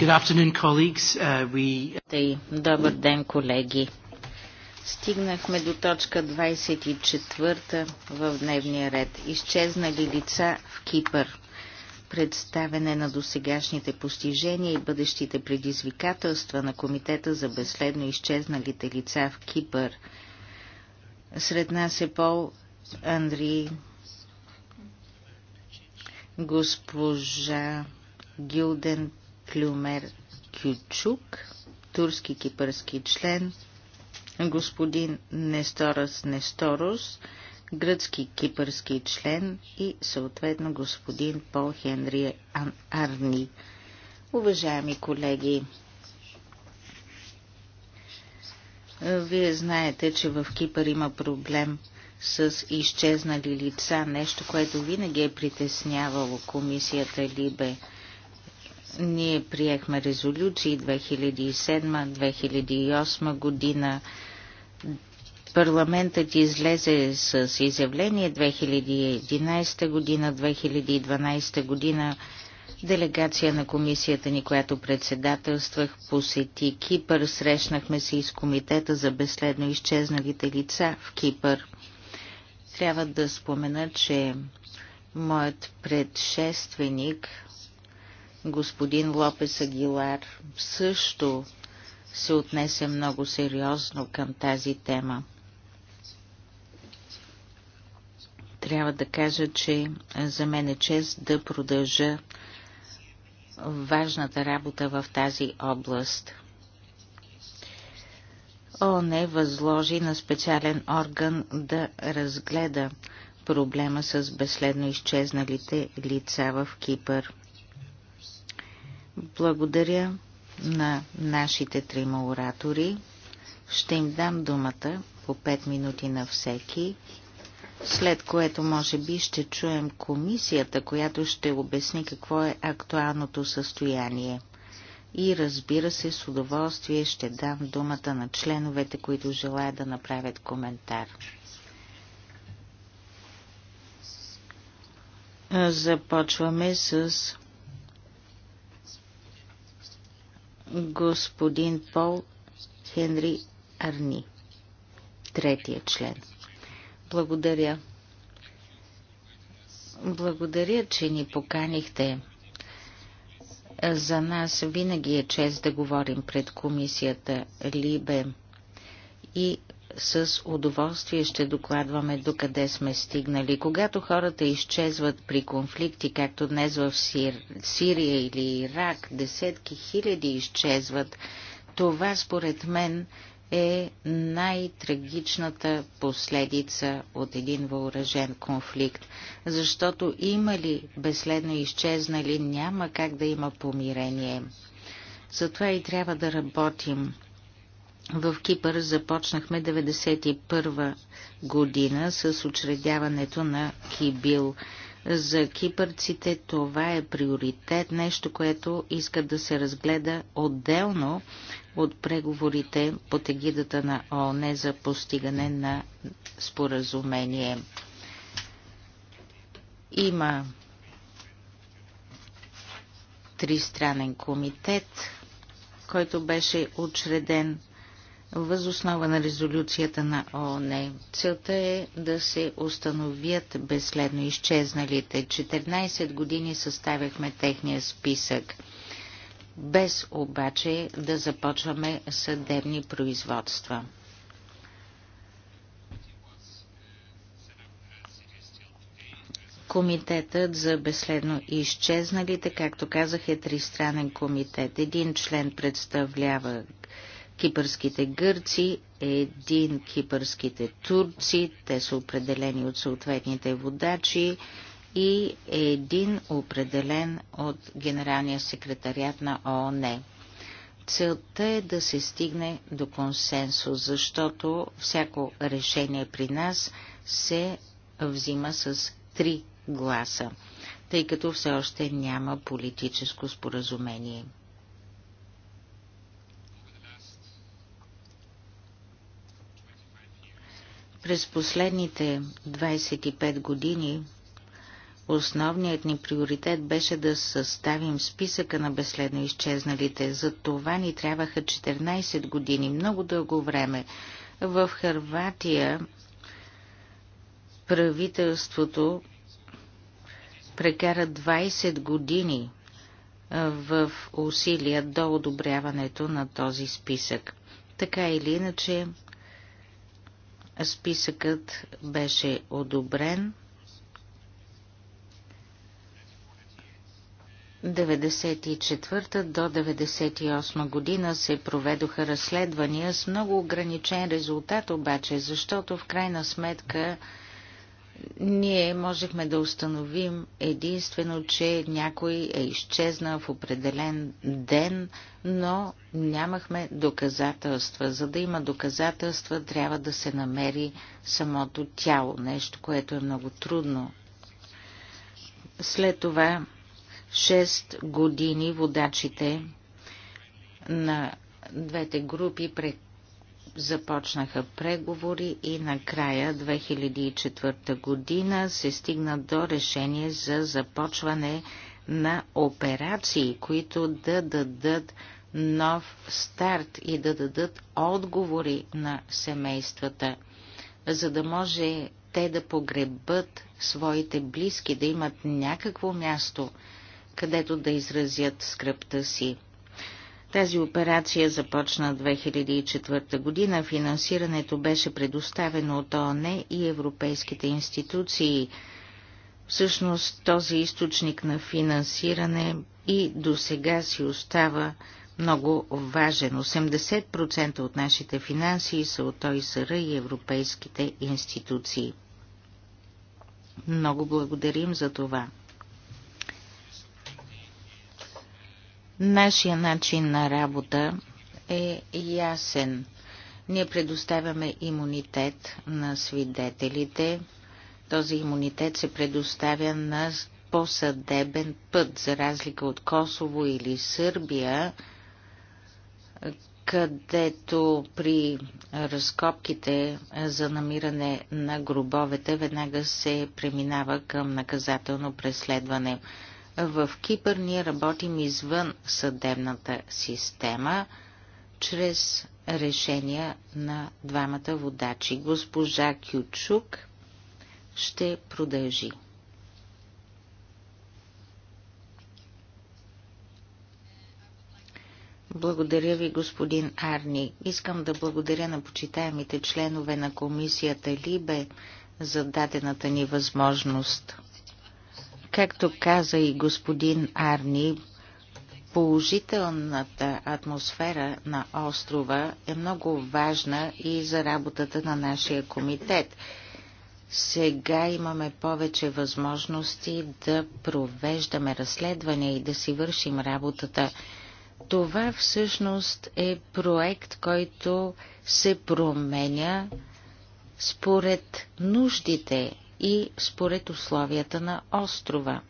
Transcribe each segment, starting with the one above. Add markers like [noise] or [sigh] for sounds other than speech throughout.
Uh, we... добър ден, колеги. Стигнахме до точка 24 в дневния ред. Изчезнали лица в Кипър. Представене на досегашните постижения и бъдещите предизвикателства на Комитета за безследно изчезналите лица в Кипър. Сред нас е Пол Андри, госпожа Гилден Клюмер Кючук, турски кипърски член, господин Несторас Несторос, гръцки кипърски член и съответно господин Пол Хенри Арни. Уважаеми колеги, вие знаете, че в Кипър има проблем с изчезнали лица, нещо, което винаги е притеснявало комисията Либе. Ние приехме резолюции 2007-2008 година. Парламентът излезе с изявление 2011 година, 2012 година. Делегация на комисията ни, която председателствах, посети Кипър. Срещнахме се и с комитета за безследно изчезналите лица в Кипър. Трябва да спомена, че моят предшественик господин Лопес Агилар също се отнесе много сериозно към тази тема. Трябва да кажа, че за мен е чест да продължа важната работа в тази област. не възложи на специален орган да разгледа проблема с безследно изчезналите лица в Кипър. Благодаря на нашите трима оратори. Ще им дам думата по 5 минути на всеки, след което може би ще чуем комисията, която ще обясни какво е актуалното състояние. И разбира се, с удоволствие ще дам думата на членовете, които желаят да направят коментар. Започваме с господин Пол Хенри Арни, третия член. Благодаря. Благодаря, че ни поканихте. За нас винаги е чест да говорим пред комисията Либе и с удоволствие ще докладваме докъде сме стигнали. Когато хората изчезват при конфликти, както днес в Сир... Сирия или Ирак, десетки хиляди изчезват, това според мен е най-трагичната последица от един въоръжен конфликт, защото има ли безследно изчезнали, няма как да има помирение. Затова и трябва да работим – в Кипър започнахме 1991 година с учредяването на Кибил. За кипърците това е приоритет, нещо, което искат да се разгледа отделно от преговорите по тегидата на ООН за постигане на споразумение. Има тристранен комитет, който беше учреден възоснова на резолюцията на ООН. Целта е да се установят безследно изчезналите. 14 години съставяхме техния списък, без обаче да започваме съдебни производства. Комитетът за безследно изчезналите, както казах, е тристранен комитет. Един член представлява кипърските гърци, един кипърските турци, те са определени от съответните водачи и един определен от Генералния секретарят на ООН. Целта е да се стигне до консенсус, защото всяко решение при нас се взима с три гласа, тъй като все още няма политическо споразумение. През последните 25 години Основният ни приоритет беше да съставим списъка на безследно изчезналите. За това ни трябваха 14 години, много дълго време. В Харватия правителството прекара 20 години в усилия до одобряването на този списък. Така или иначе, Списъкът беше одобрен. 94 до 98 година се проведоха разследвания с много ограничен резултат обаче, защото в крайна сметка ние можехме да установим единствено, че някой е изчезнал в определен ден, но нямахме доказателства. За да има доказателства, трябва да се намери самото тяло, нещо, което е много трудно. След това 6 години водачите на двете групи започнаха преговори и накрая 2004 година се стигна до решение за започване на операции, които да дадат нов старт и да дадат отговори на семействата, за да може те да погребат своите близки, да имат някакво място, където да изразят скръпта си. Тази операция започна 2004 година. Финансирането беше предоставено от ООН и европейските институции. Всъщност този източник на финансиране и до сега си остава много важен. 80% от нашите финанси са от ОИСР и европейските институции. Много благодарим за това. Нашия начин на работа е ясен. Ние предоставяме имунитет на свидетелите. Този имунитет се предоставя на по съдебен път, за разлика от Косово или Сърбия, където при разкопките за намиране на гробовете веднага се преминава към наказателно преследване. В Кипър ние работим извън съдебната система, чрез решения на двамата водачи. Госпожа Кючук ще продължи. Благодаря ви, господин Арни. Искам да благодаря на почитаемите членове на комисията Либе за дадената ни възможност. Както каза и господин Арни, положителната атмосфера на острова е много важна и за работата на нашия комитет. Сега имаме повече възможности да провеждаме разследвания и да си вършим работата. Това всъщност е проект, който се променя според нуждите и според условията на острова.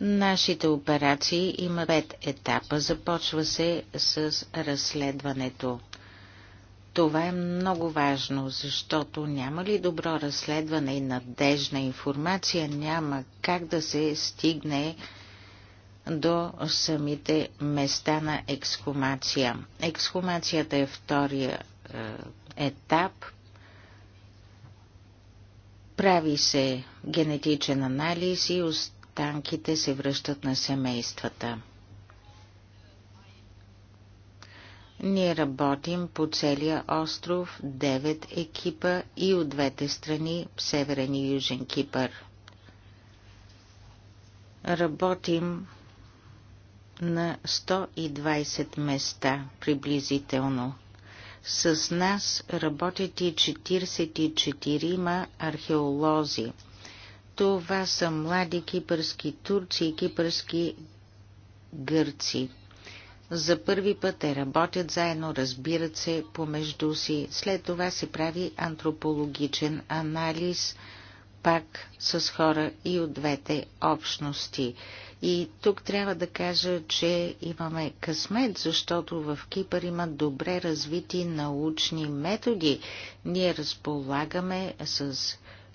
Нашите операции има пет етапа. Започва се с разследването. Това е много важно, защото няма ли добро разследване и надежна информация, няма как да се стигне до самите места на ексхумация. Ексхумацията е втория е, етап. Прави се генетичен анализ и останките се връщат на семействата. Ние работим по целия остров 9 екипа и от двете страни Северен и Южен Кипър. Работим на 120 места приблизително – с нас работят и 44 археолози. Това са млади кипърски турци и кипърски гърци. За първи път те работят заедно, разбират се помежду си. След това се прави антропологичен анализ – пак с хора и от двете общности. И тук трябва да кажа, че имаме късмет, защото в Кипър има добре развити научни методи. Ние разполагаме с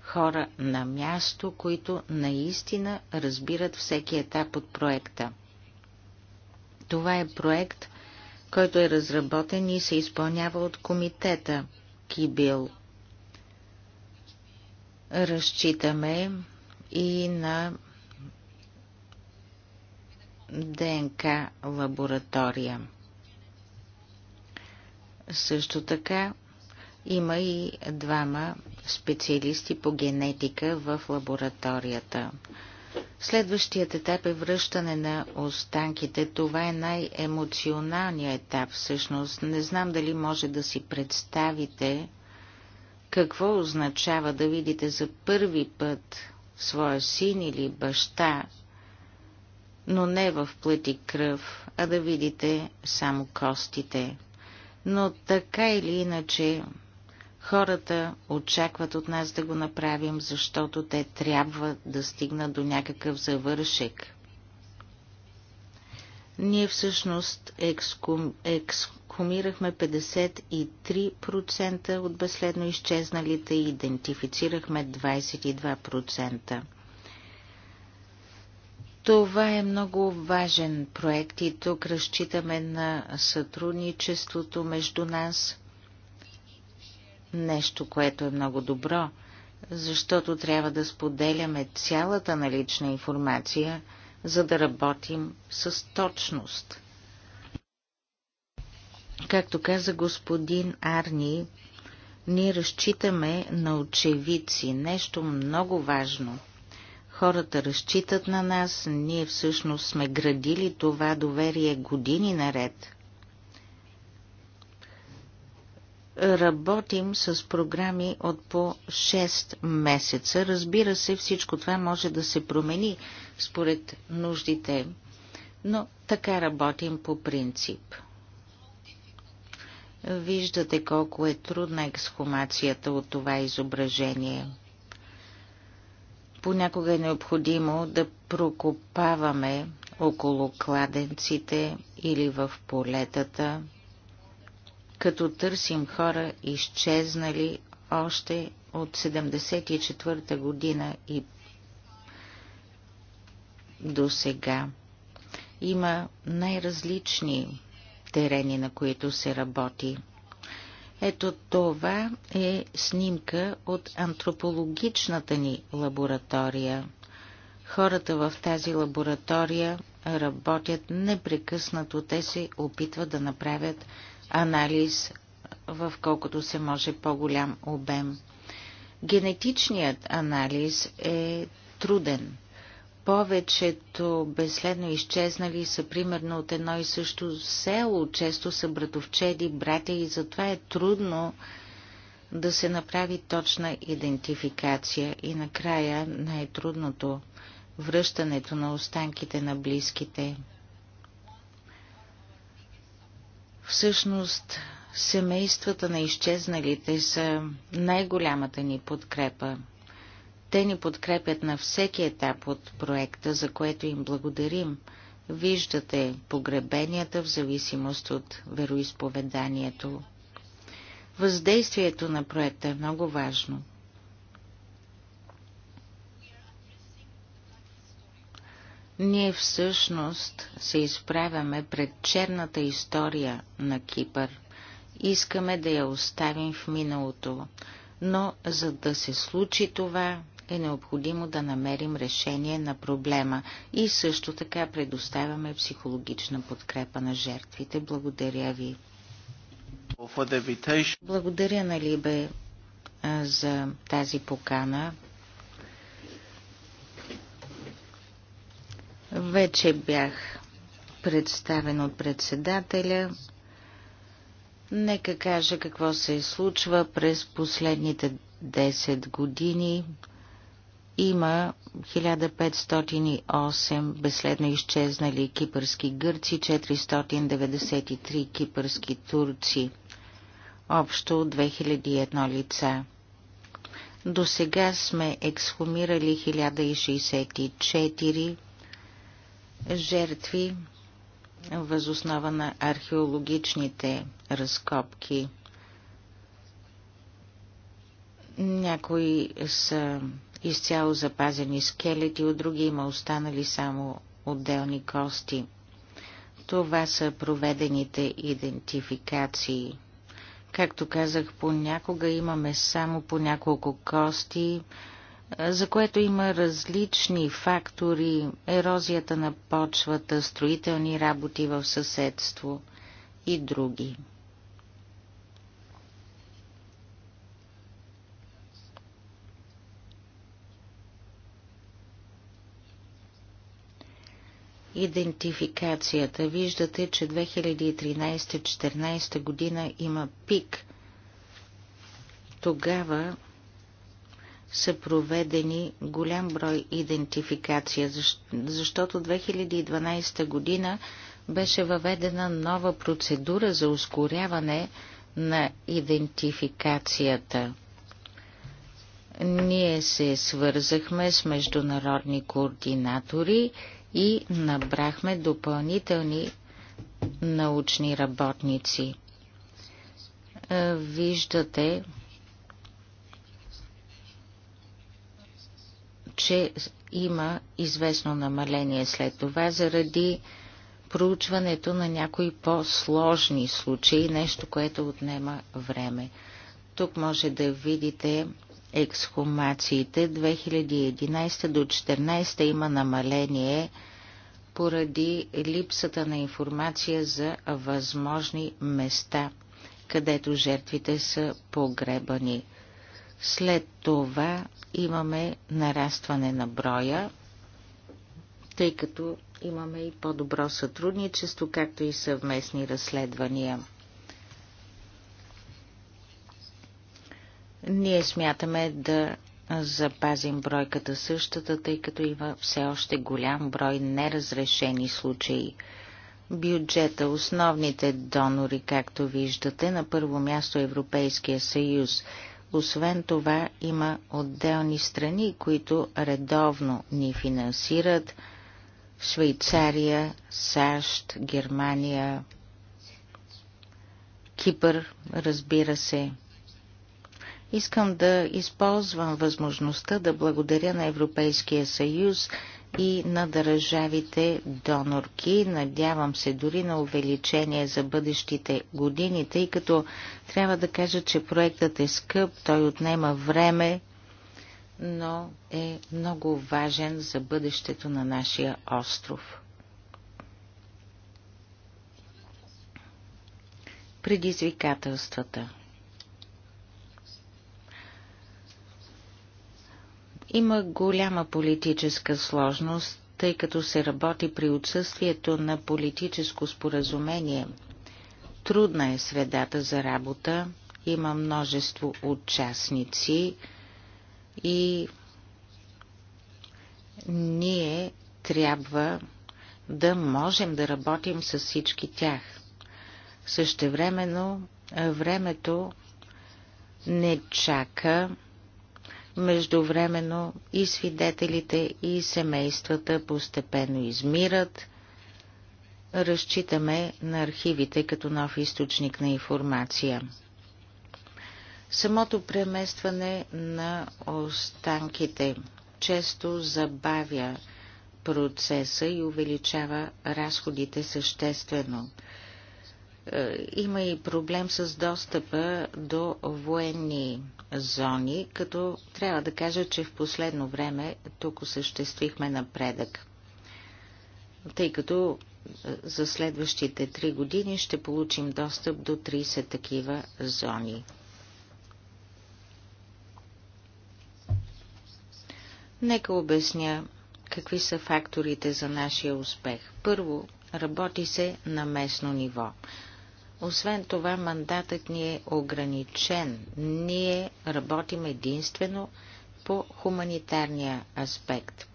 хора на място, които наистина разбират всеки етап от проекта. Това е проект, който е разработен и се изпълнява от комитета Кибил – разчитаме и на ДНК лаборатория. Също така има и двама специалисти по генетика в лабораторията. Следващият етап е връщане на останките. Това е най-емоционалният етап всъщност. Не знам дали може да си представите какво означава да видите за първи път своя син или баща, но не в плът и кръв, а да видите само костите? Но така или иначе, хората очакват от нас да го направим, защото те трябва да стигнат до някакъв завършек. Ние всъщност екскум, 53% от безследно изчезналите и идентифицирахме 22%. Това е много важен проект и тук разчитаме на сътрудничеството между нас. Нещо, което е много добро, защото трябва да споделяме цялата налична информация – за да работим с точност. Както каза господин Арни, ние разчитаме на очевидци, нещо много важно. Хората разчитат на нас, ние всъщност сме градили това доверие години наред. Работим с програми от по 6 месеца. Разбира се, всичко това може да се промени според нуждите, но така работим по принцип. Виждате колко е трудна ексхумацията от това изображение. Понякога е необходимо да прокопаваме около кладенците или в полетата – като търсим хора изчезнали още от 74-та година и до сега. Има най-различни терени, на които се работи. Ето това е снимка от антропологичната ни лаборатория. Хората в тази лаборатория работят непрекъснато. Те се опитват да направят анализ в колкото се може по-голям обем. Генетичният анализ е труден. Повечето безследно изчезнали са примерно от едно и също село, често са братовчеди, братя и затова е трудно да се направи точна идентификация и накрая най-трудното – връщането на останките на близките – Всъщност, семействата на изчезналите са най-голямата ни подкрепа. Те ни подкрепят на всеки етап от проекта, за което им благодарим. Виждате погребенията в зависимост от вероисповеданието. Въздействието на проекта е много важно – Ние всъщност се изправяме пред черната история на Кипър. Искаме да я оставим в миналото, но за да се случи това, е необходимо да намерим решение на проблема и също така предоставяме психологична подкрепа на жертвите. Благодаря ви. Благодаря на Либе за тази покана. Вече бях представен от председателя. Нека кажа какво се случва през последните 10 години. Има 1508 безследно изчезнали кипърски гърци, 493 кипърски турци, общо 2001 лица. До сега сме ексхумирали 1064 жертви възоснова на археологичните разкопки. Някои са изцяло запазени скелети, от други има останали само отделни кости. Това са проведените идентификации. Както казах, понякога имаме само по няколко кости, за което има различни фактори – ерозията на почвата, строителни работи в съседство и други. Идентификацията. Виждате, че 2013-2014 година има пик. Тогава са проведени голям брой идентификация, защото 2012 година беше въведена нова процедура за ускоряване на идентификацията. Ние се свързахме с международни координатори и набрахме допълнителни научни работници. Виждате че има известно намаление след това заради проучването на някои по-сложни случаи, нещо, което отнема време. Тук може да видите ексхумациите. 2011 до 2014 има намаление поради липсата на информация за възможни места, където жертвите са погребани. След това имаме нарастване на броя, тъй като имаме и по-добро сътрудничество, както и съвместни разследвания. Ние смятаме да запазим бройката същата, тъй като има все още голям брой неразрешени случаи. Бюджета, основните донори, както виждате, на първо място Европейския съюз – освен това има отделни страни, които редовно ни финансират. Швейцария, САЩ, Германия, Кипър, разбира се. Искам да използвам възможността да благодаря на Европейския съюз и на държавите донорки. Надявам се дори на увеличение за бъдещите години, тъй като трябва да кажа, че проектът е скъп, той отнема време, но е много важен за бъдещето на нашия остров. Предизвикателствата – Има голяма политическа сложност, тъй като се работи при отсъствието на политическо споразумение. Трудна е средата за работа, има множество участници и ние трябва да можем да работим с всички тях. Същевременно времето не чака Междувременно и свидетелите, и семействата постепенно измират. Разчитаме на архивите като нов източник на информация. Самото преместване на останките често забавя процеса и увеличава разходите съществено. Е, има и проблем с достъпа до военни зони, като трябва да кажа, че в последно време тук осъществихме напредък. Тъй като е, за следващите три години ще получим достъп до 30 такива зони. Нека обясня какви са факторите за нашия успех. Първо, работи се на местно ниво. Освен това, мандатът ни е ограничен. Ние работим единствено по хуманитарния аспект.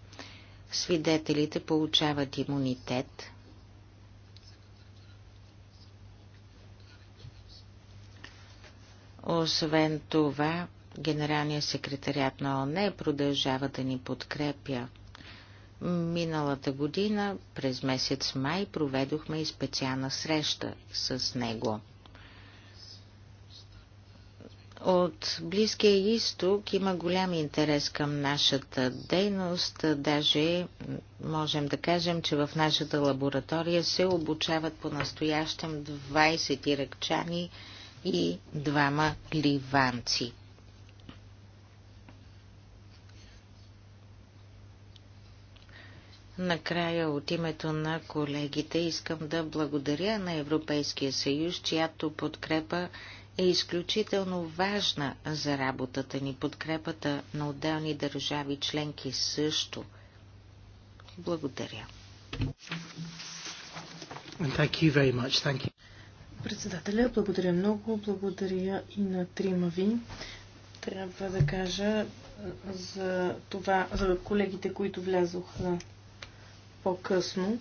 Свидетелите получават имунитет. Освен това, Генералният секретарят на ОНЕ продължава да ни подкрепя. Миналата година, през месец май, проведохме и специална среща с него. От Близкия изток има голям интерес към нашата дейност. Даже можем да кажем, че в нашата лаборатория се обучават по-настоящем 20 иракчани и двама ливанци. Накрая от името на колегите искам да благодаря на Европейския съюз, чиято подкрепа е изключително важна за работата ни, подкрепата на отделни държави членки също. Благодаря. Thank you very much. Thank you. Председателя, благодаря много. Благодаря и на трима ви. Трябва да кажа за това, за колегите, които влязоха по-късно,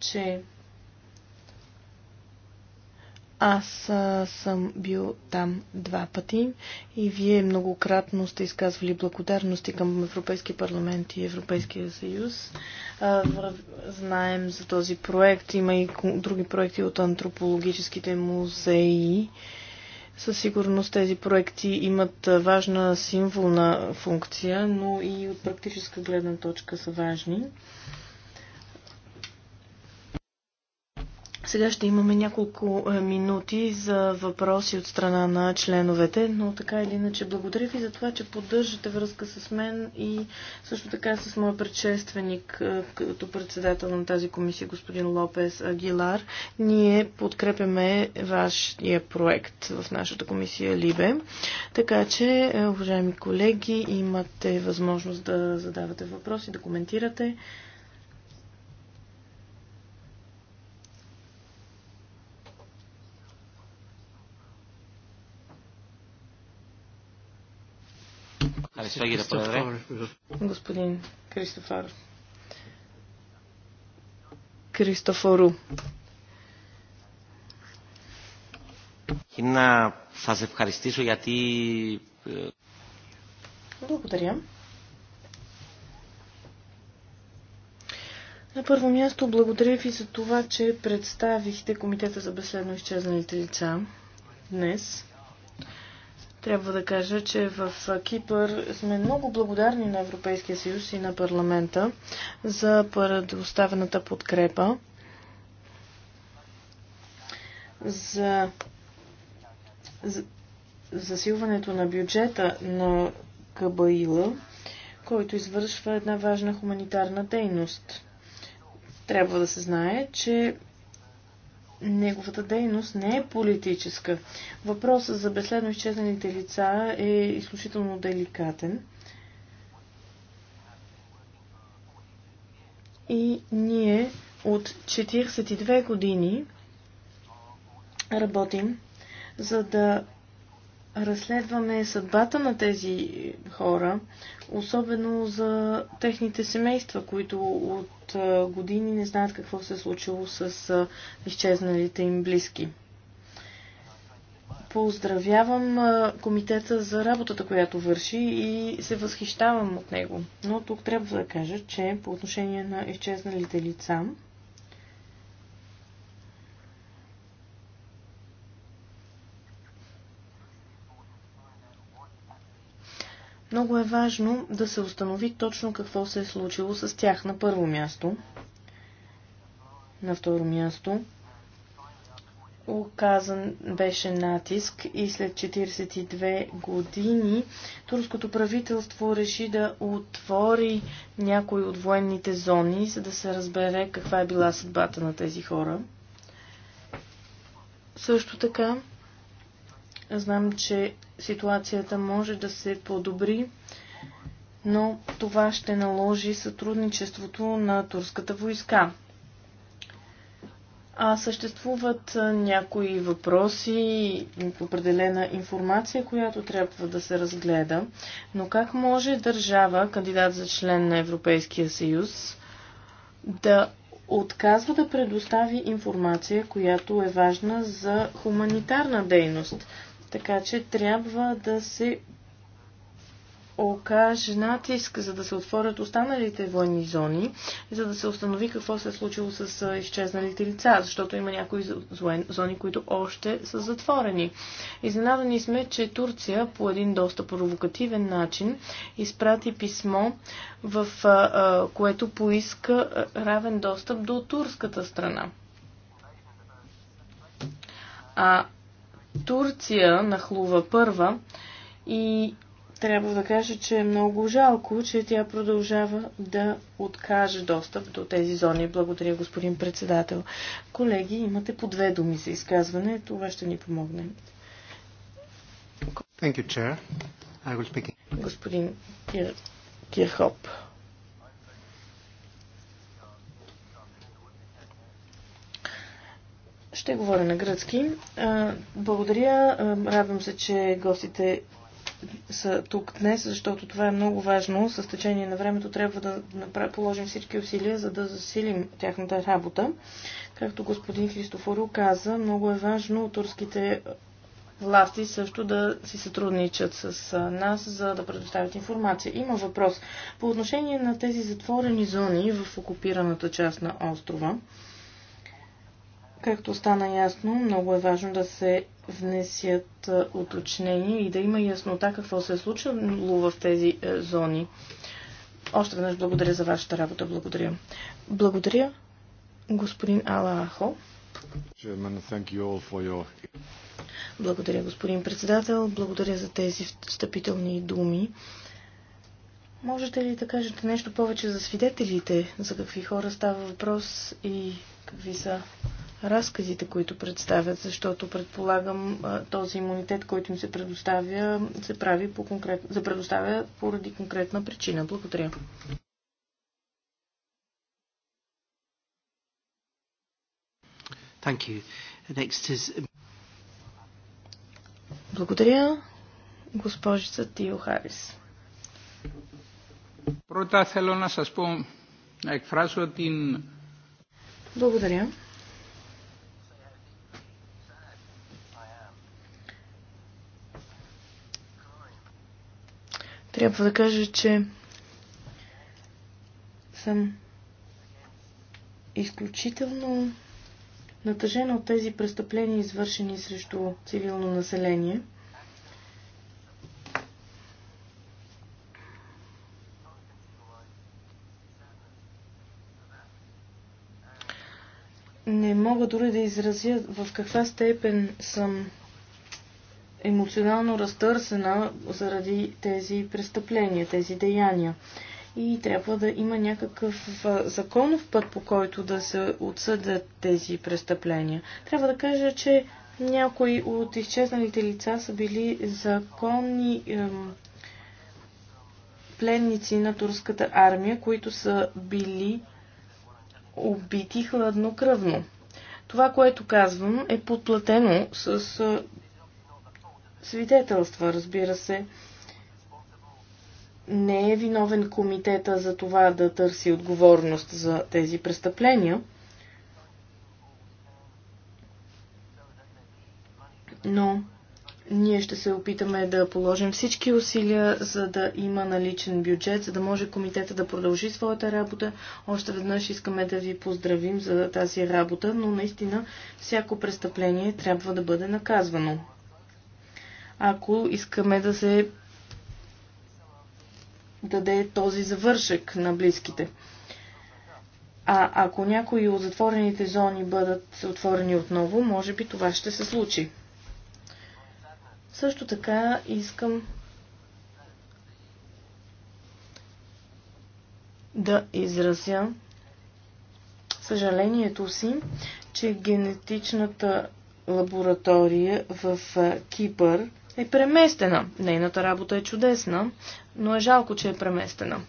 че аз а, съм бил там два пъти и вие многократно сте изказвали благодарности към Европейския парламент и Европейския съюз. А, в, знаем за този проект. Има и други проекти от антропологическите музеи. А, със сигурност тези проекти имат важна символна функция, но и от практическа гледна точка са важни. Сега ще имаме няколко е, минути за въпроси от страна на членовете, но така или иначе благодаря ви за това, че поддържате връзка с мен и също така с моя предшественик е, като председател на тази комисия, господин Лопес Агилар. Ние подкрепяме вашия проект в нашата комисия Либе. Така че, е, уважаеми колеги, имате възможност да задавате въпроси, да коментирате. ги да проверя. Господин Кристофор. Кристофору. Хина, θα σε ευχαριστήσω γιατί... Благодаря. На първо място благодаря ви за това, че представихте Комитета за безследно изчезналите лица днес. Трябва да кажа, че в Кипър сме много благодарни на Европейския съюз и на парламента за предоставената подкрепа за, за засилването на бюджета на Кабаила, който извършва една важна хуманитарна дейност. Трябва да се знае, че неговата дейност не е политическа. Въпросът за безследно изчезнаните лица е изключително деликатен. И ние от 42 години работим, за да разследваме съдбата на тези хора, особено за техните семейства, които от години не знаят какво се е случило с изчезналите им близки. Поздравявам комитета за работата, която върши и се възхищавам от него. Но тук трябва да кажа, че по отношение на изчезналите лица, Много е важно да се установи точно какво се е случило с тях на първо място. На второ място оказан беше натиск и след 42 години турското правителство реши да отвори някои от военните зони, за да се разбере каква е била съдбата на тези хора. Също така знам, че ситуацията може да се подобри, но това ще наложи сътрудничеството на турската войска. А съществуват някои въпроси, определена информация, която трябва да се разгледа. Но как може държава, кандидат за член на Европейския съюз, да отказва да предостави информация, която е важна за хуманитарна дейност? Така че трябва да се окаже натиск, за да се отворят останалите военни зони, за да се установи какво се е случило с изчезналите лица, защото има някои зони, които още са затворени. Изненадани сме, че Турция по един доста провокативен начин изпрати писмо, в което поиска равен достъп до турската страна. А Турция нахлува първа и трябва да кажа, че е много жалко, че тя продължава да откаже достъп до тези зони. Благодаря, господин председател. Колеги, имате по две думи за изказване. Това ще ни помогне. Thank you, chair. I will speak. Господин Кир... Кирхоп. Ще говоря на гръцки. Благодаря. Радвам се, че гостите са тук днес, защото това е много важно. С течение на времето трябва да положим всички усилия, за да засилим тяхната работа. Както господин Христофоро каза, много е важно турските власти също да си сътрудничат с нас, за да предоставят информация. Има въпрос по отношение на тези затворени зони в окупираната част на острова. Както стана ясно, много е важно да се внесят уточнения и да има яснота какво се е случило в тези е, зони. Още веднъж благодаря за вашата работа. Благодаря. Благодаря, господин Алахо. Благодаря, господин председател. Благодаря за тези встъпителни думи. Можете ли да кажете нещо повече за свидетелите? За какви хора става въпрос и какви са разказите, които представят, защото предполагам този имунитет, който им се предоставя, се прави по конкрет... се предоставя поради конкретна причина. Благодаря. Thank you. Next is... Um, Благодаря, госпожица Тио Харис. Πρώτα την... Благодаря. Трябва да кажа, че съм изключително натъжена от тези престъпления, извършени срещу цивилно население. Не мога дори да изразя в каква степен съм емоционално разтърсена заради тези престъпления, тези деяния. И трябва да има някакъв законов път, по който да се отсъдят тези престъпления. Трябва да кажа, че някои от изчезналите лица са били законни ем, пленници на турската армия, които са били убити хладнокръвно. Това, което казвам, е подплатено с свидетелства, разбира се. Не е виновен комитета за това да търси отговорност за тези престъпления. Но ние ще се опитаме да положим всички усилия, за да има наличен бюджет, за да може комитета да продължи своята работа. Още веднъж искаме да ви поздравим за тази работа, но наистина всяко престъпление трябва да бъде наказвано ако искаме да се даде този завършек на близките. А ако някои от затворените зони бъдат отворени отново, може би това ще се случи. Също така искам да изразя съжалението си, че генетичната лаборатория в Кипър е преместена. Нейната работа е чудесна, но е жалко, че е преместена.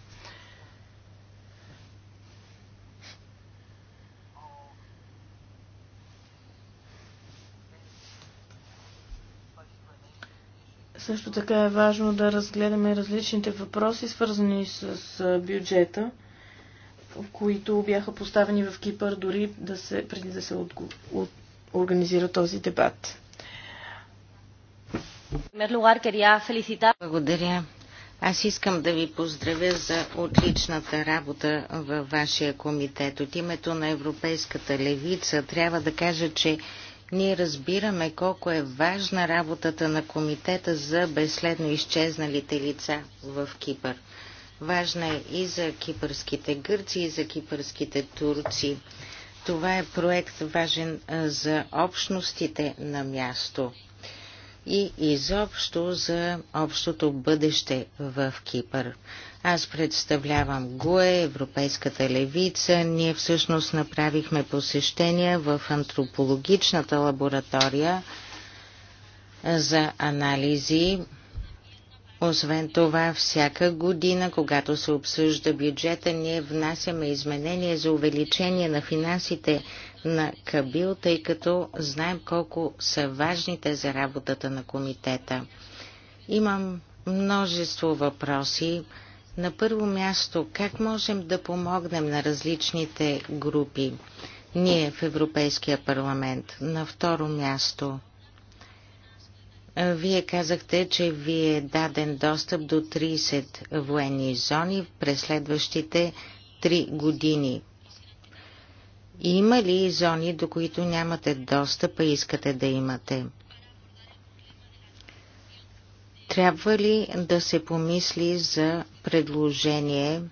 Също така е важно да разгледаме различните въпроси, свързани с бюджета, които бяха поставени в Кипър дори да се, преди да се от, от, организира този дебат. Благодаря. Аз искам да ви поздравя за отличната работа във вашия комитет. От името на Европейската левица трябва да кажа, че ние разбираме колко е важна работата на комитета за безследно изчезналите лица в Кипър. Важна е и за кипърските гърци, и за кипърските турци. Това е проект важен за общностите на място и изобщо за общото бъдеще в Кипър. Аз представлявам ГУЕ, Европейската левица. Ние всъщност направихме посещения в антропологичната лаборатория за анализи. Освен това, всяка година, когато се обсъжда бюджета, ние внасяме изменения за увеличение на финансите на Кабил, тъй като знаем колко са важните за работата на комитета. Имам множество въпроси. На първо място, как можем да помогнем на различните групи? Ние в Европейския парламент. На второ място, вие казахте, че ви е даден достъп до 30 военни зони през следващите 3 години. Има ли зони, до които нямате достъп, а искате да имате? Трябва ли да се помисли за предложение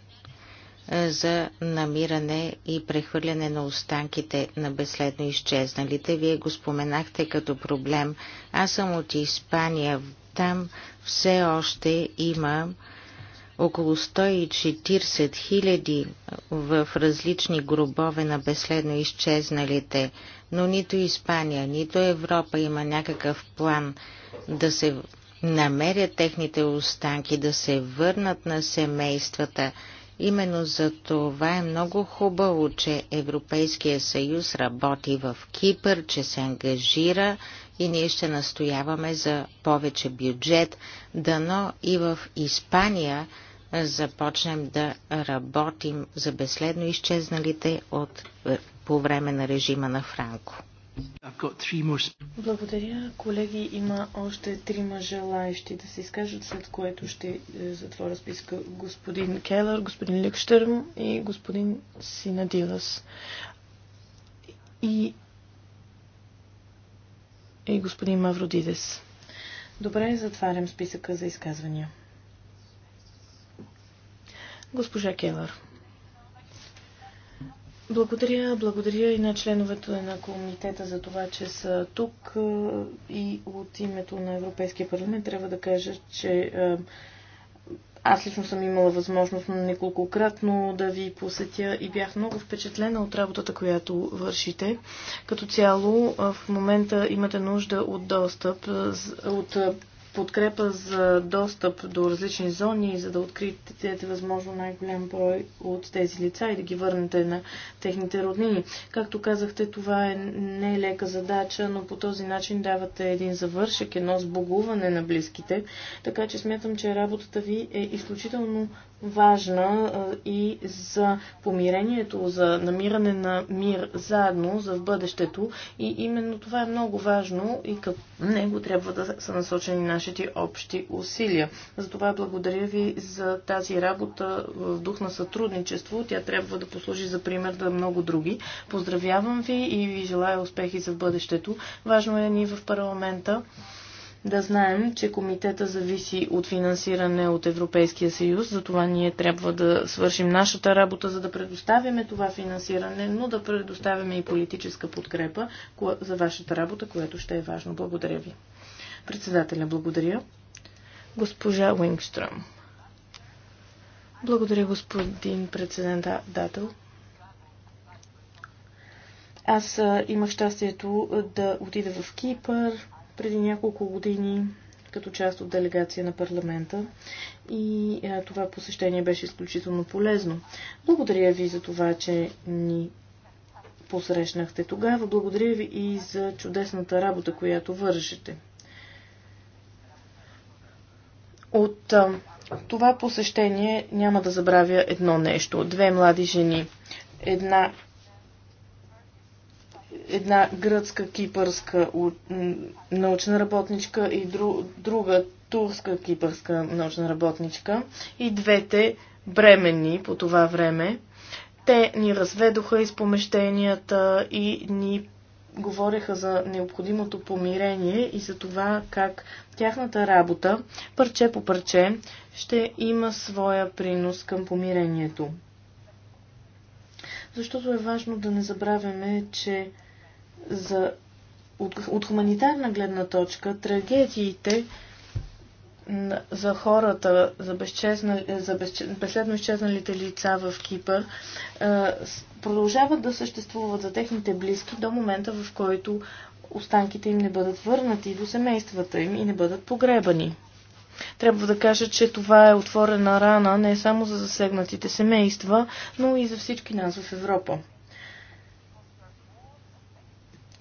за намиране и прехвърляне на останките на безследно изчезналите? Вие го споменахте като проблем. Аз съм от Испания. Там все още има около 140 хиляди в различни гробове на безследно изчезналите, но нито Испания, нито Европа има някакъв план да се намерят техните останки, да се върнат на семействата. Именно за това е много хубаво, че Европейския съюз работи в Кипър, че се ангажира и ние ще настояваме за повече бюджет, дано и в Испания започнем да работим за безследно изчезналите от, по време на режима на Франко. Благодаря, колеги. Има още трима желаещи да се изкажат, след което ще е, затворя списка господин Келър, господин Ликштерм и господин Синадилас. И, и господин Мавродидес. Добре, затварям списъка за изказвания. Госпожа Келър. Благодаря, благодаря и на членовете на комитета за това, че са тук и от името на Европейския парламент трябва да кажа, че аз лично съм имала възможност неколкократно да ви посетя и бях много впечатлена от работата, която вършите. Като цяло в момента имате нужда от достъп, от подкрепа за достъп до различни зони, за да откриете възможно най-голям брой от тези лица и да ги върнете на техните роднини. Както казахте, това е не лека задача, но по този начин давате един завършек, едно сбогуване на близките, така че смятам, че работата ви е изключително важна и за помирението, за намиране на мир заедно за в бъдещето. И именно това е много важно и към него трябва да са насочени нашите общи усилия. Затова благодаря ви за тази работа в дух на сътрудничество. Тя трябва да послужи за пример да много други. Поздравявам ви и ви желая успехи за в бъдещето. Важно е ни в парламента да знаем, че комитета зависи от финансиране от Европейския съюз, затова ние трябва да свършим нашата работа, за да предоставяме това финансиране, но да предоставяме и политическа подкрепа за вашата работа, което ще е важно. Благодаря ви. Председателя, благодаря. Госпожа Уингстрам. Благодаря, господин председател. Аз имах щастието да отида в Кипър, преди няколко години като част от делегация на парламента и а, е, това посещение беше изключително полезно. Благодаря ви за това, че ни посрещнахте тогава. Благодаря ви и за чудесната работа, която вършите. От а, е, това посещение няма да забравя едно нещо. Две млади жени. Една една гръцка кипърска научна работничка и друга турска кипърска научна работничка и двете бремени по това време. Те ни разведоха из помещенията и ни говореха за необходимото помирение и за това как тяхната работа, парче по парче, ще има своя принос към помирението. Защото е важно да не забравяме, че за, от, от хуманитарна гледна точка трагедиите за хората, за, безчезна, за безчез, безследно изчезналите лица в Кипър продължават да съществуват за техните близки до момента, в който останките им не бъдат върнати до семействата им и не бъдат погребани. Трябва да кажа, че това е отворена рана не само за засегнатите семейства, но и за всички нас в Европа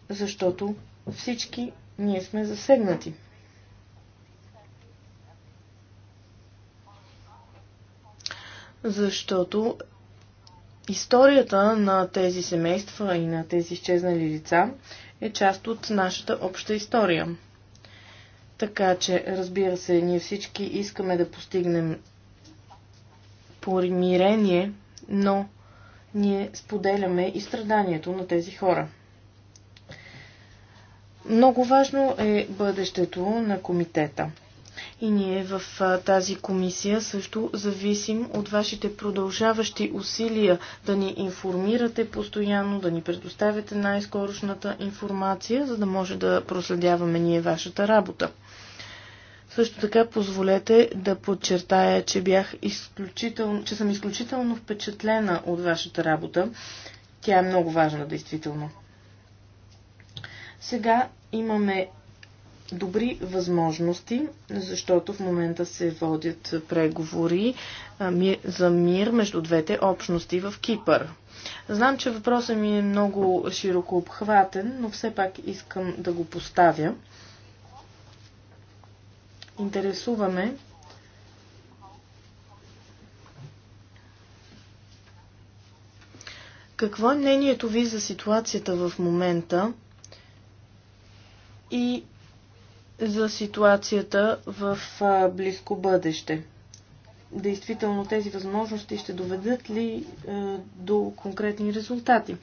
защото всички ние сме засегнати. Защото историята на тези семейства и на тези изчезнали лица е част от нашата обща история. Така че, разбира се, ние всички искаме да постигнем примирение, но ние споделяме и страданието на тези хора. Много важно е бъдещето на комитета. И ние в тази комисия също зависим от вашите продължаващи усилия да ни информирате постоянно, да ни предоставяте най-скорошната информация, за да може да проследяваме ние вашата работа. Също така позволете да подчертая, че, бях изключително, че съм изключително впечатлена от вашата работа. Тя е много важна, действително. Сега имаме добри възможности, защото в момента се водят преговори за мир между двете общности в Кипър. Знам, че въпросът ми е много широко обхватен, но все пак искам да го поставя. Интересуваме какво е мнението ви за ситуацията в момента и за ситуацията в близко бъдеще. Действително тези възможности ще доведат ли е, до конкретни резултати.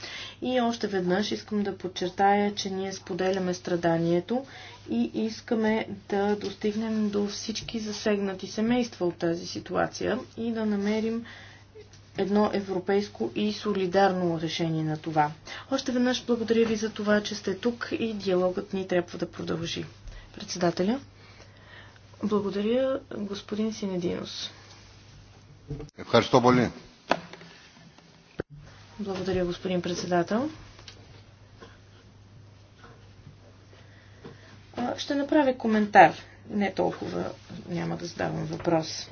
И още веднъж искам да подчертая, че ние споделяме страданието и искаме да достигнем до всички засегнати семейства от тази ситуация и да намерим едно европейско и солидарно решение на това. Още веднъж благодаря ви за това, че сте тук и диалогът ни трябва да продължи. Председателя. Благодаря, господин Синединос. Благодаря, господин председател. Ще направя коментар. Не толкова няма да задавам въпрос.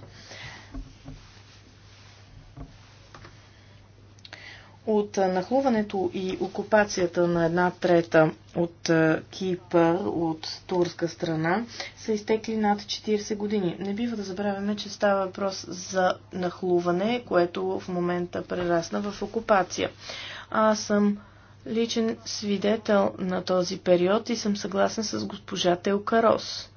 От нахлуването и окупацията на една трета от е, Кипър, от турска страна, са изтекли над 40 години. Не бива да забравяме, че става въпрос за нахлуване, което в момента прерасна в окупация. Аз съм личен свидетел на този период и съм съгласен с госпожа Телкарос.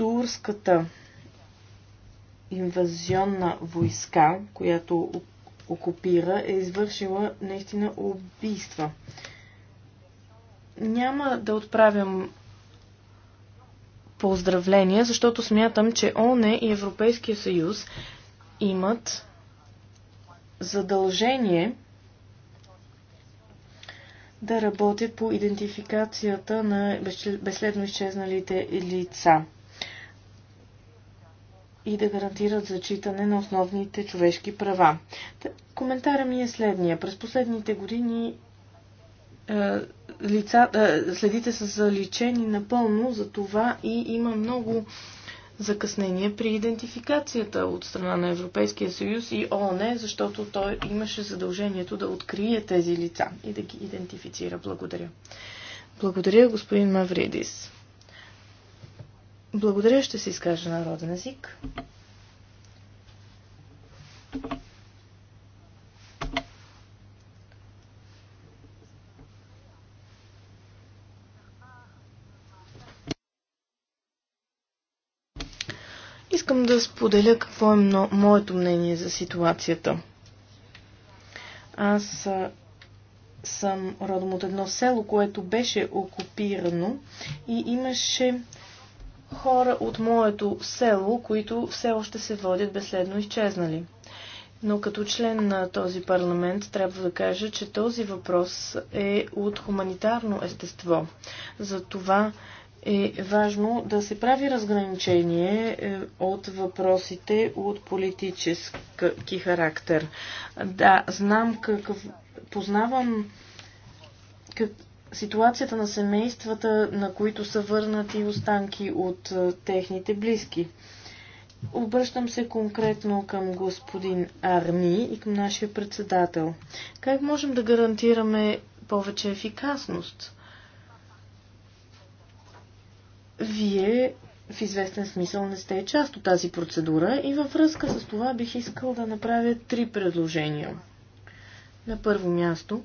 турската инвазионна войска, която окупира, е извършила наистина убийства. Няма да отправям поздравления, защото смятам, че ОНЕ и Европейския съюз имат задължение да работят по идентификацията на безследно изчезналите лица и да гарантират зачитане на основните човешки права. Коментара ми е следния. През последните години е, лица, е, следите са заличени напълно, за това и има много закъснение при идентификацията от страна на Европейския съюз и ООН, защото той имаше задължението да открие тези лица и да ги идентифицира. Благодаря. Благодаря, господин Мавридис. Благодаря, ще се изкажа на роден език. Искам да споделя какво е моето мнение за ситуацията. Аз съм родом от едно село, което беше окупирано и имаше хора от моето село, които все още се водят безследно изчезнали. Но като член на този парламент трябва да кажа, че този въпрос е от хуманитарно естество. За това е важно да се прави разграничение е, от въпросите от политически характер. Да, знам какъв, познавам как, ситуацията на семействата, на които са върнати останки от техните близки. Обръщам се конкретно към господин Арни и към нашия председател. Как можем да гарантираме повече ефикасност? Вие в известен смисъл не сте част от тази процедура и във връзка с това бих искал да направя три предложения. На първо място,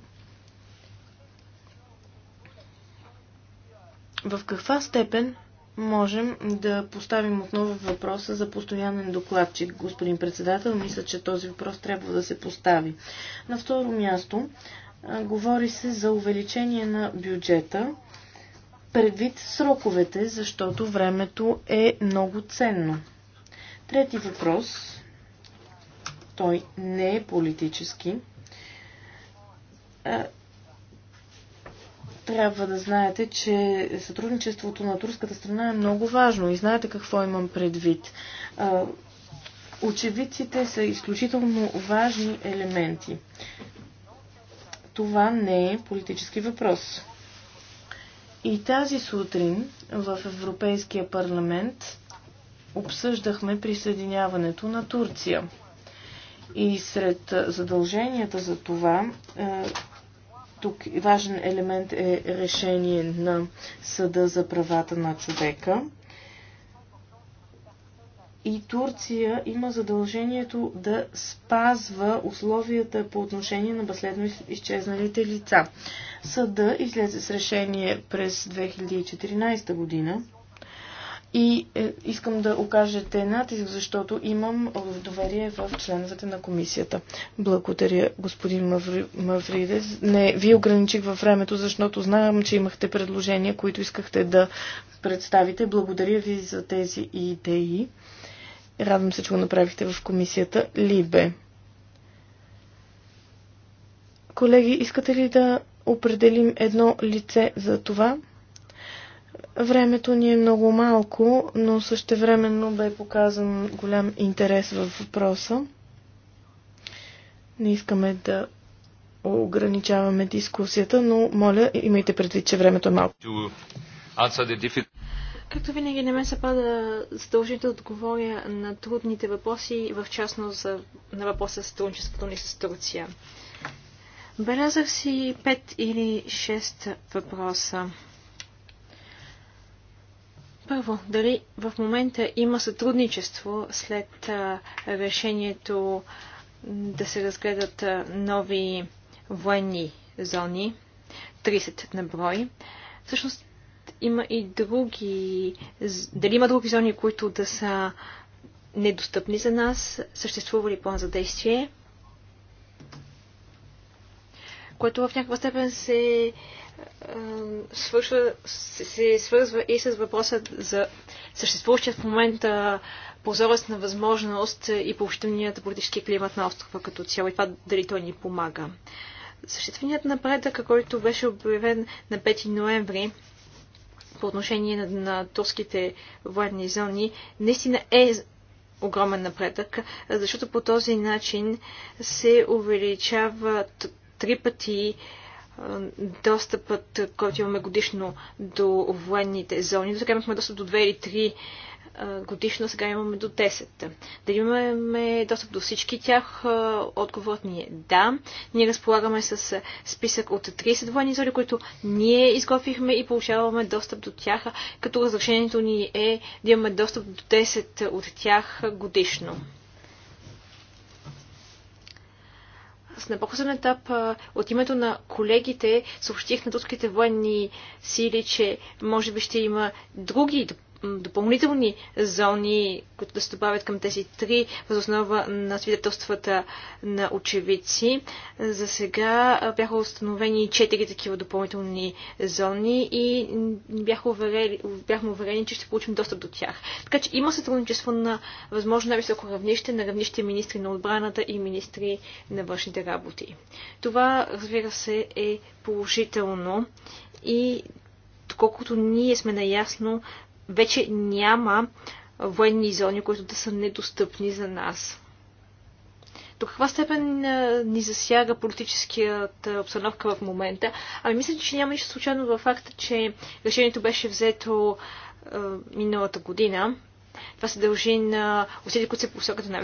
В каква степен можем да поставим отново въпроса за постоянен докладчик, господин председател? Мисля, че този въпрос трябва да се постави. На второ място, говори се за увеличение на бюджета предвид сроковете, защото времето е много ценно. Трети въпрос. Той не е политически трябва да знаете, че сътрудничеството на турската страна е много важно и знаете какво имам предвид. Очевидците са изключително важни елементи. Това не е политически въпрос. И тази сутрин в Европейския парламент обсъждахме присъединяването на Турция. И сред задълженията за това е, тук важен елемент е решение на Съда за правата на човека. И Турция има задължението да спазва условията по отношение на последно изчезналите лица. Съда излезе с решение през 2014 година и е, искам да окажете натиск, защото имам доверие в членовете на комисията. Благодаря, господин Маври, Мавридес. Не, ви ограничих във времето, защото знам, че имахте предложения, които искахте да представите. Благодаря ви за тези идеи. Радвам се, че го направихте в комисията Либе. Колеги, искате ли да определим едно лице за това? Времето ни е много малко, но същевременно бе показан голям интерес в въпроса. Не искаме да ограничаваме дискусията, но моля, имайте предвид, че времето е малко. Както винаги не ме се пада задължително да отговоря на трудните въпроси, в частност на въпроса с сътрудничеството ни с Турция. Белязах си пет или шест въпроса. Първо, дали в момента има сътрудничество след решението да се разгледат нови военни зони, 30 на брой. Всъщност има и други, дали има други зони, които да са недостъпни за нас, съществува ли план за действие което в някаква степен се, свършва, се, се свързва и с въпроса за съществуващия в момента прозорец на възможност и пообщеният политически климат на острова като цяло и това дали той ни помага. Същественият напредък, който беше обявен на 5 ноември, по отношение на, на турските военни зони, наистина е огромен напредък, защото по този начин се увеличават три пъти достъпът, който имаме годишно до военните зони. До сега имахме достъп до 2 или 3 годишно, сега имаме до 10. Дали имаме достъп до всички тях? Отговорът ни е да. Ние разполагаме с списък от 30 военни зони, които ние изготвихме и получаваме достъп до тях, като разрешението ни е да имаме достъп до 10 от тях годишно. с на по-късен етап от името на колегите съобщих на турските военни сили, че може би ще има други допълнителни зони, които да се добавят към тези три, въз основа на свидетелствата на очевидци. За сега бяха установени четири такива допълнителни зони и бяха уверени, бяхме уверени, че ще получим достъп до тях. Така че има сътрудничество на възможно най-високо равнище, на равнище министри на отбраната и министри на външните работи. Това, разбира се, е положително и колкото ние сме наясно вече няма военни зони, които да са недостъпни за нас. До каква степен ни засяга политическият обстановка в момента? Ами мисля, че няма нищо случайно във факта, че решението беше взето миналата година. Това се дължи на усилия, които се посокат на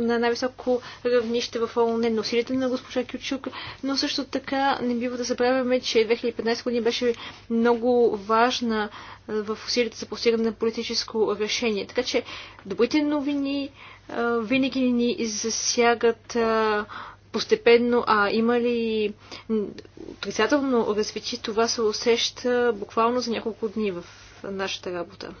на най-високо равнище в ООН, на усилията на госпожа Кючук, но също така не бива да забравяме, че 2015 година беше много важна в усилията за постигане на политическо решение. Така че добрите новини винаги ни засягат постепенно, а има ли отрицателно развитие, това се усеща буквално за няколко дни в нашата работа.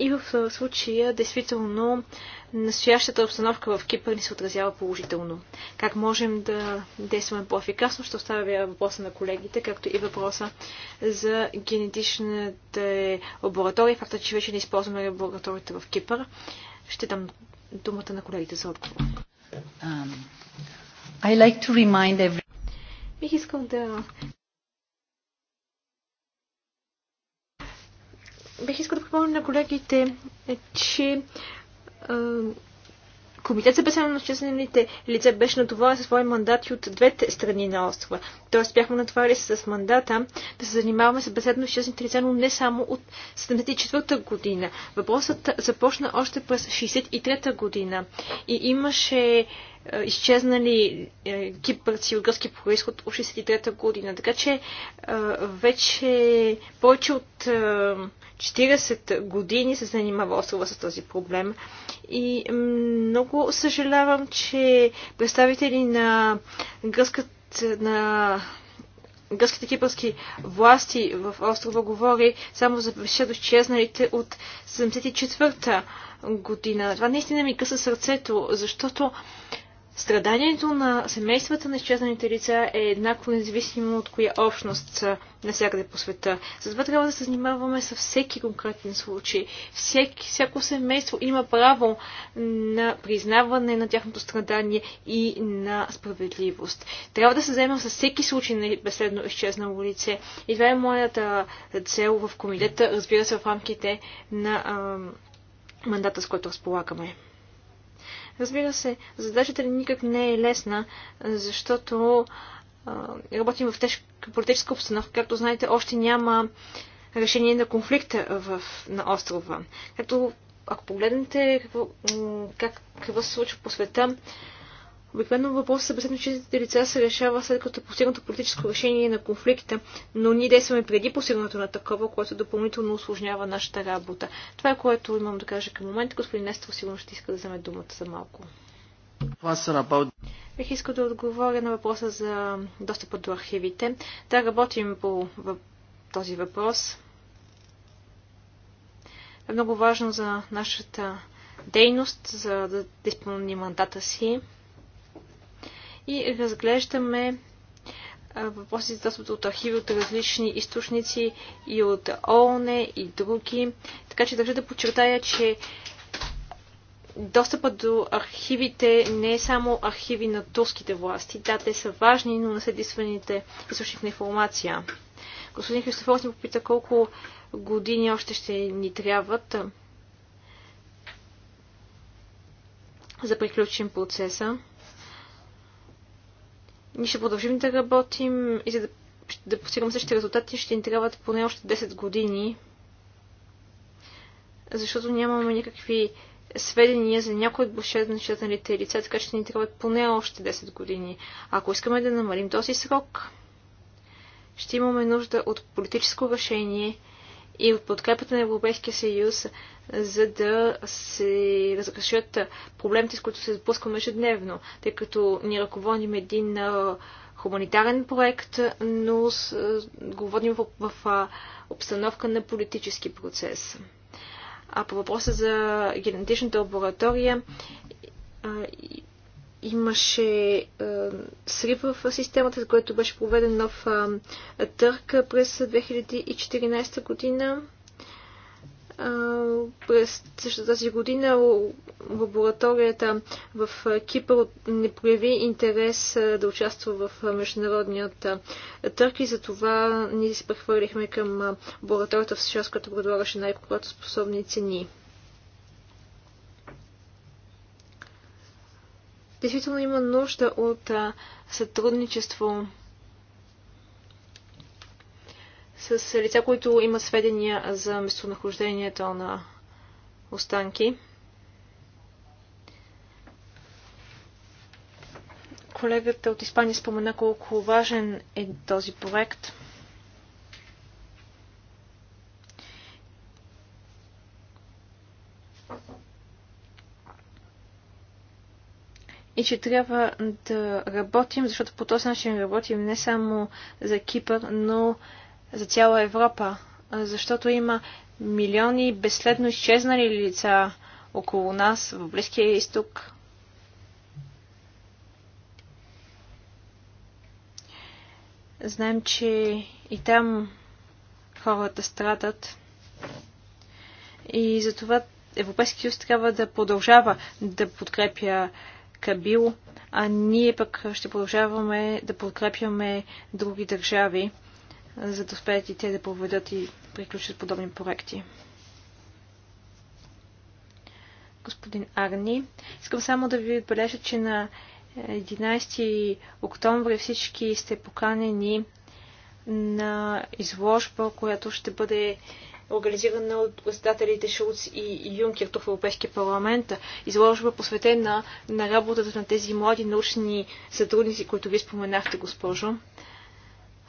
И в случая, действително, настоящата обстановка в Кипър ни се отразява положително. Как можем да действаме по-ефикасно, ще оставя въпроса на колегите, както и въпроса за генетичната лаборатория, факта, че вече не използваме лабораторията в Кипър. Ще дам думата на колегите за отговор. Um, I like to remind every... Бих искал да бих искал да припомня на колегите, че Комитет за безсъдно на лица беше натоварен със свои мандати от двете страни на острова. Тоест бяхме натоварили с мандата да се занимаваме с безсъдно честните лица, но не само от 74-та година. Въпросът започна още през 63-та година и имаше е, изчезнали е, кипърци от гръцки происход от 63-та година. Така че е, вече повече от 40 години се занимава острова с този проблем. И много съжалявам, че представители на гръцкът, на гръцките кипърски власти в острова говори само за до изчезналите от 74-та година. Това наистина ми къса сърцето, защото Страданието на семействата на изчезнаните лица е еднакво независимо от коя общност са навсякъде по света. Затова трябва да се занимаваме с всеки конкретен случай. Всеки, всяко семейство има право на признаване на тяхното страдание и на справедливост. Трябва да се заемем с всеки случай на безследно изчезнало лице. И това е моята цел в комитета, разбира се, в рамките на а, мандата, с който разполагаме. Разбира се, задачата ни никак не е лесна, защото работим в тежка политическа обстановка. Както знаете, още няма решение на конфликта в, на острова. Като ако погледнете какво, как, какво се случва по света, Обикновено въпросът за безсъдничните лица се решава след като е постигнато политическо решение на конфликта, но ние действаме преди постигнато на такова, което допълнително осложнява нашата работа. Това е което имам да кажа към момента. Господин Нестор сигурно ще иска да вземе думата за малко. Бих искал да отговоря на въпроса за достъпа до архивите. Да, работим по този въпрос. Е много важно за нашата дейност, за да изпълним мандата си и разглеждаме въпроси за достъп от архиви от различни източници и от ООН и други. Така че държа да подчертая, че достъпът до архивите не е само архиви на турските власти. Да, те са важни, но не са единствените източник на информация. Господин Христофор ни попита колко години още ще ни трябват за да приключим процеса. Ние ще продължим да работим и за да, да постигам същите резултати ще ни трябват поне още 10 години, защото нямаме никакви сведения за някои от бушетничателните лица, така че ни трябват поне още 10 години. Ако искаме да намалим този срок, ще имаме нужда от политическо решение – и от подкрепата на Европейския съюз, за да се разрешат проблемите, с които се сблъскваме ежедневно, тъй като ни ръководим един хуманитарен проект, но с, го водим в, в обстановка на политически процес. А по въпроса за генетичната лаборатория, имаше е, срив в системата, за което беше проведен нов е, търк през 2014 година. Е, през същата тази година лабораторията в е, Кипър не прояви интерес е, да участва в е, международният търк и затова ние се прехвърлихме към лабораторията в САЩ, която предлагаше най способни цени. Действително има нужда от сътрудничество с лица, които имат сведения за местонахождението на останки. Колегата от Испания спомена колко важен е този проект. и че трябва да работим, защото по този начин работим не само за Кипър, но за цяла Европа, защото има милиони безследно изчезнали лица около нас в Близкия изток. Знаем, че и там хората страдат. И затова Европейския съюз трябва да продължава да подкрепя Кабил, а ние пък ще продължаваме да подкрепяме други държави, за да успеят и те да проведат и приключат подобни проекти. Господин Арни, искам само да ви отбележа, че на 11 октомври всички сте поканени на изложба, която ще бъде организирана от председателите Шулц и Юнкер в Европейския парламент. Изложба посветена на работата на тези млади научни сътрудници, които ви споменахте, госпожо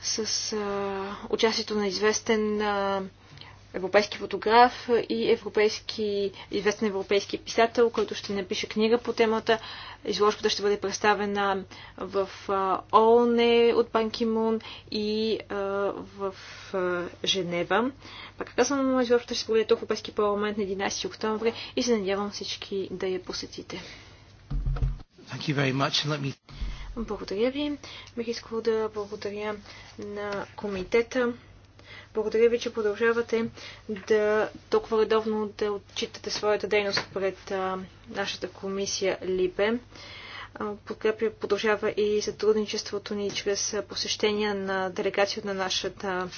с а, участието на известен а, европейски фотограф и европейски, известен европейски писател, който ще напише книга по темата. Изложката ще бъде представена в Оне от Банкимун и в Женева. Пак казвам, изложбата ще се проведе тук в Европейски парламент на 11 октомври и се надявам всички да я посетите. Me... Благодаря ви. Бих искала да благодаря на комитета благодаря ви, че продължавате да толкова редовно да отчитате своята дейност пред а, нашата комисия ЛИПЕ подкрепя, продължава и сътрудничеството ни чрез посещения на делегация на нашата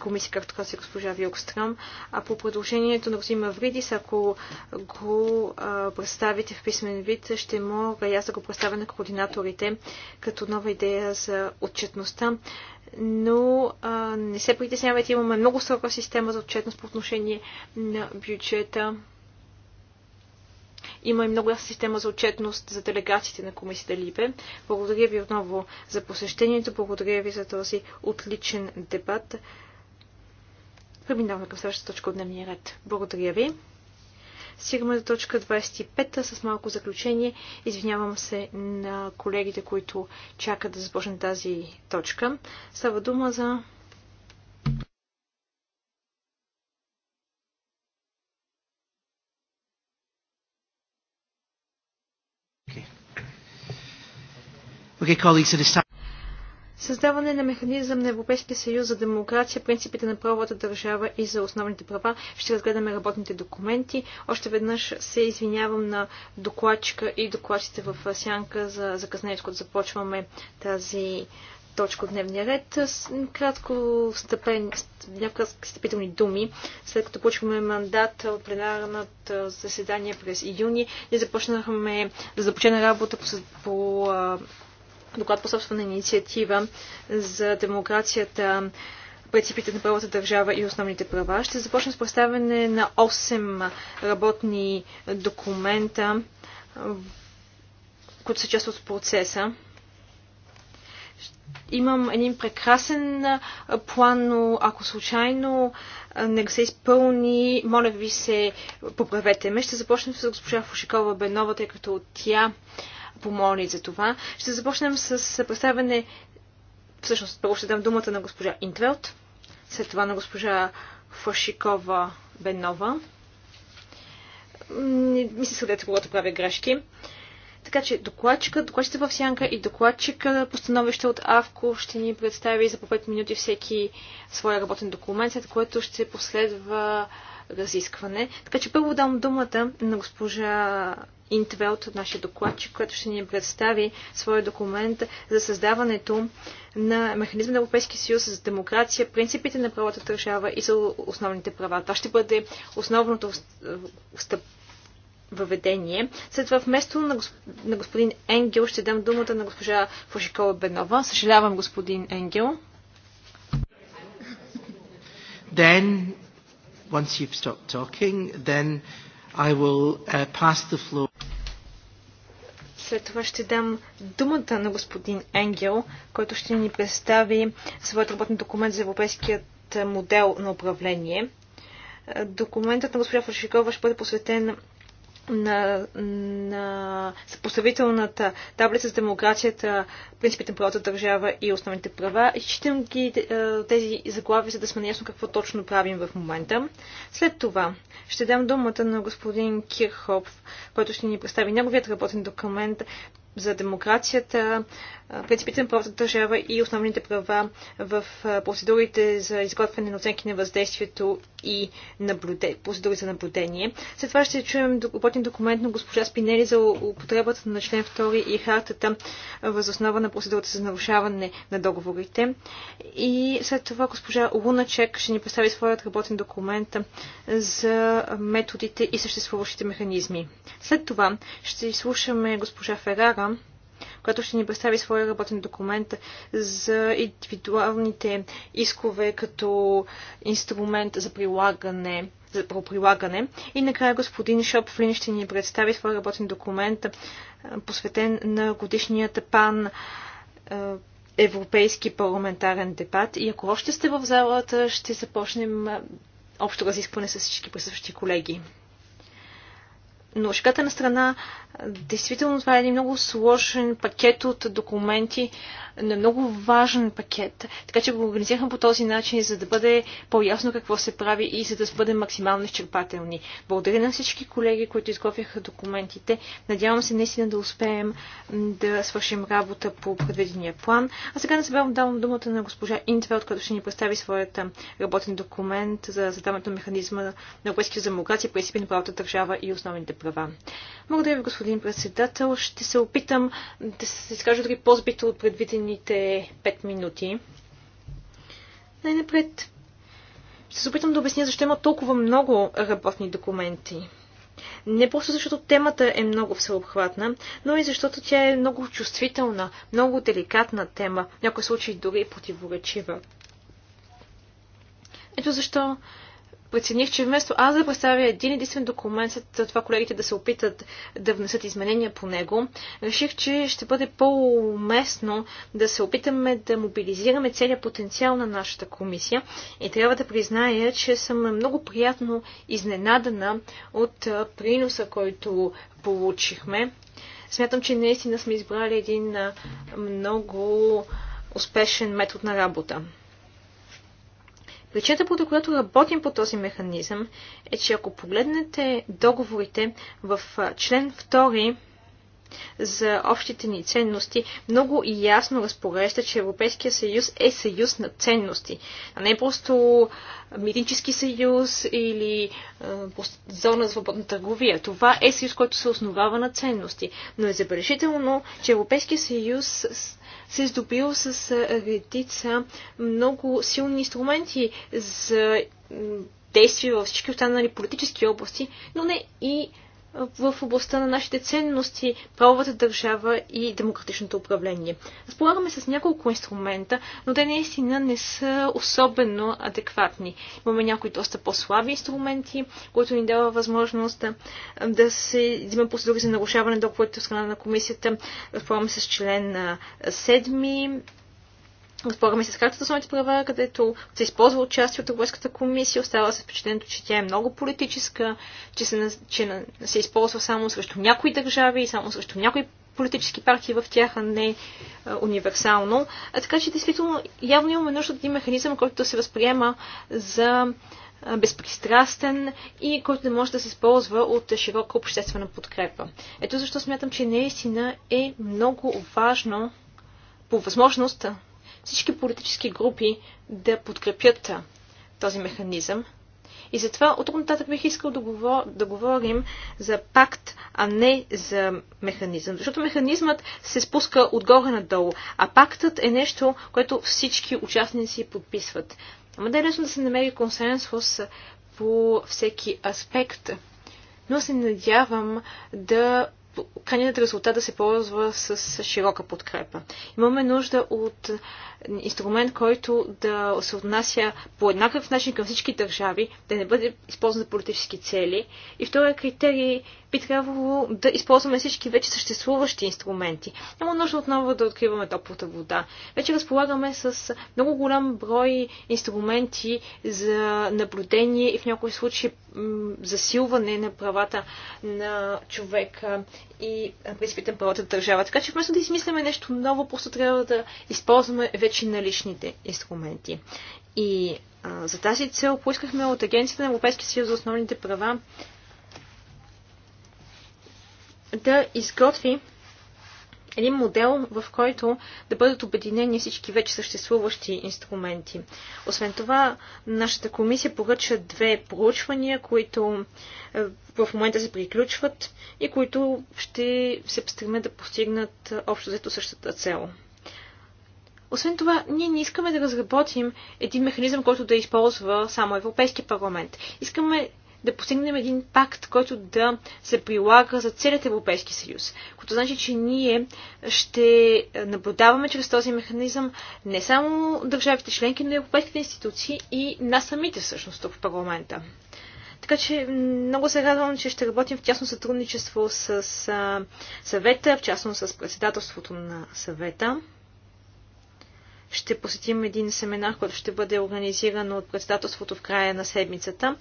комисия, както каза госпожа Вилкстрам. А по предложението на Розима Вридис, ако го а, представите в писмен вид, ще мога аз да го представя на координаторите като нова идея за отчетността. Но а, не се притеснявайте, имаме много срока система за отчетност по отношение на бюджета. Има и много ясна система за отчетност за делегациите на комисията Либе. Благодаря ви отново за посещението. Благодаря ви за този отличен дебат. Преминаваме към следващата точка от дневния ред. Благодаря ви. Стигаме до точка 25 с малко заключение. Извинявам се на колегите, които чакат да започнат тази точка. Става дума за Okay, colleagues, it is time. Създаване на механизъм на Европейския съюз за демокрация, принципите на правовата държава и за основните права. Ще разгледаме работните документи. Още веднъж се извинявам на докладчика и докладчите в сянка за закъснението, когато започваме тази точка от дневния ред. Кратко встъпен, някакъв встъпителни думи. След като получихме мандат от пленарната заседание през юни, ние започнахме да започнем работа по, по доклад по собствена инициатива за демокрацията, принципите на правата държава и основните права. Ще започна с представяне на 8 работни документа, които са част от процеса имам един прекрасен план, но ако случайно не се изпълни, моля ви се, поправете ме. Ще започнем с госпожа Фушикова Бенова, тъй като тя помоли за това. Ще започнем с представяне. Всъщност, първо ще дам думата на госпожа Интвелт, след това на госпожа Фашикова Бенова. Не се съдете, когато правя грешки. Така че докладчика, докладчите в сянка и докладчика по становище от АВКО ще ни представи за по 5 минути всеки своя работен документ, след което ще последва разискване. Така че първо дам думата на госпожа Интвелт, нашия докладчик, който ще ни представи своя документ за създаването на механизма на Европейския съюз за демокрация, принципите на правата държава и за основните права. Това ще бъде основното стъп въведение. След това вместо на, госп... на господин Енгел ще дам думата на госпожа Фошикова Бенова. Съжалявам, господин Енгел. Then once you've stopped talking, then I will uh, pass the floor. След това ще дам думата на господин Енгел, който ще ни представи своят работен документ за европейският модел на управление. Документът на госпожа Фаршикова ще бъде посветен на, на съпоставителната таблица с демокрацията, принципите на правата държава и основните права. Изчитам ги е, тези заглави, за да сме наясно какво точно правим в момента. След това ще дам думата на господин Кирхоп, който ще ни представи неговият работен документ за демокрацията, принципите на правата държава и основните права в процедурите за изготвяне на оценки на въздействието и наблюде... процедури за наблюдение. След това ще чуем работен документ на госпожа Спинели за употребата на член 2 и хартата възоснова на процедурата за нарушаване на договорите. И след това госпожа Луначек ще ни представи своят работен документ за методите и съществуващите механизми. След това ще изслушаме госпожа Ферара, която ще ни представи своя работен документ за индивидуалните искове като инструмент за прилагане за прилагане. И накрая господин Шопфлин ще ни представи своя работен документ, посветен на годишният пан Европейски парламентарен дебат. И ако още сте в залата, ще започнем общо разискване с всички присъщи колеги. Но шката на страна, действително това е един много сложен пакет от документи, на много важен пакет, така че го организирахме по този начин, за да бъде по-ясно какво се прави и за да бъдем максимално изчерпателни. Благодаря на всички колеги, които изготвяха документите. Надявам се наистина да успеем да свършим работа по предвидения план. А сега незабавно давам думата на госпожа Интвелт, която ще ни представи своята работен документ за задаването на механизма на европейския демокрация, принципи на правата държава и основните права. Благодаря ви, господин председател. Ще се опитам да се изкажа дори по-збито от предвидения последните 5 минути. Най-напред ще се опитам да обясня защо има толкова много работни документи. Не просто защото темата е много всеобхватна, но и защото тя е много чувствителна, много деликатна тема, в някои случаи дори и противоречива. Ето защо прецених, че вместо аз да представя един единствен документ, след това колегите да се опитат да внесат изменения по него, реших, че ще бъде по-уместно да се опитаме да мобилизираме целият потенциал на нашата комисия и трябва да призная, че съм много приятно изненадана от приноса, който получихме. Смятам, че наистина сме избрали един много успешен метод на работа. Причината, по която работим по този механизъм, е, че ако погледнете договорите в член 2 за общите ни ценности, много и ясно разпорежда, че Европейския съюз е съюз на ценности, а не просто митнически съюз или е, зона за свободна търговия. Това е съюз, който се основава на ценности. Но е забележително, че Европейския съюз се е здобил с редица много силни инструменти за действия във всички останали политически области, но не и в областта на нашите ценности, правовата държава и демократичното управление. Разполагаме с няколко инструмента, но те наистина не са особено адекватни. Имаме някои доста по-слаби инструменти, които ни дава възможност да се взима процедури за нарушаване договорите от страна на комисията. Разполагаме с член 7 Разполагаме с картата за основните права, където се използва участие от Европейската комисия. Остава се впечатлението, че тя е много политическа, че се, че се използва само срещу някои държави и само срещу някои политически партии в тях, а не а, универсално. А, така че, действително, явно имаме нужда от един механизъм, който се възприема за безпристрастен и който не може да се използва от широка обществена подкрепа. Ето защо смятам, че наистина е много важно по възможността всички политически групи да подкрепят този механизъм. И затова от нататък бих искал да, говор, да говорим за пакт, а не за механизъм. Защото механизмът се спуска отгоре надолу, а пактът е нещо, което всички участници подписват. Ама да е лесно да се намери консенсус по всеки аспект. Но се надявам да крайният резултат да се ползва с широка подкрепа. Имаме нужда от инструмент, който да се отнася по еднакъв начин към всички държави, да не бъде използван за политически цели. И втория критерий би трябвало да използваме всички вече съществуващи инструменти. Няма нужда отново да откриваме топлата вода. Вече разполагаме с много голям брой инструменти за наблюдение и в някои случаи засилване на правата на човека и принципите на правата държава. Така че вместо да измисляме нещо ново, просто трябва да използваме вече наличните инструменти. И а, за тази цел поискахме от Агенцията на Европейския съюз за основните права да изготви един модел, в който да бъдат обединени всички вече съществуващи инструменти. Освен това, нашата комисия поръча две проучвания, които е, в момента се приключват и които ще се стремят да постигнат общо взето същата цел. Освен това, ние не искаме да разработим един механизъм, който да използва само Европейски парламент. Искаме да постигнем един пакт, който да се прилага за целият Европейски съюз. Което значи, че ние ще наблюдаваме чрез този механизъм не само държавите членки, но и европейските институции и нас самите всъщност тук в парламента. Така че много се радвам, че ще работим в тясно сътрудничество с съвета, в частност с председателството на съвета ще посетим един семинар, който ще бъде организиран от председателството в края на седмицата.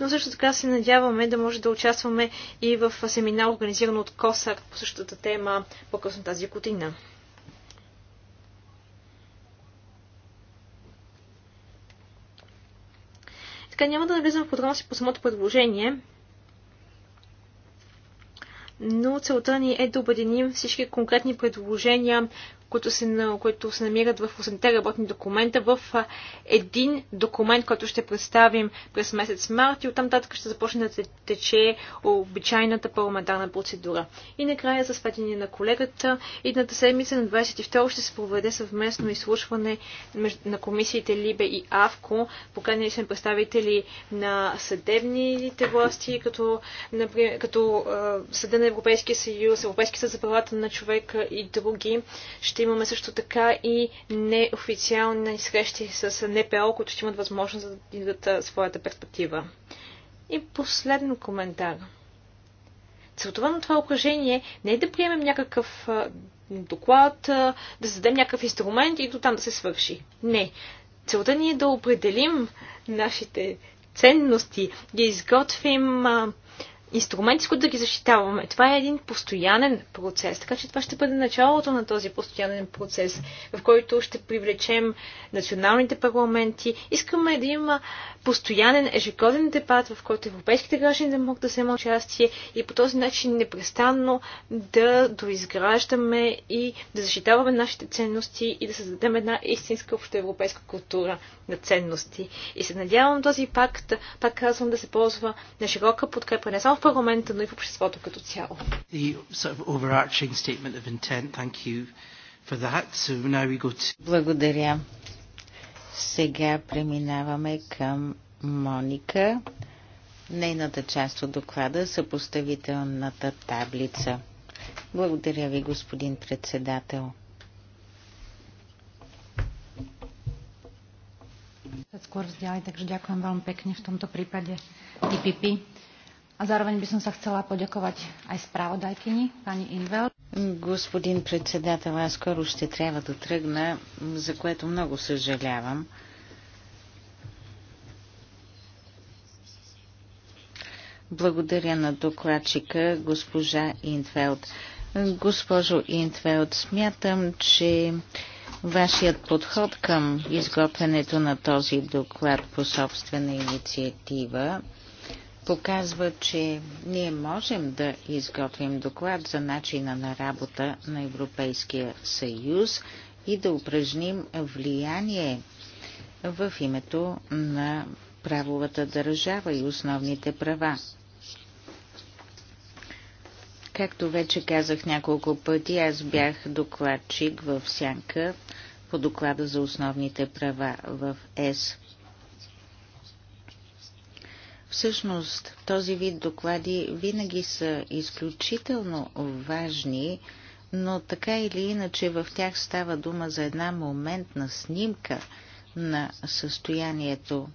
Но също така се надяваме да може да участваме и в семинар, организиран от КОСАК по същата тема по-късно тази година. Така няма да навлизам в подробности по самото предложение, но целта ни е да обединим всички конкретни предложения, които се, които се намират в 8-те работни документа, в един документ, който ще представим през месец март и оттам татък ще започне да тече обичайната парламентарна процедура. И накрая, за сведение на колегата, идната седмица на 22 ще се проведе съвместно изслушване на комисиите Либе и Авко. Поканени сме представители на съдебните власти, като, например, като Съда на Европейския съюз, Европейския съд за правата на човека и други. Ще ще имаме също така и неофициални срещи с НПО, които ще имат възможност да дадат своята перспектива. И последно коментар. Целта на това упражнение не е да приемем някакъв доклад, да зададем някакъв инструмент и до там да се свърши. Не. Целта ни е да определим нашите ценности, да изготвим а, инструменти, с които да ги защитаваме. Това е един постоянен процес, така че това ще бъде началото на този постоянен процес, в който ще привлечем националните парламенти. Искаме да има постоянен ежегоден дебат, в който европейските граждани да могат да вземат участие и по този начин непрестанно да доизграждаме и да защитаваме нашите ценности и да създадем една истинска общоевропейска култура на ценности. И се надявам този пакт, пак казвам, да се ползва на широка подкрепа не само парламента, но и в обществото като цяло. Благодаря. Сега преминаваме към Моника. Нейната част от доклада съпоставителната таблица. Благодаря ви, господин председател. skôr vzdiali, takže вам пекни в v tomto prípade IPP. A zároveň by som sa chcela poďakovať aj správodajkyni, pani Invel. Господин председател, аз скоро ще трябва да тръгна, за което много съжалявам. Благодаря на докладчика госпожа Интфелд. Госпожо Интфелд, смятам, че вашият подход към изготвянето на този доклад по собствена инициатива показва, че ние можем да изготвим доклад за начина на работа на Европейския съюз и да упражним влияние в името на правовата държава и основните права. Както вече казах няколко пъти, аз бях докладчик в Сянка по доклада за основните права в ЕС Всъщност, този вид доклади винаги са изключително важни, но така или иначе в тях става дума за една моментна снимка на състоянието.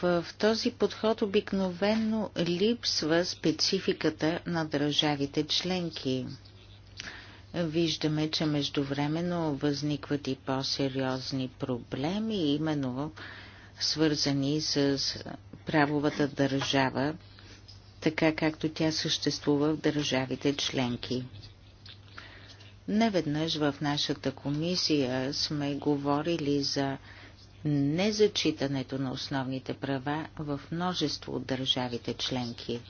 В този подход обикновенно липсва спецификата на държавите членки. Виждаме, че междувременно възникват и по-сериозни проблеми, именно свързани с правовата държава, така както тя съществува в държавите членки. Неведнъж в нашата комисия сме говорили за незачитането на основните права в множество от държавите членки.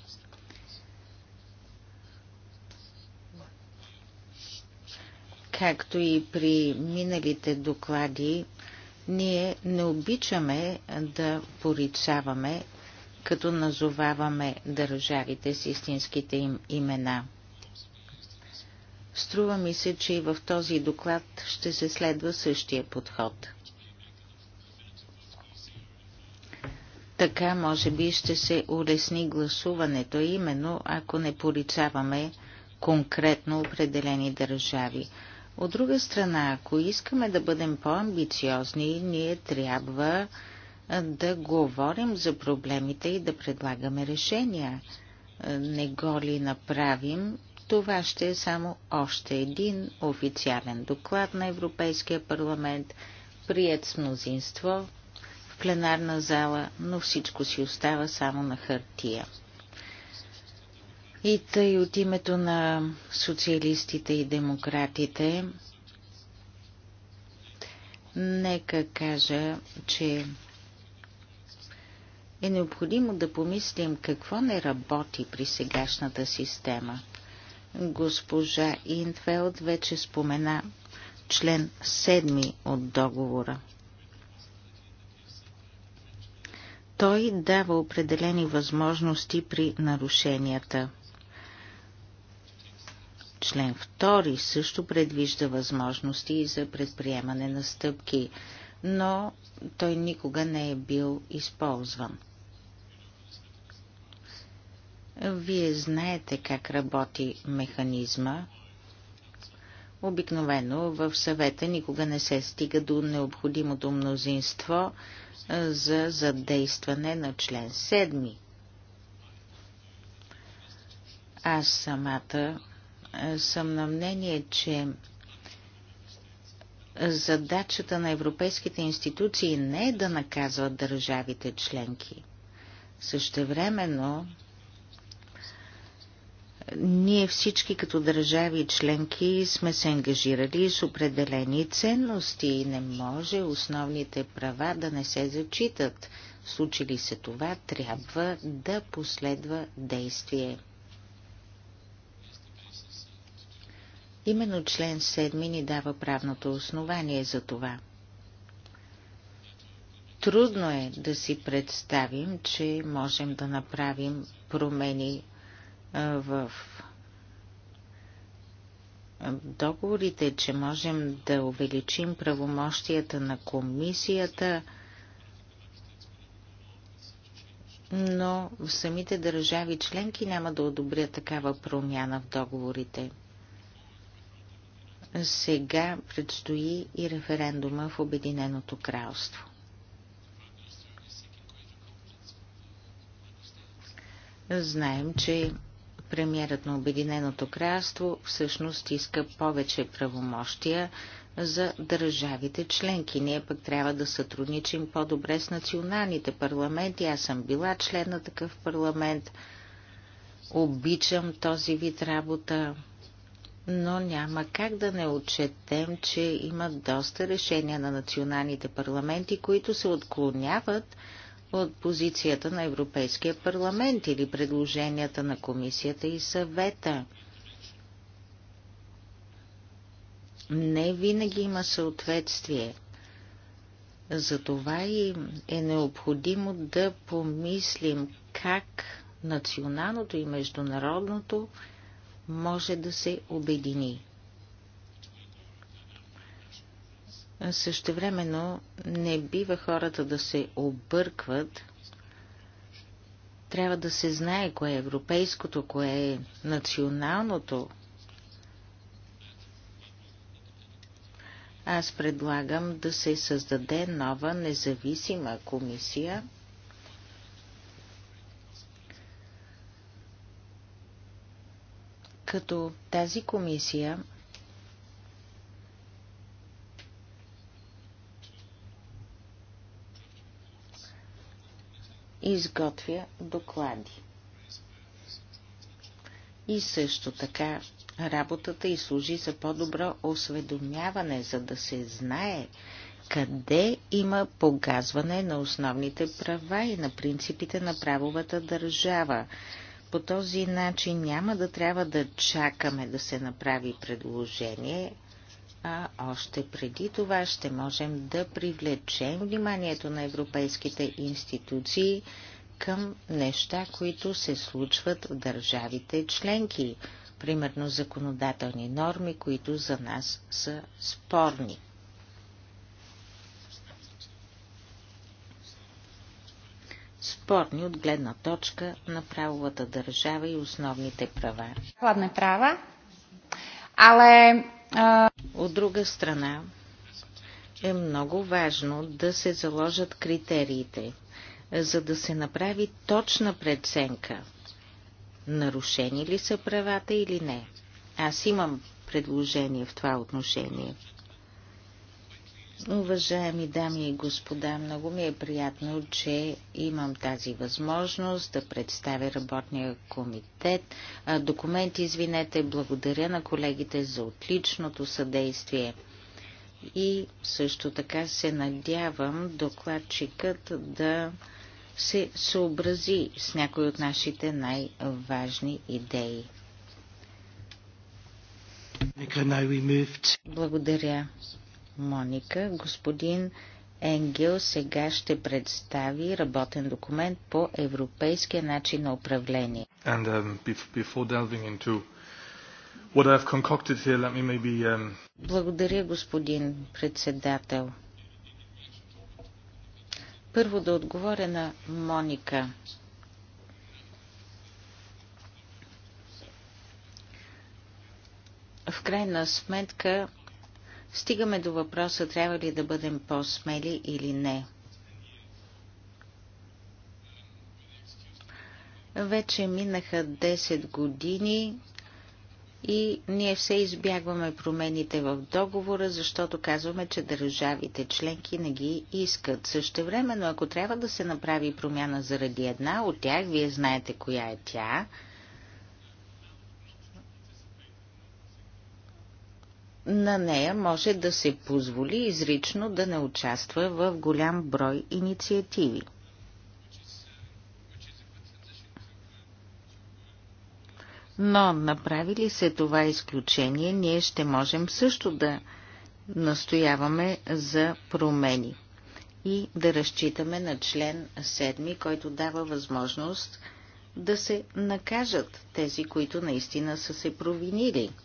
Както и при миналите доклади ние не обичаме да поричаваме, като назоваваме държавите с истинските им имена. Струва ми се, че и в този доклад ще се следва същия подход. Така, може би, ще се улесни гласуването, именно ако не поричаваме конкретно определени държави. От друга страна, ако искаме да бъдем по-амбициозни, ние трябва да говорим за проблемите и да предлагаме решения. Не го ли направим, това ще е само още един официален доклад на Европейския парламент, прият с мнозинство в пленарна зала, но всичко си остава само на хартия. И тъй от името на социалистите и демократите, нека кажа, че е необходимо да помислим какво не работи при сегашната система. Госпожа Интфелд вече спомена член 7 от договора. Той дава определени възможности при нарушенията. Член 2 също предвижда възможности за предприемане на стъпки, но той никога не е бил използван. Вие знаете как работи механизма. Обикновено в съвета никога не се стига до необходимото мнозинство за задействане на член 7. Аз самата съм на мнение, че задачата на европейските институции не е да наказват държавите членки. Същевременно, ние всички като държави членки сме се ангажирали с определени ценности и не може основните права да не се зачитат. Случили се това, трябва да последва действие. Именно член 7 ни дава правното основание за това. Трудно е да си представим, че можем да направим промени в договорите, че можем да увеличим правомощията на комисията, но в самите държави членки няма да одобрят такава промяна в договорите сега предстои и референдума в Обединеното кралство. Знаем, че премьерът на Обединеното кралство всъщност иска повече правомощия за държавите членки. Ние пък трябва да сътрудничим по-добре с националните парламенти. Аз съм била член на такъв парламент. Обичам този вид работа но няма как да не отчетем, че има доста решения на националните парламенти, които се отклоняват от позицията на Европейския парламент или предложенията на комисията и съвета. Не винаги има съответствие. Затова и е необходимо да помислим как националното и международното може да се обедини. Същевременно не бива хората да се объркват. Трябва да се знае кое е европейското, кое е националното. Аз предлагам да се създаде нова независима комисия – като тази комисия изготвя доклади. И също така работата и служи за по-добро осведомяване, за да се знае къде има погазване на основните права и на принципите на правовата държава. По този начин няма да трябва да чакаме да се направи предложение, а още преди това ще можем да привлечем вниманието на европейските институции към неща, които се случват в държавите членки, примерно законодателни норми, които за нас са спорни. спорни от гледна точка на правовата държава и основните права. Хладна права, але... А... От друга страна е много важно да се заложат критериите, за да се направи точна преценка. Нарушени ли са правата или не? Аз имам предложение в това отношение – Уважаеми дами и господа, много ми е приятно, че имам тази възможност да представя работния комитет. Документ, извинете, благодаря на колегите за отличното съдействие. И също така се надявам докладчикът да се съобрази с някои от нашите най-важни идеи. Благодаря. Моника. Господин Енгел сега ще представи работен документ по европейския начин на управление. And, um, here, maybe, um... Благодаря, господин председател. Първо да отговоря на Моника. В крайна сметка стигаме до въпроса трябва ли да бъдем по-смели или не. Вече минаха 10 години и ние все избягваме промените в договора, защото казваме, че държавите членки не ги искат. но ако трябва да се направи промяна заради една от тях, вие знаете коя е тя, на нея може да се позволи изрично да не участва в голям брой инициативи. Но направили се това изключение, ние ще можем също да настояваме за промени и да разчитаме на член 7, който дава възможност да се накажат тези, които наистина са се провинили –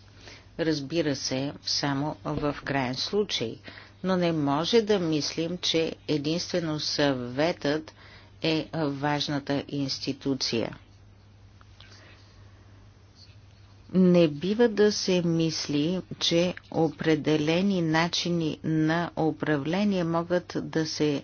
Разбира се, само в крайен случай. Но не може да мислим, че единствено съветът е важната институция. Не бива да се мисли, че определени начини на управление могат да се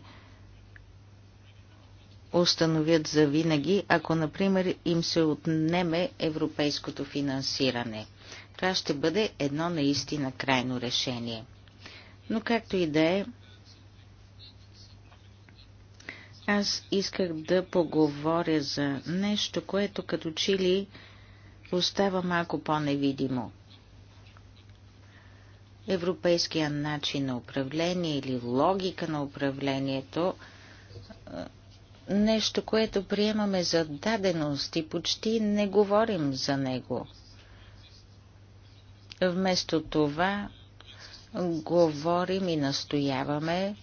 установят завинаги, ако, например, им се отнеме европейското финансиране – това ще бъде едно наистина крайно решение. Но както и да е, аз исках да поговоря за нещо, което като чили остава малко по-невидимо. Европейския начин на управление или логика на управлението е, нещо, което приемаме за даденост и почти не говорим за него – Вместо това говорим и настояваме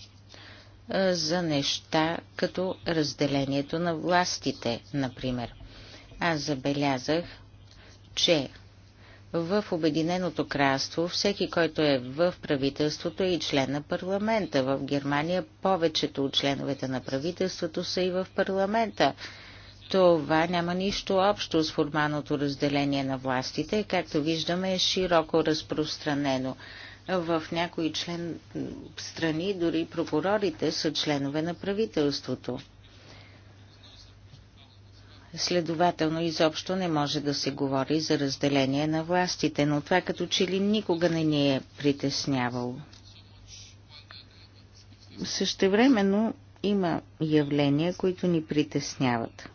за неща като разделението на властите, например. Аз забелязах, че в Обединеното кралство всеки, който е в правителството е и член на парламента. В Германия повечето от членовете на правителството са и в парламента. Това няма нищо общо с формалното разделение на властите, както виждаме е широко разпространено. В някои член... страни дори прокурорите са членове на правителството. Следователно изобщо не може да се говори за разделение на властите, но това като че ли никога не ни е притеснявало. Същевременно има явления, които ни притесняват.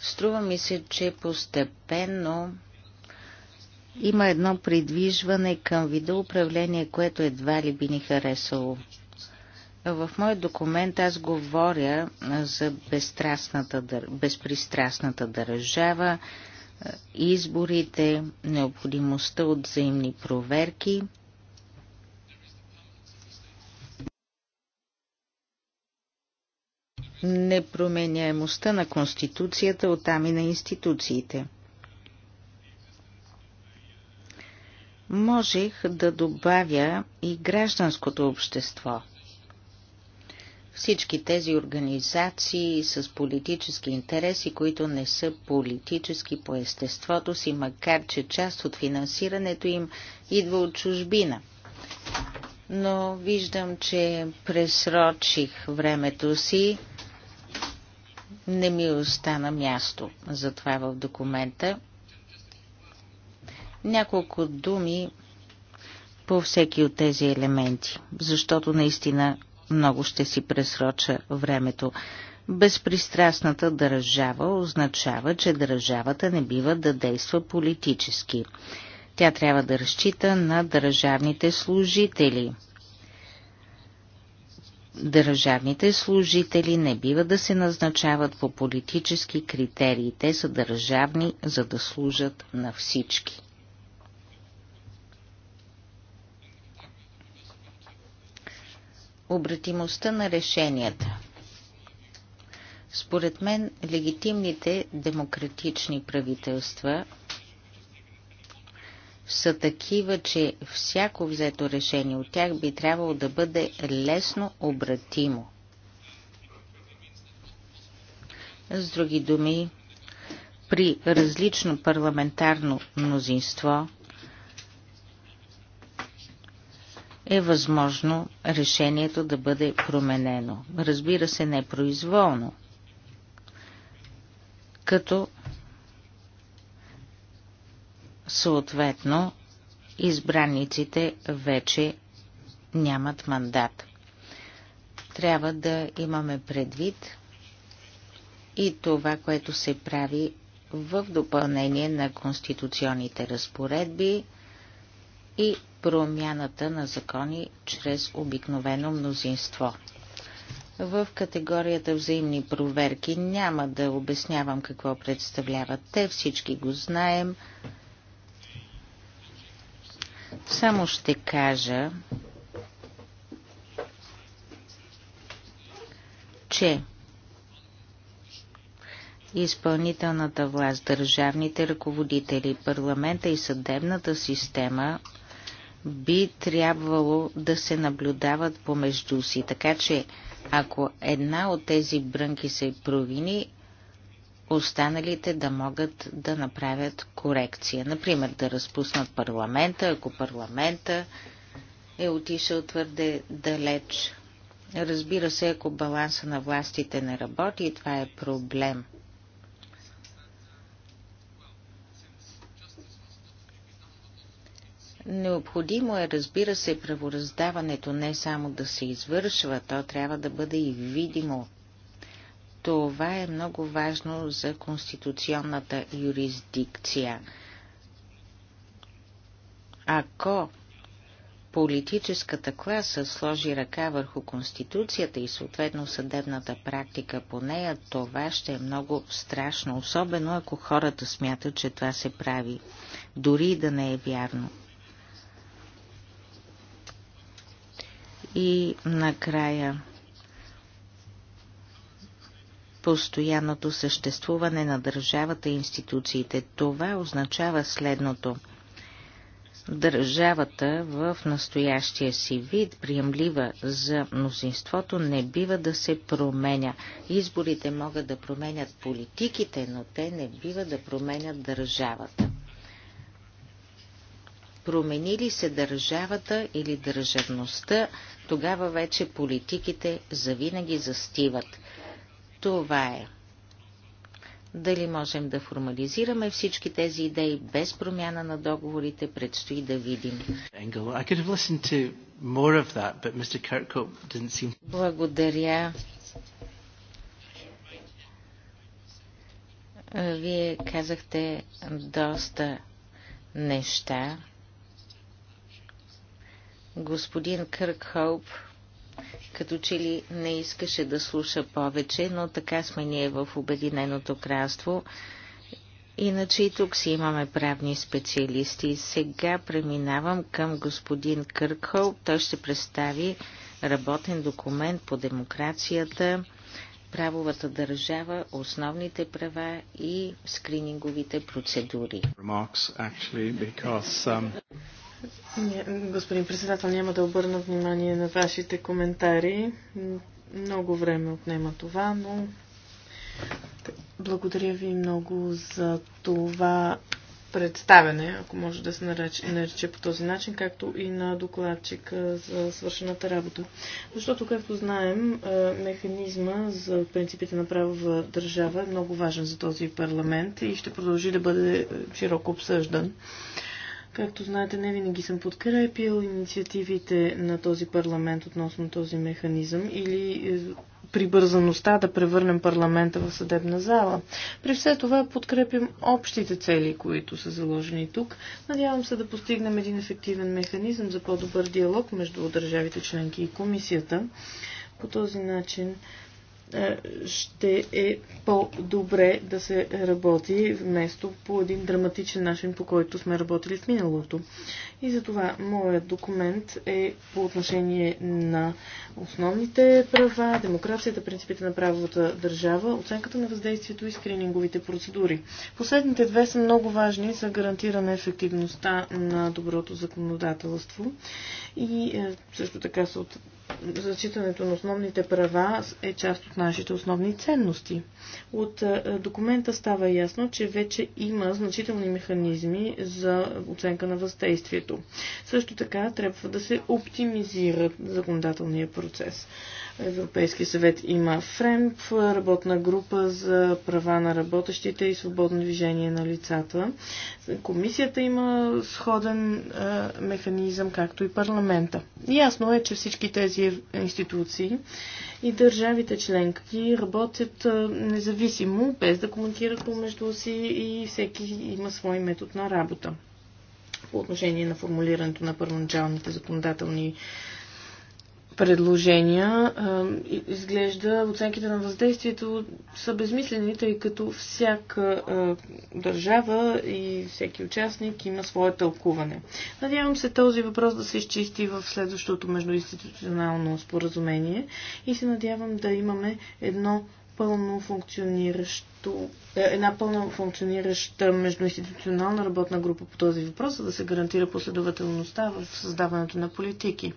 Струва ми се, че постепенно има едно придвижване към вида управление, което едва ли би ни харесало. В моят документ аз говоря за безпристрастната държава, е, изборите, необходимостта от взаимни проверки – непроменяемостта на Конституцията, оттам и на институциите. Можех да добавя и гражданското общество. Всички тези организации с политически интереси, които не са политически по естеството си, макар че част от финансирането им идва от чужбина но виждам, че пресрочих времето си не ми остана място за това в документа. Няколко думи по всеки от тези елементи, защото наистина много ще си пресроча времето. Безпристрастната държава означава, че държавата не бива да действа политически. Тя трябва да разчита на държавните служители – Държавните служители не бива да се назначават по политически критерии. Те са държавни, за да служат на всички. Обратимостта на решенията Според мен, легитимните демократични правителства са такива, че всяко взето решение от тях би трябвало да бъде лесно обратимо. С други думи, при различно парламентарно мнозинство е възможно решението да бъде променено. Разбира се, не произволно, като Съответно, избранниците вече нямат мандат. Трябва да имаме предвид и това, което се прави в допълнение на конституционните разпоредби и промяната на закони чрез обикновено мнозинство. В категорията взаимни проверки няма да обяснявам какво представляват те, всички го знаем. Само ще кажа, че изпълнителната власт, държавните ръководители, парламента и съдебната система би трябвало да се наблюдават помежду си. Така че, ако една от тези брънки се провини, останалите да могат да направят корекция. Например, да разпуснат парламента, ако парламента е отишъл твърде далеч. Разбира се, ако баланса на властите не работи, това е проблем. Необходимо е, разбира се, правораздаването не само да се извършва, то трябва да бъде и видимо това е много важно за конституционната юрисдикция. Ако политическата класа сложи ръка върху Конституцията и съответно съдебната практика по нея, това ще е много страшно, особено ако хората смятат, че това се прави, дори да не е вярно. И накрая постоянното съществуване на държавата и институциите. Това означава следното. Държавата в настоящия си вид, приемлива за мнозинството, не бива да се променя. Изборите могат да променят политиките, но те не бива да променят държавата. Промени ли се държавата или държавността, тогава вече политиките завинаги застиват – това е. Дали можем да формализираме всички тези идеи без промяна на договорите, предстои да видим. Благодаря. Вие казахте доста неща. Господин Кърк Хоуп като че ли не искаше да слуша повече, но така сме ние в Обединеното кралство. Иначе и тук си имаме правни специалисти. Сега преминавам към господин Къркхол. Той ще представи работен документ по демокрацията, правовата държава, основните права и скрининговите процедури. Um, Господин председател, няма да обърна внимание на вашите коментари. Много време отнема това, но благодаря ви много за това представяне, ако може да се нарече, нарече по този начин, както и на докладчика за свършената работа. Защото, както знаем, е, механизма за принципите на правова държава е много важен за този парламент и ще продължи да бъде е, широко обсъждан. Както знаете, не винаги съм подкрепил инициативите на този парламент относно този механизъм или е, прибързаността да превърнем парламента в съдебна зала. При все това подкрепим общите цели, които са заложени тук. Надявам се да постигнем един ефективен механизъм за по-добър диалог между държавите членки и комисията. По този начин е, ще е по-добре да се работи вместо по един драматичен начин, по който сме работили в миналото. И затова моят документ е по отношение на основните права, демокрацията, принципите на правовата държава, оценката на въздействието и скрининговите процедури. Последните две са много важни за гарантиране ефективността на доброто законодателство и е, също така са от зачитането на основните права е част от нашите основни ценности. От е, документа става ясно, че вече има значителни механизми за оценка на въздействието. Също така трябва да се оптимизира законодателния процес. Европейския съвет има ФРЕМП, работна група за права на работещите и свободно движение на лицата. Комисията има сходен механизъм, както и парламента. Ясно е, че всички тези институции и държавите членки работят независимо, без да комуникират помежду си и всеки има свой метод на работа по отношение на формулирането на първоначалните законодателни предложения. Изглежда оценките на въздействието са безмислени, тъй като всяка държава и всеки участник има свое тълкуване. Надявам се този въпрос да се изчисти в следващото междуинституционално споразумение и се надявам да имаме едно пълно функциониращо, е, една пълно функционираща междуинституционална работна група по този въпрос, за да се гарантира последователността в създаването на политики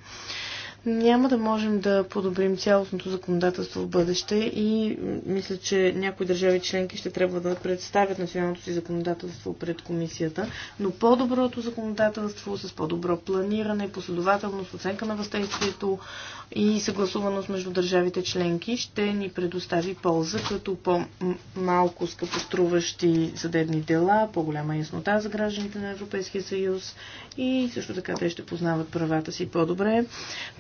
няма да можем да подобрим цялостното законодателство в бъдеще и мисля, че някои държави членки ще трябва да представят националното си законодателство пред комисията, но по-доброто законодателство с по-добро планиране, последователност, оценка на въздействието и съгласуваност между държавите членки ще ни предостави полза като по-малко скъпоструващи съдебни дела, по-голяма яснота за гражданите на Европейския съюз и също така те ще познават правата си по-добре.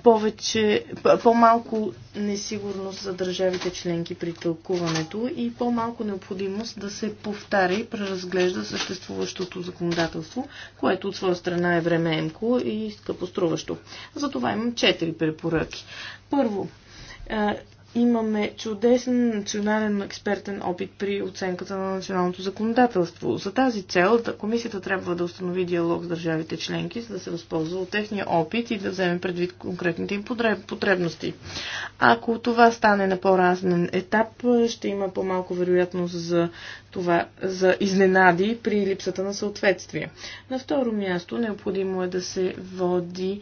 По повече, по-малко несигурност за държавите членки при тълкуването и по-малко необходимост да се повтаря и преразглежда съществуващото законодателство, което от своя страна е времеемко и скъпоструващо. Затова имам четири препоръки. Първо, е, имаме чудесен национален експертен опит при оценката на националното законодателство. За тази цел да комисията трябва да установи диалог с държавите членки, за да се възползва от техния опит и да вземе предвид конкретните им потребности. Ако това стане на по-разнен етап, ще има по-малко вероятност за, това, за изненади при липсата на съответствие. На второ място необходимо е да се води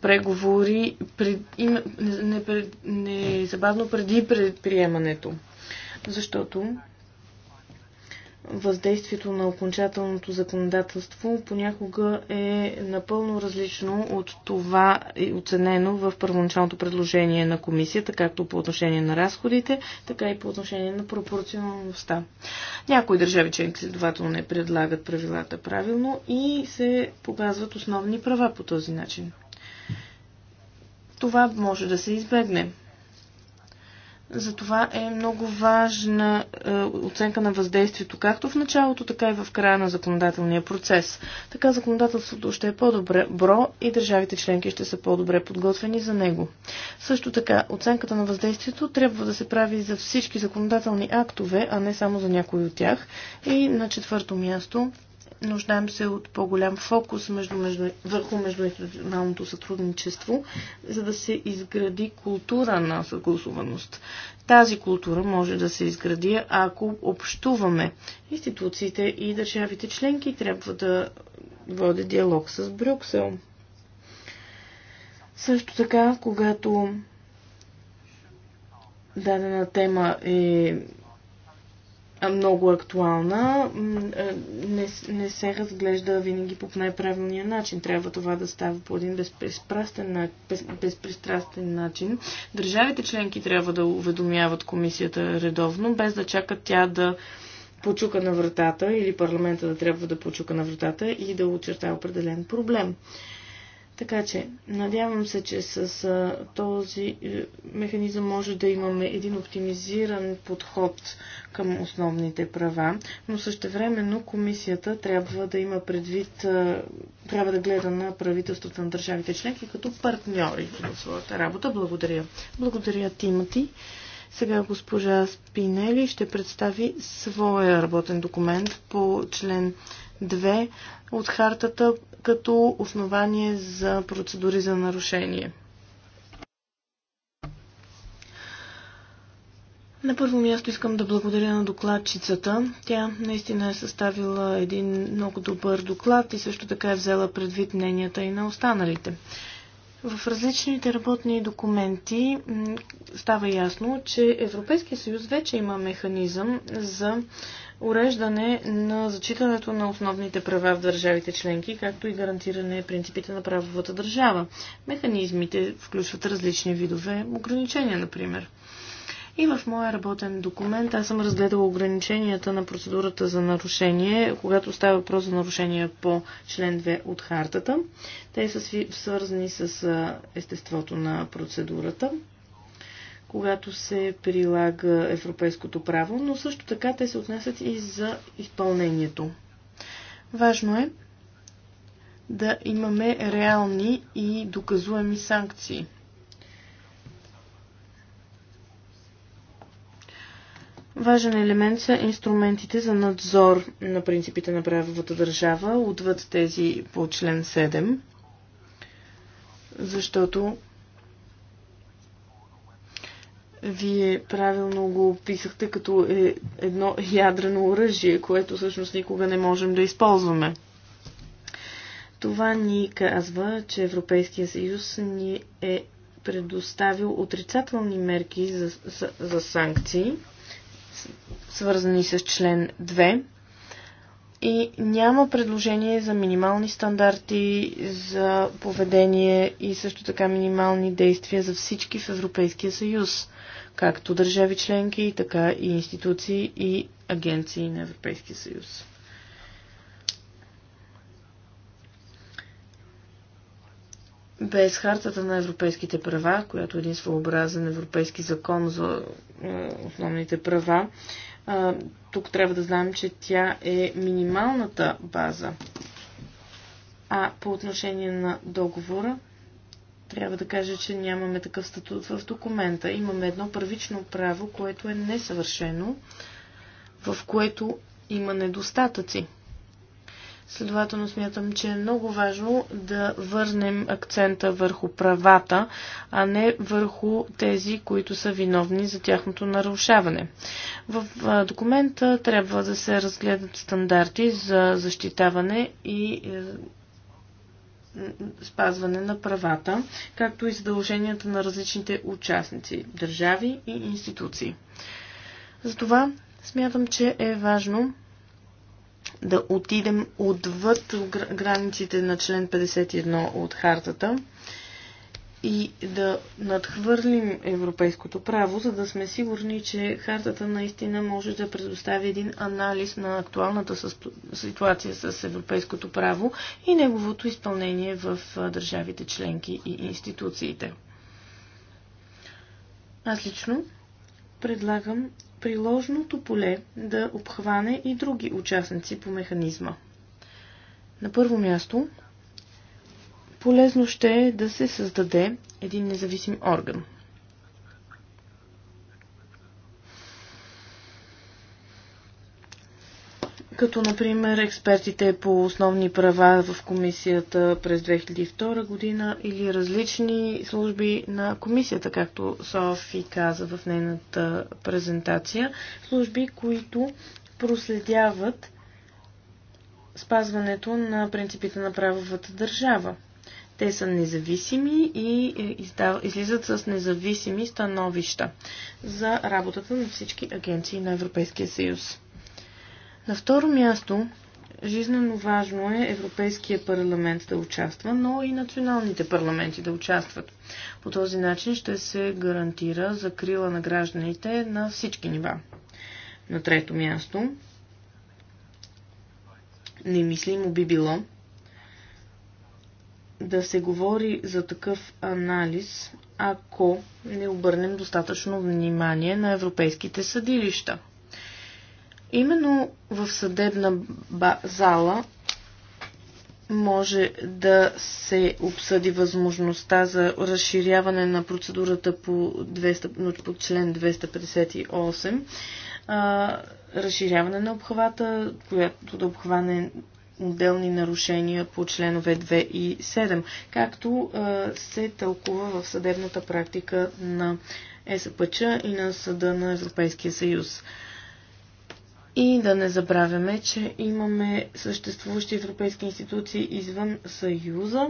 преговори пред, им, не, пред, незабавно преди предприемането. Защото въздействието на окончателното законодателство понякога е напълно различно от това оценено в първоначалното предложение на комисията, както по отношение на разходите, така и по отношение на пропорционалността. Някои държави членки следователно не предлагат правилата правилно и се показват основни права по този начин. Това може да се избегне. Затова е много важна е, оценка на въздействието, както в началото, така и в края на законодателния процес. Така законодателството ще е по-добре бро и държавите членки ще са по-добре подготвени за него. Също така, оценката на въздействието трябва да се прави за всички законодателни актове, а не само за някои от тях. И на четвърто място, Нуждаем се от по-голям фокус между, между, върху междуинституционалното сътрудничество, за да се изгради култура на съгласуваност. Тази култура може да се изгради, ако общуваме. Институциите и държавите членки трябва да водят диалог с Брюксел. Също така, когато дадена тема е много актуална, е, не, не се разглежда винаги по най-правилния начин. Трябва това да става по един безпристрастен, без, безпристрастен начин. Държавите членки трябва да уведомяват комисията редовно, без да чакат тя да почука на вратата или парламента да трябва да почука на вратата и да очерта определен проблем. Така че, надявам се, че с а, този е, механизъм може да имаме един оптимизиран подход към основните права, но същевременно комисията трябва да има предвид, а, трябва да гледа на правителството на държавите членки като партньори в своята работа. Благодаря. Благодаря, Тимати. Сега госпожа Спинели ще представи своя работен документ по член Две от хартата като основание за процедури за нарушение. На първо място искам да благодаря на докладчицата. Тя наистина е съставила един много добър доклад и също така е взела предвид мненията и на останалите. В различните работни документи става ясно, че Европейския съюз вече има механизъм за уреждане на зачитането на основните права в държавите членки, както и гарантиране принципите на правовата държава. Механизмите включват различни видове ограничения, например. И в моя работен документ аз съм разгледала ограниченията на процедурата за нарушение, когато става въпрос за нарушение по член 2 от хартата. Те са свързани с естеството на процедурата когато се прилага европейското право, но също така те се отнасят и за изпълнението. Важно е да имаме реални и доказуеми санкции. Важен елемент са инструментите за надзор на принципите на правовата държава, отвъд тези по член 7, защото вие правилно го описахте като е едно ядрено оръжие, което всъщност никога не можем да използваме. Това ни казва, че Европейския съюз ни е предоставил отрицателни мерки за, за, за санкции, свързани с член 2 и няма предложение за минимални стандарти за поведение и също така минимални действия за всички в Европейския съюз, както държави членки, така и институции и агенции на Европейския съюз. Без хартата на европейските права, която е един своеобразен европейски закон за основните права, тук трябва да знаем, че тя е минималната база. А по отношение на договора, трябва да кажа, че нямаме такъв статут в документа. Имаме едно първично право, което е несъвършено, в което има недостатъци. Следователно смятам, че е много важно да върнем акцента върху правата, а не върху тези, които са виновни за тяхното нарушаване. В документа трябва да се разгледат стандарти за защитаване и е, спазване на правата, както и задълженията на различните участници, държави и институции. Затова смятам, че е важно да отидем отвъд границите на член 51 от хартата и да надхвърлим европейското право, за да сме сигурни, че хартата наистина може да предостави един анализ на актуалната ситуация с европейското право и неговото изпълнение в държавите членки и институциите. Аз лично предлагам приложното поле да обхване и други участници по механизма. На първо място, полезно ще е да се създаде един независим орган, като например експертите по основни права в комисията през 2002 година или различни служби на комисията, както Софи каза в нейната презентация, служби, които проследяват спазването на принципите на правовата държава. Те са независими и е, излизат с независими становища за работата на всички агенции на Европейския съюз. На второ място, жизненно важно е Европейския парламент да участва, но и националните парламенти да участват. По този начин ще се гарантира закрила на гражданите на всички нива. На трето място, немислимо би било да се говори за такъв анализ, ако не обърнем достатъчно внимание на европейските съдилища. Именно в съдебна зала може да се обсъди възможността за разширяване на процедурата по, 200, по член 258, а, разширяване на обхвата, която да обхване отделни нарушения по членове 2 и 7, както а, се тълкува в съдебната практика на ЕСПЧ и на Съда на Европейския съюз. И да не забравяме, че имаме съществуващи европейски институции извън Съюза.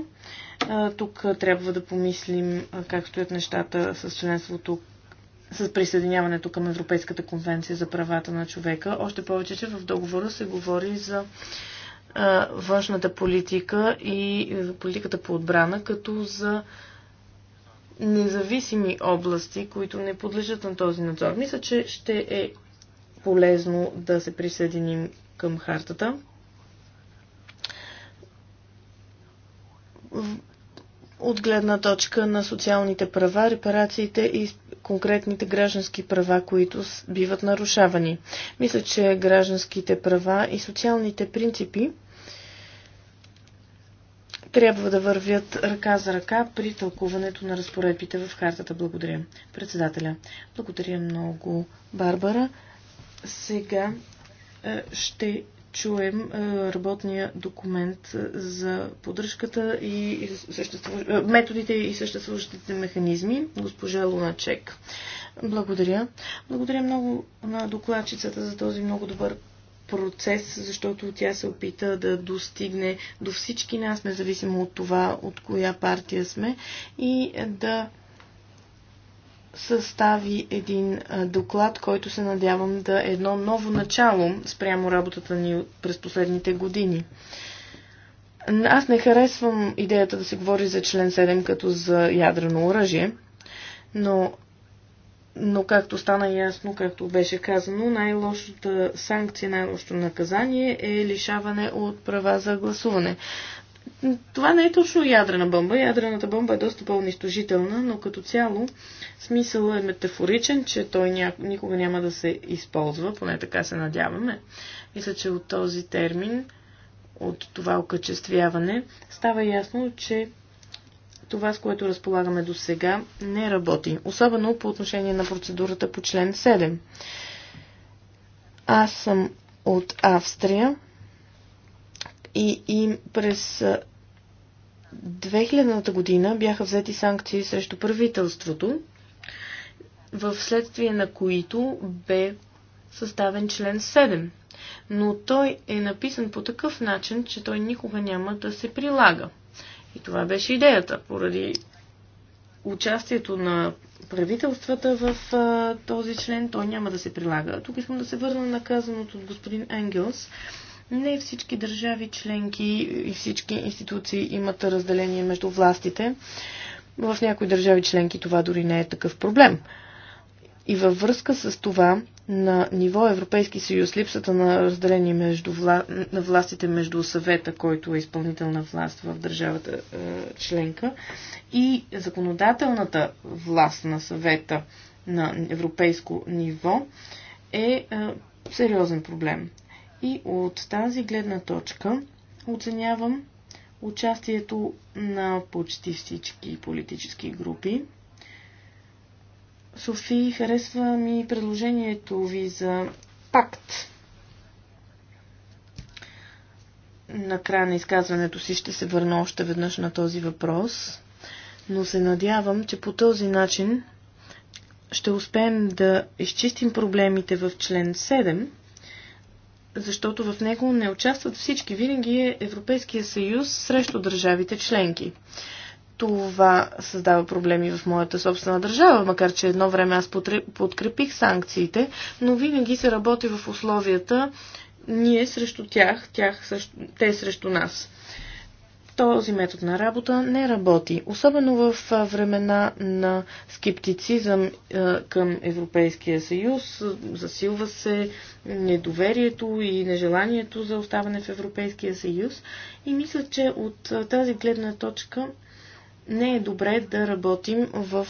Тук трябва да помислим как стоят нещата с членството с присъединяването към Европейската конвенция за правата на човека. Още повече, че в договора се говори за външната политика и политиката по отбрана, като за независими области, които не подлежат на този надзор. Мисля, че ще е полезно да се присъединим към хартата. От гледна точка на социалните права, репарациите и конкретните граждански права, които биват нарушавани. Мисля, че гражданските права и социалните принципи трябва да вървят ръка за ръка при тълкуването на разпоредбите в хартата. Благодаря. Председателя. Благодаря много, Барбара. Сега е, ще чуем е, работния документ е, за поддръжката и методите и съществуващите механизми. Госпожа Луначек. Благодаря. Благодаря много на докладчицата за този много добър процес, защото тя се опита да достигне до всички нас, независимо от това, от коя партия сме, и да състави един доклад, който се надявам да е едно ново начало спрямо работата ни през последните години. Аз не харесвам идеята да се говори за член 7 като за ядрено оръжие, но, но както стана ясно, както беше казано, най-лошата санкция, най-лошото наказание е лишаване от права за гласуване. Това не е точно ядрена бомба. Ядрената бомба е доста по-унищожителна, но като цяло смисълът е метафоричен, че той никога няма да се използва, поне така се надяваме. Мисля, че от този термин, от това окачествяване, става ясно, че това, с което разполагаме до сега, не работи. Особено по отношение на процедурата по член 7. Аз съм от Австрия и, и през 2000-та година бяха взети санкции срещу правителството, в следствие на които бе съставен член 7. Но той е написан по такъв начин, че той никога няма да се прилага. И това беше идеята, поради участието на правителствата в а, този член, той няма да се прилага. Тук искам да се върна на казаното от господин Енгелс не всички държави членки и всички институции имат разделение между властите. В някои държави членки това дори не е такъв проблем. И във връзка с това, на ниво Европейски съюз, липсата на разделение между вла... на властите между съвета, който е изпълнителна власт в държавата е, членка, и законодателната власт на съвета на европейско ниво е, е сериозен проблем. И от тази гледна точка оценявам участието на почти всички политически групи. Софи, харесва ми предложението ви за пакт. На края на изказването си ще се върна още веднъж на този въпрос, но се надявам, че по този начин ще успеем да изчистим проблемите в член 7 защото в него не участват всички. Винаги е Европейския съюз срещу държавите членки. Това създава проблеми в моята собствена държава, макар че едно време аз подкрепих санкциите, но винаги се работи в условията ние срещу тях, тях те срещу нас. Този метод на работа не работи, особено в времена на скептицизъм към Европейския съюз. Засилва се недоверието и нежеланието за оставане в Европейския съюз. И мисля, че от тази гледна точка не е добре да работим в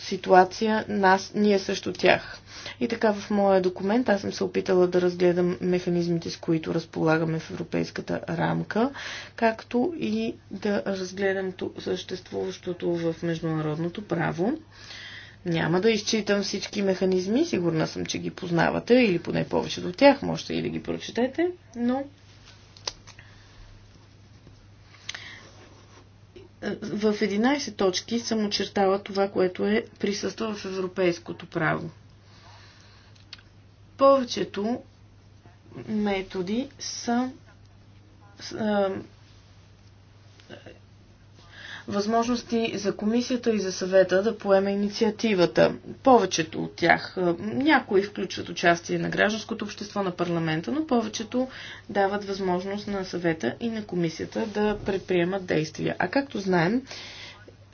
ситуация, нас, ние също тях. И така в моя документ аз съм се опитала да разгледам механизмите, с които разполагаме в европейската рамка, както и да разгледам съществуващото в международното право. Няма да изчитам всички механизми, сигурна съм, че ги познавате или поне повечето от тях, можете и да ги прочетете, но в 11 точки съм очертала това, което е присъства в европейското право. Повечето методи са, са възможности за комисията и за съвета да поеме инициативата. Повечето от тях, е, някои включват участие на гражданското общество на парламента, но повечето дават възможност на съвета и на комисията да предприемат действия. А както знаем,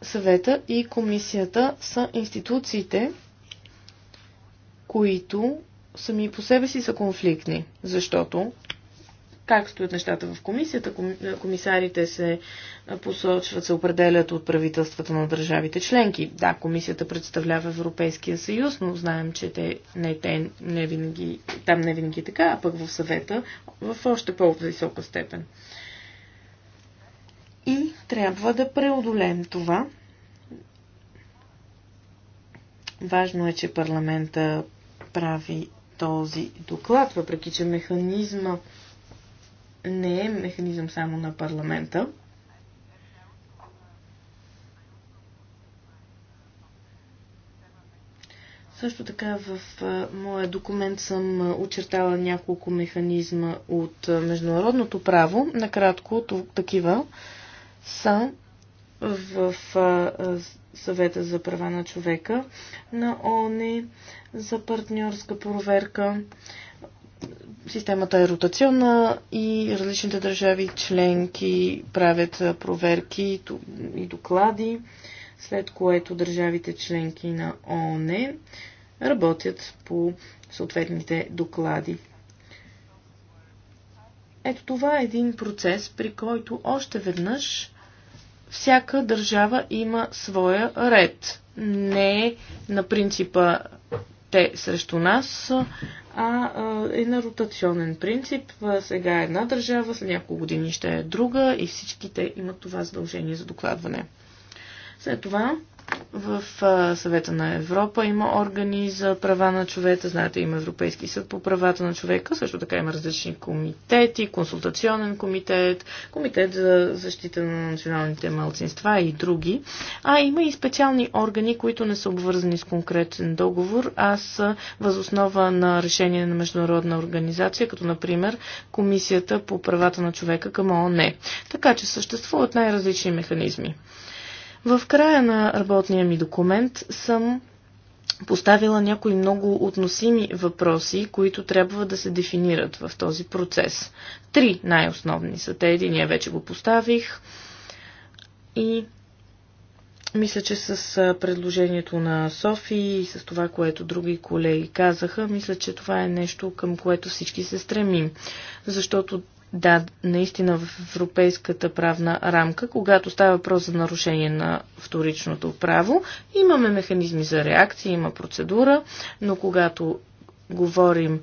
съвета и комисията са институциите, които сами по себе си са конфликтни, защото как стоят нещата в комисията. Е, комисарите се е, посочват, се определят от правителствата на държавите членки. Да, комисията представлява Европейския съюз, но знаем, че те, не, те не винаги, там не винаги е така, а пък в съвета в още по-висока степен. И трябва да преодолеем това. Важно е, че парламента прави този доклад, въпреки че механизма не е механизъм само на парламента. Също така в моя документ съм очертала няколко механизма от международното право. Накратко такива са в съвета за права на човека на ООН за партньорска проверка Системата е ротационна и различните държави членки правят проверки и доклади, след което държавите членки на ООН работят по съответните доклади. Ето това е един процес, при който още веднъж всяка държава има своя ред. Не е на принципа те срещу нас, а е на ротационен принцип. Сега е една държава, след няколко години ще е друга и всички те имат това задължение за докладване. След това в съвета на Европа има органи за права на човека, знаете, има Европейски съд по правата на човека, също така има различни комитети, консултационен комитет, комитет за защита на националните малцинства и други. А има и специални органи, които не са обвързани с конкретен договор, а са възоснова на решение на международна организация, като например Комисията по правата на човека към ООН. Така че съществуват най-различни механизми. В края на работния ми документ съм поставила някои много относими въпроси, които трябва да се дефинират в този процес. Три най-основни са те. Единия вече го поставих и мисля, че с предложението на Софи и с това, което други колеги казаха, мисля, че това е нещо към което всички се стремим. Защото да, наистина в европейската правна рамка, когато става въпрос за нарушение на вторичното право, имаме механизми за реакция, има процедура, но когато говорим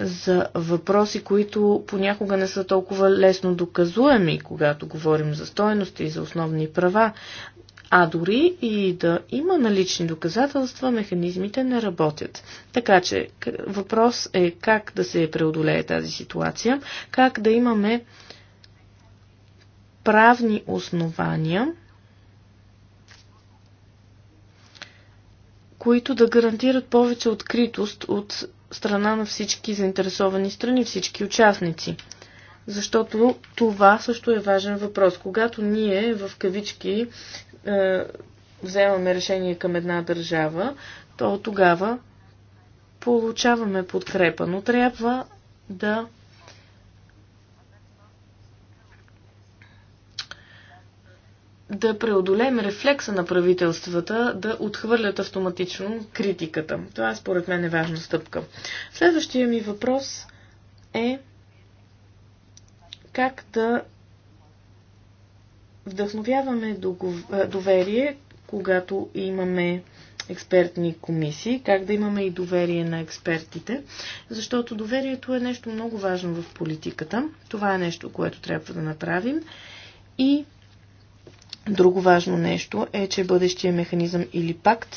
за въпроси, които понякога не са толкова лесно доказуеми, когато говорим за стойности и за основни права. А дори и да има налични доказателства, механизмите не работят. Така че въпрос е как да се преодолее тази ситуация, как да имаме правни основания, които да гарантират повече откритост от страна на всички заинтересовани страни, всички участници. Защото това също е важен въпрос. Когато ние в кавички е, вземаме решение към една държава, то тогава получаваме подкрепа, но трябва да да преодолеем рефлекса на правителствата да отхвърлят автоматично критиката. Това според мен е важна стъпка. Следващия ми въпрос е как да вдъхновяваме доверие, когато имаме експертни комисии, как да имаме и доверие на експертите, защото доверието е нещо много важно в политиката. Това е нещо, което трябва да направим. И друго важно нещо е, че бъдещия механизъм или пакт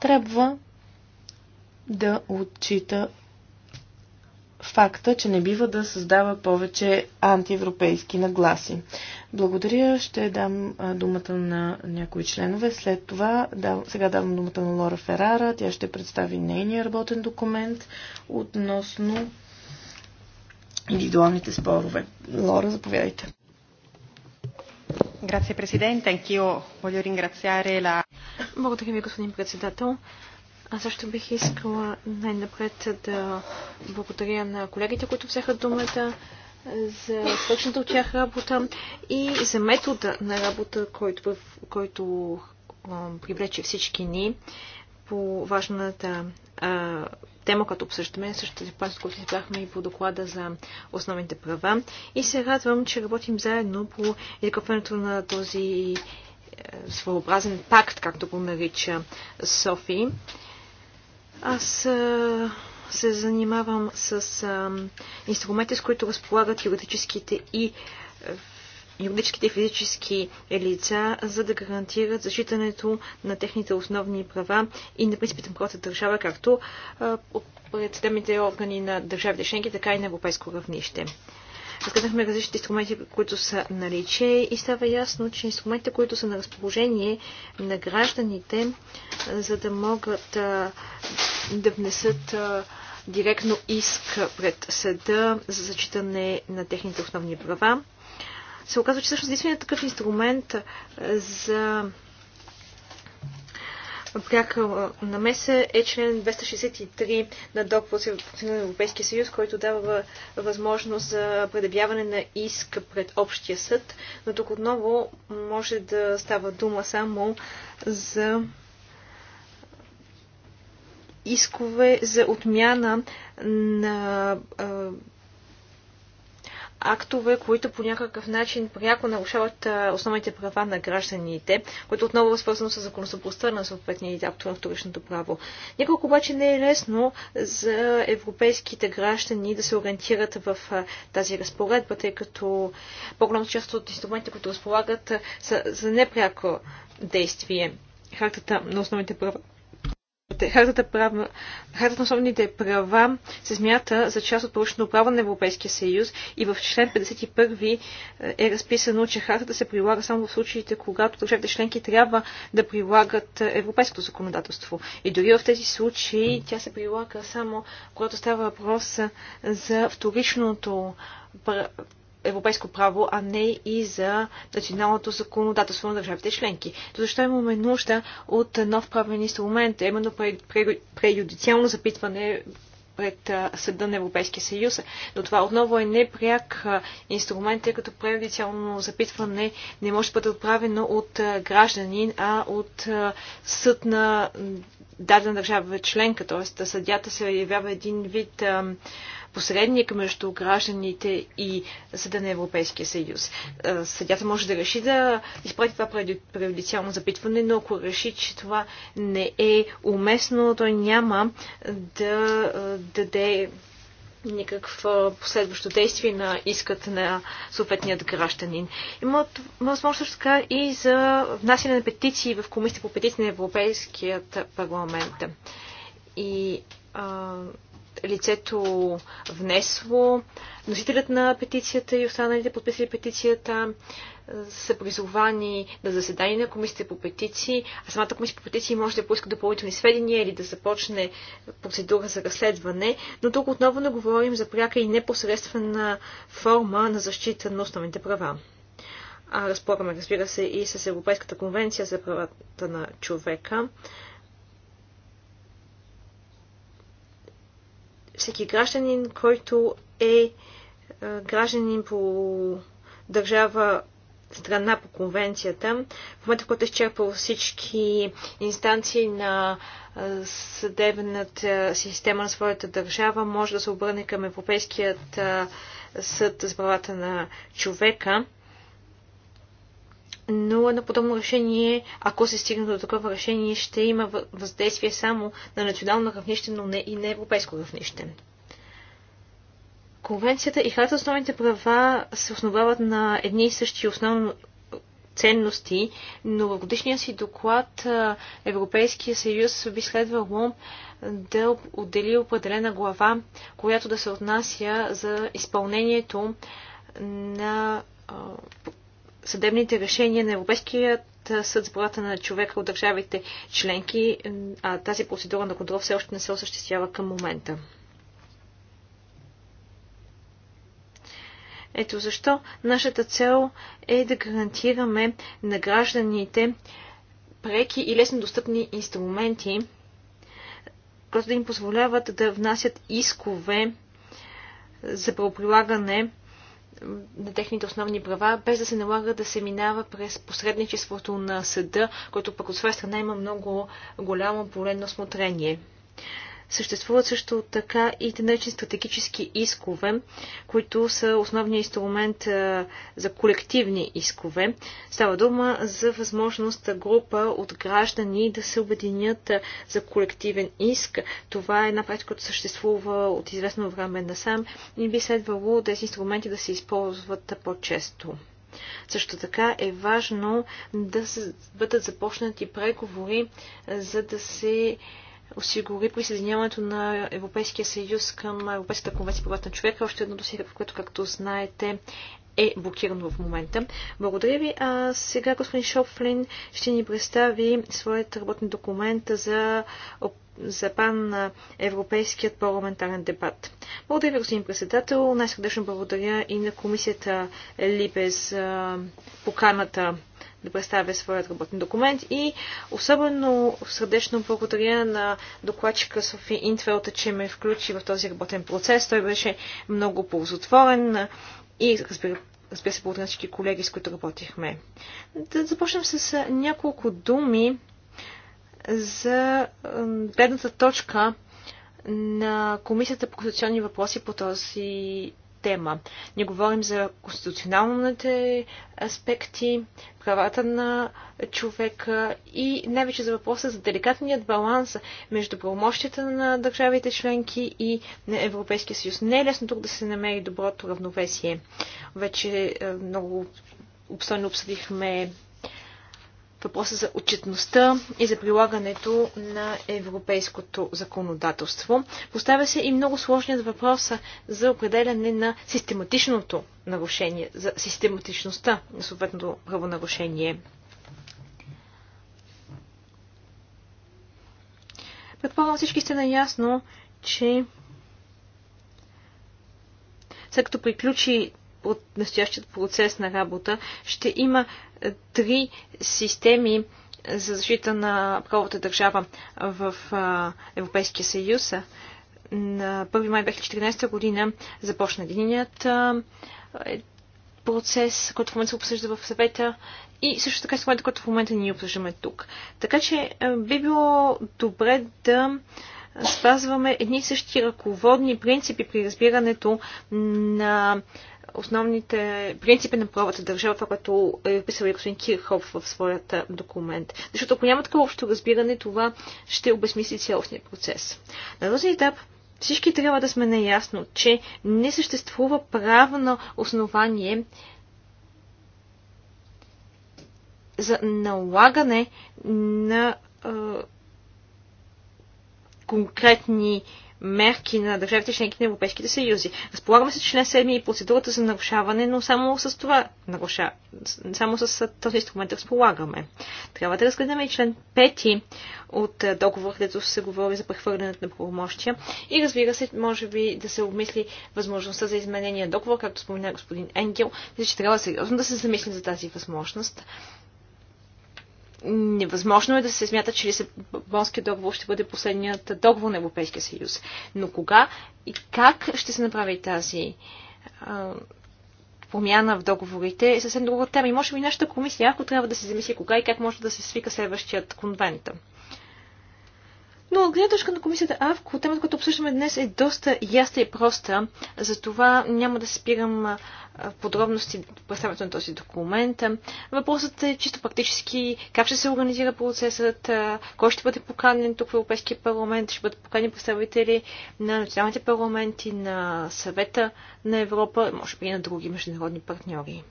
трябва да отчита факта, че не бива да създава повече антиевропейски нагласи. Благодаря. Ще дам думата на някои членове. След това да, сега давам думата на Лора Ферара. Тя ще представи нейния работен документ относно индивидуалните спорове. Лора, заповядайте. Grazie Presidente, anch'io voglio ringraziare la... Благодаря ви, господин председател. Аз също бих искала най-напред да благодаря на колегите, които взеха думата за свършната от тях работа и за метода на работа, който, който привлече всички ни по важната а, тема, като обсъждаме, същата запас, която избрахме и по доклада за основните права. И се радвам, че работим заедно по изкъпването на този е, своеобразен пакт, както го нарича Софи. Аз а, се занимавам с а, инструменти, с които разполагат юридическите и е, юридическите и физически лица, за да гарантират защитането на техните основни права и на принципите на правата държава, както а, пред съдебните органи на държавите членки, така и на европейско равнище разгледахме различните инструменти, които са наличие и става ясно, че инструментите, които са на разположение на гражданите, за да могат да внесат директно иск пред съда за зачитане на техните основни права, се оказва, че всъщност единственият такъв инструмент за пряка намеса е член 263 на договор на Европейския съюз, който дава възможност за предявяване на иск пред общия съд, но тук отново може да става дума само за искове за отмяна на актове, които по някакъв начин пряко нарушават основните права на гражданите, което отново е свързано с законосъпоставността на съответния актове на вторичното право. Никак обаче не е лесно за европейските граждани да се ориентират в тази разпоредба, тъй като по-голямата част от инструментите, които разполагат, са за непряко действие. Хартата на основните права Хартата, права, хартата на основните права се смята за част от поръчното право на Европейския съюз и в член 51 е разписано, че хартата се прилага само в случаите, когато държавите членки трябва да прилагат европейското законодателство. И дори в тези случаи тя се прилага само когато става въпрос за вторичното европейско право, а не и за националното законодателство на държавите членки. То защо имаме нужда от нов правен инструмент, именно преюдициално запитване пред Съда на Европейския съюз. Но това отново е непряк инструмент, тъй като преюдициално запитване не може да бъде отправено от гражданин, а от съд на дадена държава членка, т.е. съдята се явява един вид посредник между гражданите и съда на Европейския съюз. Е, Съдята може да реши да изпрати това преюдициално запитване, но ако реши, че това не е уместно, той няма да е, даде никакво е, последващо действие на искът на съответният гражданин. Има възможност също така и за внасяне на петиции в Комисията по петиции на Европейският парламент. И а, лицето внесло, носителят на петицията и останалите подписали петицията са призовани на заседание на комисията по петиции, а самата комисия по петиции може да поиска допълнителни сведения или да започне процедура за разследване, но тук отново не говорим за пряка и непосредствена форма на защита на основните права. А разбира се, и с Европейската конвенция за правата на човека. всеки гражданин, който е, е гражданин по държава страна по конвенцията, в момента, който е изчерпал всички инстанции на съдебната система на своята държава, може да се обърне към Европейският съд за правата на човека но едно подобно решение, ако се стигне до такова решение, ще има въздействие само на национално равнище, но не и на европейско равнище. Конвенцията и харта основните права се основават на едни и същи основни ценности, но в годишния си доклад Европейския съюз би следвало да отдели определена глава, която да се отнася за изпълнението на съдебните решения на Европейският съд за правата на човека от държавите членки, а тази процедура на контрол все още не се осъществява към момента. Ето защо нашата цел е да гарантираме на гражданите преки и лесно достъпни инструменти, които да им позволяват да внасят искове за правоприлагане на техните основни права, без да се налага да се минава през посредничеството на съда, който пък от своя страна има много голямо поле на осмотрение. Съществуват също така и тенечни стратегически искове, които са основният инструмент за колективни искове. Става дума за възможност група от граждани да се обединят за колективен иск. Това е една практика, която съществува от известно време насам и би следвало тези инструменти да се използват по-често. Също така е важно да бъдат започнати преговори, за да се осигури присъединяването на Европейския съюз към Европейската конвенция по правата на човека. Още едно досие, в което, както знаете, е блокирано в момента. Благодаря ви. А сега господин Шофлин ще ни представи своят работен документ за за пан на Европейският парламентарен дебат. Благодаря ви, господин председател. Най-сърдечно благодаря и на комисията Либе за поканата да представя своят работен документ и особено сърдечно благодаря на докладчика Софи Интвелта, че ме включи в този работен процес. Той беше много ползотворен и разбира разбира се, благодаря всички колеги, с които работихме. Да започнем с няколко думи за гледната точка на Комисията по конституционни въпроси по този тема. Ние говорим за конституционалните аспекти, правата на човека и най-вече за въпроса за деликатният баланс между правомощията на държавите членки и на Европейския съюз. Не е лесно тук да се намери доброто равновесие. Вече е, много обстойно обсъдихме въпроса за отчетността и за прилагането на европейското законодателство. Поставя се и много сложният въпрос за определяне на систематичното нарушение, за систематичността на съответното правонарушение. Предполагам всички сте наясно, че след като приключи от настоящият процес на работа. Ще има е, три системи за защита на правовата държава в е, Европейския съюз. Е, на 1 май 2014 година започна единият процес, който в момента се обсъжда в съвета и също така с който в момента ние обсъждаме тук. Така че би било добре да спазваме едни и същи ръководни принципи при разбирането на основните принципи на правовата държава, това, което е описал и господин Кирхов в своят документ. Защото ако няма такова общо разбиране, това ще обезмисли цялостния процес. На този етап всички трябва да сме наясно, че не съществува правно основание за налагане на е, конкретни е, мерки на държавите членки на Европейските съюзи. Разполагаме се член 7 и процедурата за нарушаване, но само с това наруша, само с този инструмент разполагаме. Трябва да разгледаме и член 5 от е, договор, където се говори за прехвърлянето на правомощия и разбира се, може би да се обмисли възможността за изменение на договор, както спомена господин Енгел, мисля, че трябва сериозно да се замислим за тази възможност невъзможно е да се смята, че Лисабонският договор ще бъде последният договор на Европейския съюз. Но кога и как ще се направи тази а, промяна в договорите е съвсем друга тема. И може би нашата комисия, ако трябва да се замисли кога и как може да се свика следващият конвент. Но гледна точка на комисията АВКО, темата, която обсъждаме днес е доста ясна и проста. Затова няма да спирам подробности в представянето на този документ. Въпросът е чисто практически как ще се организира процесът, кой ще бъде поканен тук в Европейския парламент, ще бъдат поканени представители на националните парламенти, на съвета на Европа, може би и на други международни партньори.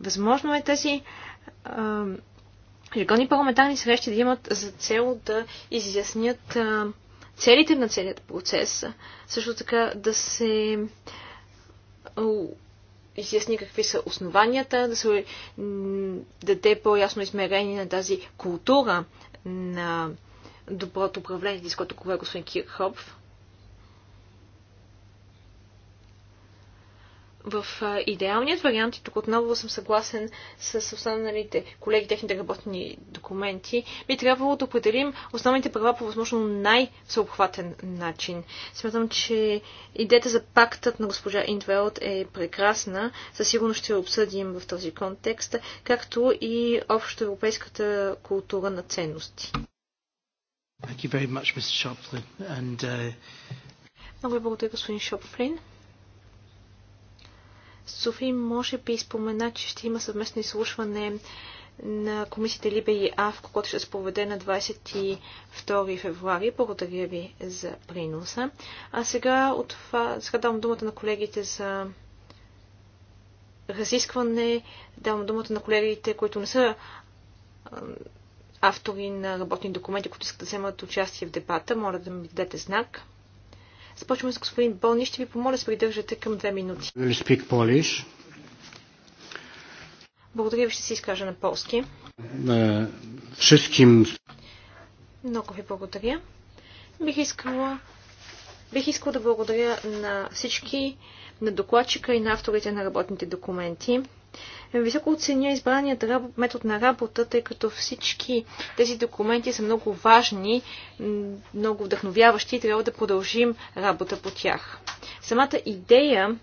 Възможно е тази. Ежегодни парламентарни срещи да имат за цел да изяснят целите на целият процес, също така да се изясни какви са основанията, да се даде по-ясно измерение на тази култура на доброто управление, с което говори господин Кирхоп. в идеалният вариант, и тук отново съм съгласен с останалите колеги, техните работни документи, би трябвало да определим основните права по възможно най-съобхватен начин. Смятам, че идеята за пактът на госпожа Индвелт е прекрасна. Със сигурност ще обсъдим в този контекст, както и общо европейската култура на ценности. Thank you very much, Mr. And, uh... Много благодаря, господин Шоплин. Софи може би спомена, че ще има съвместно изслушване на комисията Либе и АВКО, който ще се поведе на 22 февруари. Благодаря ви за приноса. А сега, от това, сега давам думата на колегите за разискване. Давам думата на колегите, които не са автори на работни документи, които искат да вземат участие в дебата. Моля да ми дадете знак. Започваме с господин Болни. Ще ви помоля да се придържате към две минути. Благодаря ви, ще се изкажа на полски. Е, всичким. Много ви благодаря. Бих искала, бих искала да благодаря на всички, на докладчика и на авторите на работните документи. Високо оценя избраният метод на работа, тъй като всички тези документи са много важни, много вдъхновяващи и трябва да продължим работа по тях. Самата идея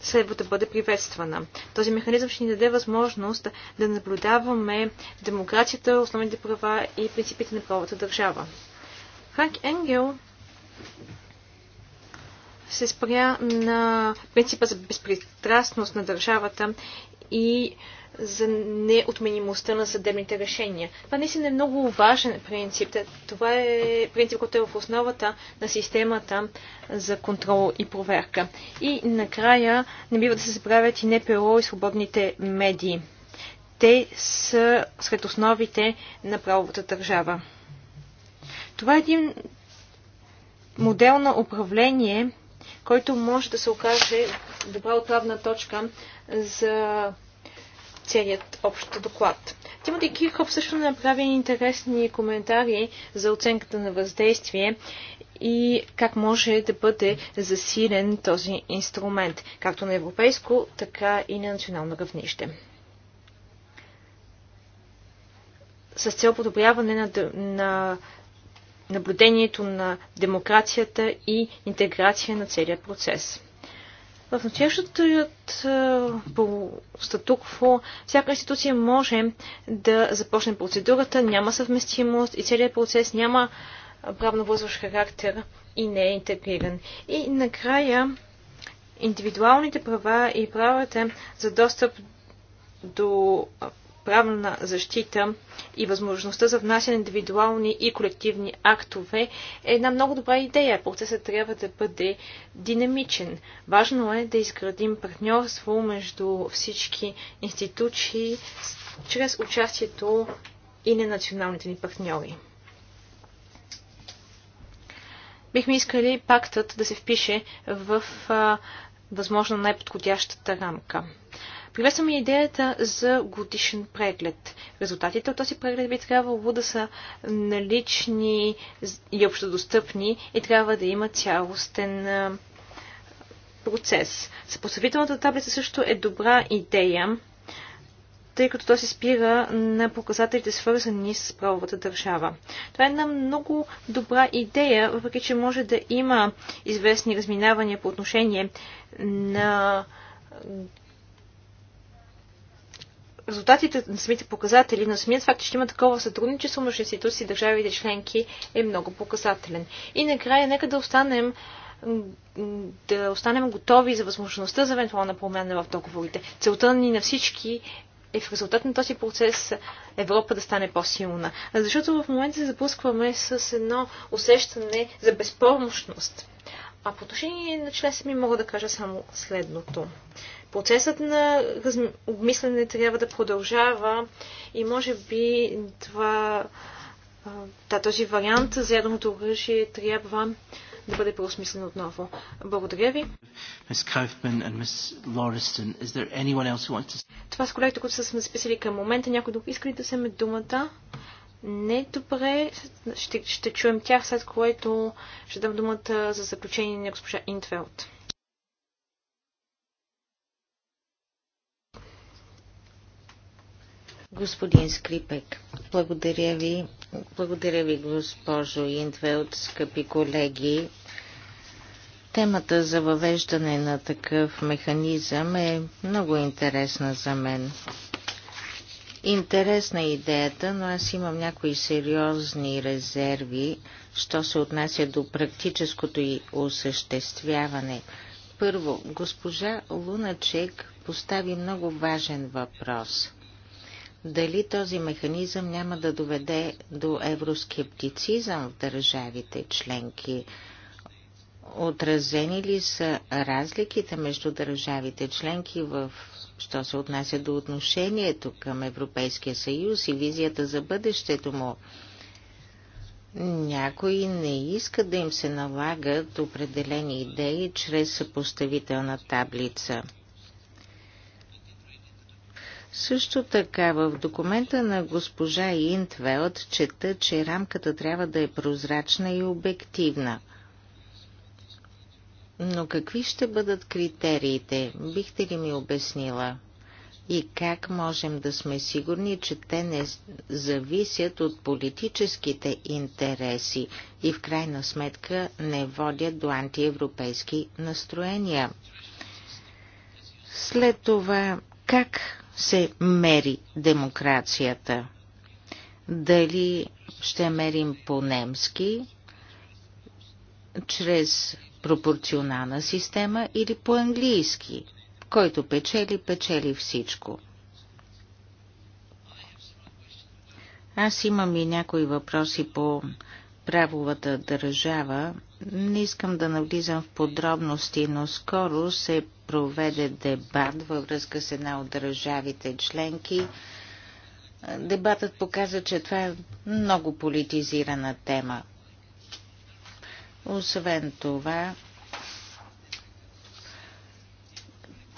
следва да бъде приветствана. Този механизъм ще ни даде възможност да наблюдаваме демокрацията, основните права и принципите на правата държава. Франк Енгел се спря на принципа за безпристрастност на държавата и за неотменимостта на съдебните решения. Това наистина е много важен принцип. Това е принцип, който е в основата на системата за контрол и проверка. И накрая не бива да се забравят и НПО и свободните медии. Те са сред основите на правовата държава. Това е един модел на управление, който може да се окаже добра отправна точка за целият общ доклад. Тимоти Кирхоп също направи интересни коментари за оценката на въздействие и как може да бъде засилен този инструмент, както на европейско, така и на национално равнище. С цел подобряване на, на наблюдението на демокрацията и интеграция на целият процес. В настоящият е, по статукво всяка институция може да започне процедурата, няма съвместимост и целият процес няма правно възваш характер и не е интегриран. И накрая индивидуалните права и правата за достъп до правна защита и възможността за внасяне индивидуални и колективни актове е една много добра идея. Процесът трябва да бъде динамичен. Важно е да изградим партньорство между всички институции чрез участието и на националните ни партньори. Бихме искали пактът да се впише в а, възможно най-подходящата рамка. Привесвам и идеята за годишен преглед. Резултатите от този преглед би трябвало да са налични и общодостъпни и трябва да има цялостен процес. Съпоставителната таблица също е добра идея, тъй като той се спира на показателите, свързани с правовата държава. Това е една много добра идея, въпреки че може да има известни разминавания по отношение на резултатите на самите показатели, но самият факт, че ще има такова сътрудничество между институции и държавите членки е много показателен. И накрая, нека да останем да останем готови за възможността за евентуална промяна в договорите. Целта ни на всички е в резултат на този процес Европа да стане по-силна. Защото в момента се запускваме с едно усещане за безпомощност. А по отношение на член ми мога да кажа само следното. Процесът на обмислене трябва да продължава и може би това, да, този вариант за ядреното оръжие трябва да бъде преосмислен отново. Благодаря ви. Това с колегите, които са сме записали към момента, някой друг иска ли да вземе думата? Не, добре. Ще, ще чуем тях, след което ще дам думата за заключение на госпожа Интвелт. Господин Скрипек, благодаря ви. Благодаря ви, госпожо Интвелд, скъпи колеги. Темата за въвеждане на такъв механизъм е много интересна за мен. Интересна е идеята, но аз имам някои сериозни резерви, що се отнася до практическото и осъществяване. Първо, госпожа Луначек постави много важен въпрос. Дали този механизъм няма да доведе до евроскептицизъм в държавите членки? отразени ли са разликите между държавите членки в що се отнася до отношението към Европейския съюз и визията за бъдещето му? Някои не искат да им се налагат определени идеи чрез съпоставителна таблица. Също така в документа на госпожа Интвелт чета, че рамката трябва да е прозрачна и обективна – но какви ще бъдат критериите? Бихте ли ми обяснила? И как можем да сме сигурни, че те не зависят от политическите интереси и в крайна сметка не водят до антиевропейски настроения? След това, как се мери демокрацията? Дали ще мерим по-немски, чрез пропорционална система или по-английски. Който печели, печели всичко. Аз имам и някои въпроси по правовата държава. Не искам да навлизам в подробности, но скоро се проведе дебат във връзка с една от държавите членки. Дебатът показа, че това е много политизирана тема. Освен това,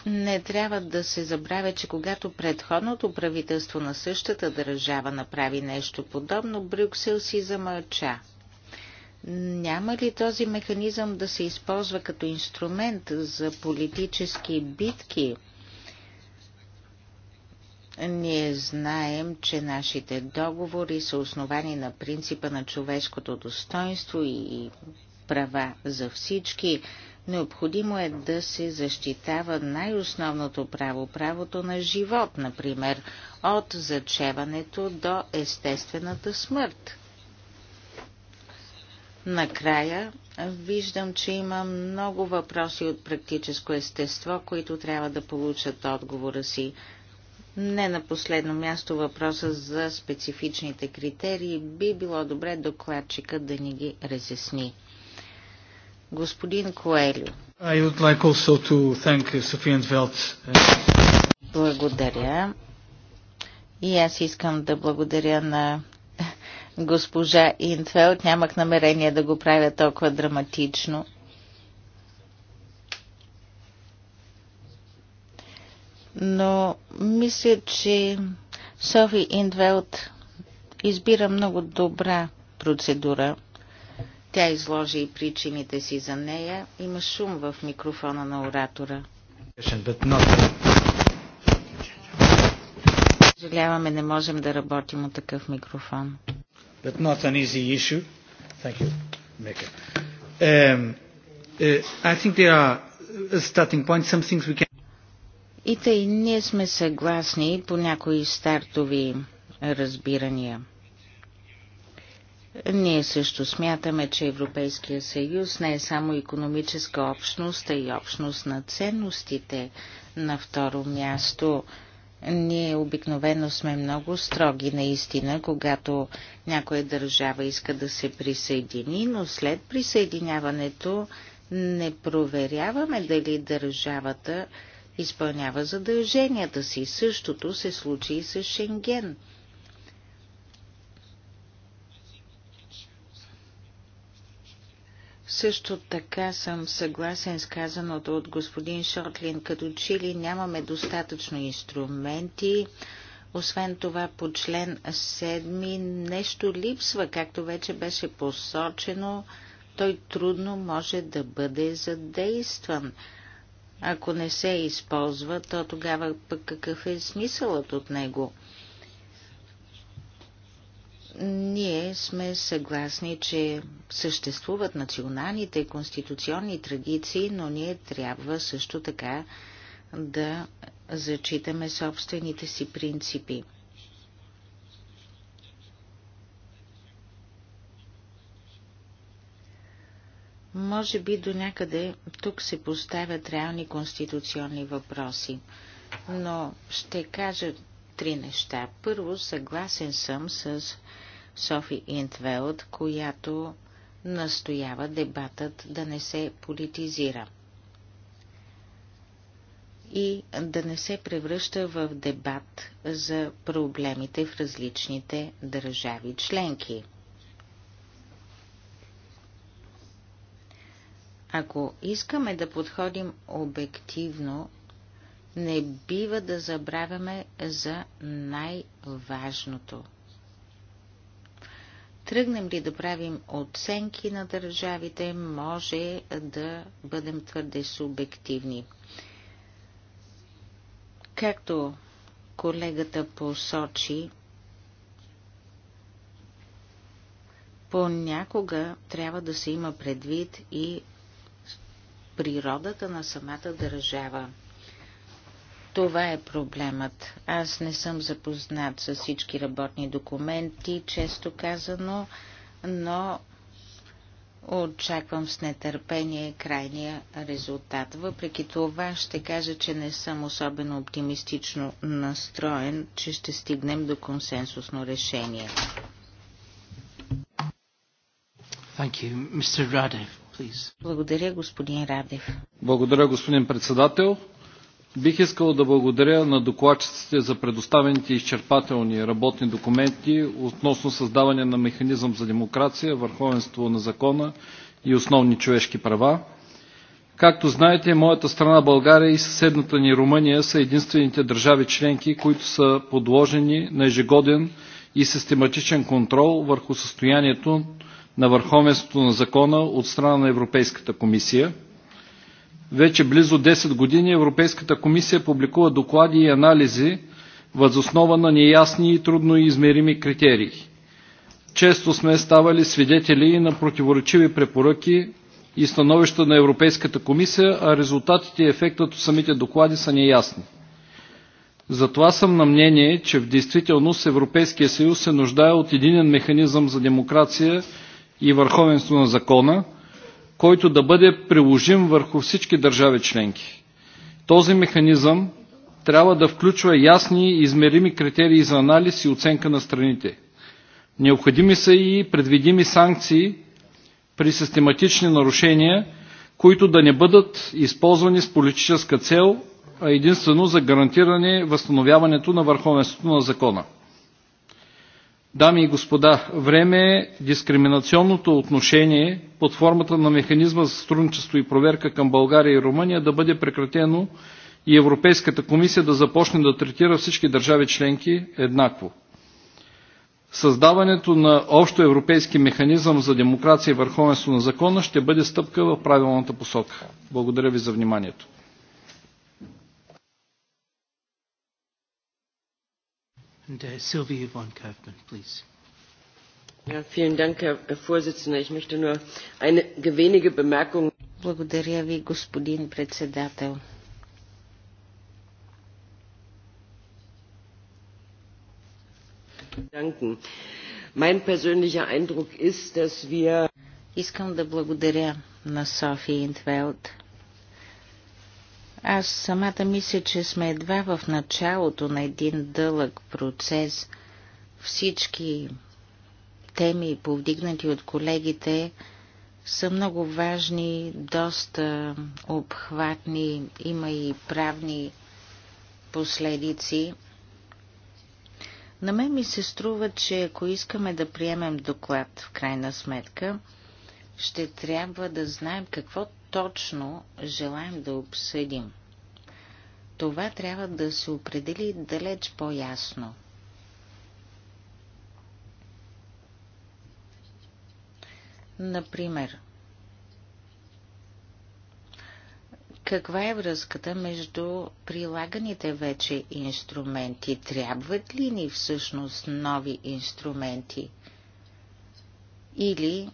не трябва да се забравя, че когато предходното правителство на същата държава направи нещо подобно, Брюксел си замълча. Няма ли този механизъм да се използва като инструмент за политически битки? Ние знаем, че нашите договори са основани на принципа на човешкото достоинство и права за всички. Необходимо е да се защитава най-основното право, правото на живот, например, от зачеването до естествената смърт. Накрая виждам, че има много въпроси от практическо естество, които трябва да получат отговора си. Не на последно място въпроса за специфичните критерии би било добре докладчика да ни ги разясни. Господин Коелю. I would like also to thank uh, Sophie Велт. Uh, благодаря. И аз искам да благодаря на [laughs] госпожа Инфелд. Нямах намерение да го правя толкова драматично. Но мисля, че Софи Индвелт избира много добра процедура. Тя изложи и причините си за нея. Има шум в микрофона на оратора. Съжаляваме, не можем да работим от такъв микрофон. But not an easy issue. Thank you, Um, uh, I think there are starting some things we can... И тъй, ние сме съгласни по някои стартови разбирания. Ние също смятаме, че Европейския съюз не е само економическа общност, а и общност на ценностите. На второ място, ние обикновено сме много строги наистина, когато някоя държава иска да се присъедини, но след присъединяването не проверяваме дали държавата изпълнява задълженията си. Същото се случи и с Шенген – Също така съм съгласен с казаното от господин Шортлин, като че ли нямаме достатъчно инструменти. Освен това, по член 7 нещо липсва, както вече беше посочено, той трудно може да бъде задействан. Ако не се използва, то тогава пък какъв е смисълът от него? Ние сме съгласни, че съществуват националните конституционни традиции, но ние трябва също така да зачитаме собствените си принципи. Може би до някъде тук се поставят реални конституционни въпроси, но ще кажа три неща. Първо, съгласен съм с Софи Интвелд, която настоява дебатът да не се политизира и да не се превръща в дебат за проблемите в различните държави членки. Ако искаме да подходим обективно не бива да забравяме за най-важното. Тръгнем ли да правим оценки на държавите, може да бъдем твърде субективни. Както колегата посочи, понякога трябва да се има предвид и природата на самата държава. Това е проблемът. Аз не съм запознат с всички работни документи, често казано, но очаквам с нетърпение крайния резултат. Въпреки това ще кажа, че не съм особено оптимистично настроен, че ще стигнем до консенсусно решение. Thank you. Mr. Radev, Благодаря, господин Радев. Благодаря, господин председател. Бих искал да благодаря на докладчиците за предоставените изчерпателни работни документи относно създаване на механизъм за демокрация, върховенство на закона и основни човешки права. Както знаете, моята страна България и съседната ни Румъния са единствените държави членки, които са подложени на ежегоден и систематичен контрол върху състоянието на върховенството на закона от страна на Европейската комисия – вече близо 10 години Европейската комисия публикува доклади и анализи възоснова на неясни и трудно измерими критерии. Често сме ставали свидетели на противоречиви препоръки и становища на Европейската комисия, а резултатите и ефектът от самите доклади са неясни. Затова съм на мнение, че в действителност Европейския съюз се нуждае от единен механизъм за демокрация и върховенство на закона, който да бъде приложим върху всички държави членки. Този механизъм трябва да включва ясни и измерими критерии за анализ и оценка на страните. Необходими са и предвидими санкции при систематични нарушения, които да не бъдат използвани с политическа цел, а единствено за гарантиране възстановяването на върховенството на закона. Дами и господа, време е дискриминационното отношение под формата на механизма за сътрудничество и проверка към България и Румъния да бъде прекратено и Европейската комисия да започне да третира всички държави членки еднакво. Създаването на общо европейски механизъм за демокрация и върховенство на закона ще бъде стъпка в правилната посока. Благодаря ви за вниманието. And uh, Sylvia von Kaufmann, please. Ja, vielen Dank, Herr Vorsitzender. Ich möchte nur einige wenige Bemerkungen. Благодаря ви, господин председател. Danken. Mein persönlicher Eindruck ist, dass wir Искам да благодаря на Софи Интвелд аз самата мисля, че сме едва в началото на един дълъг процес. Всички теми, повдигнати от колегите, са много важни, доста обхватни, има и правни последици. На мен ми се струва, че ако искаме да приемем доклад в крайна сметка, ще трябва да знаем какво точно желаем да обсъдим. Това трябва да се определи далеч по-ясно. Например, каква е връзката между прилаганите вече инструменти? Трябват ли ни всъщност нови инструменти? Или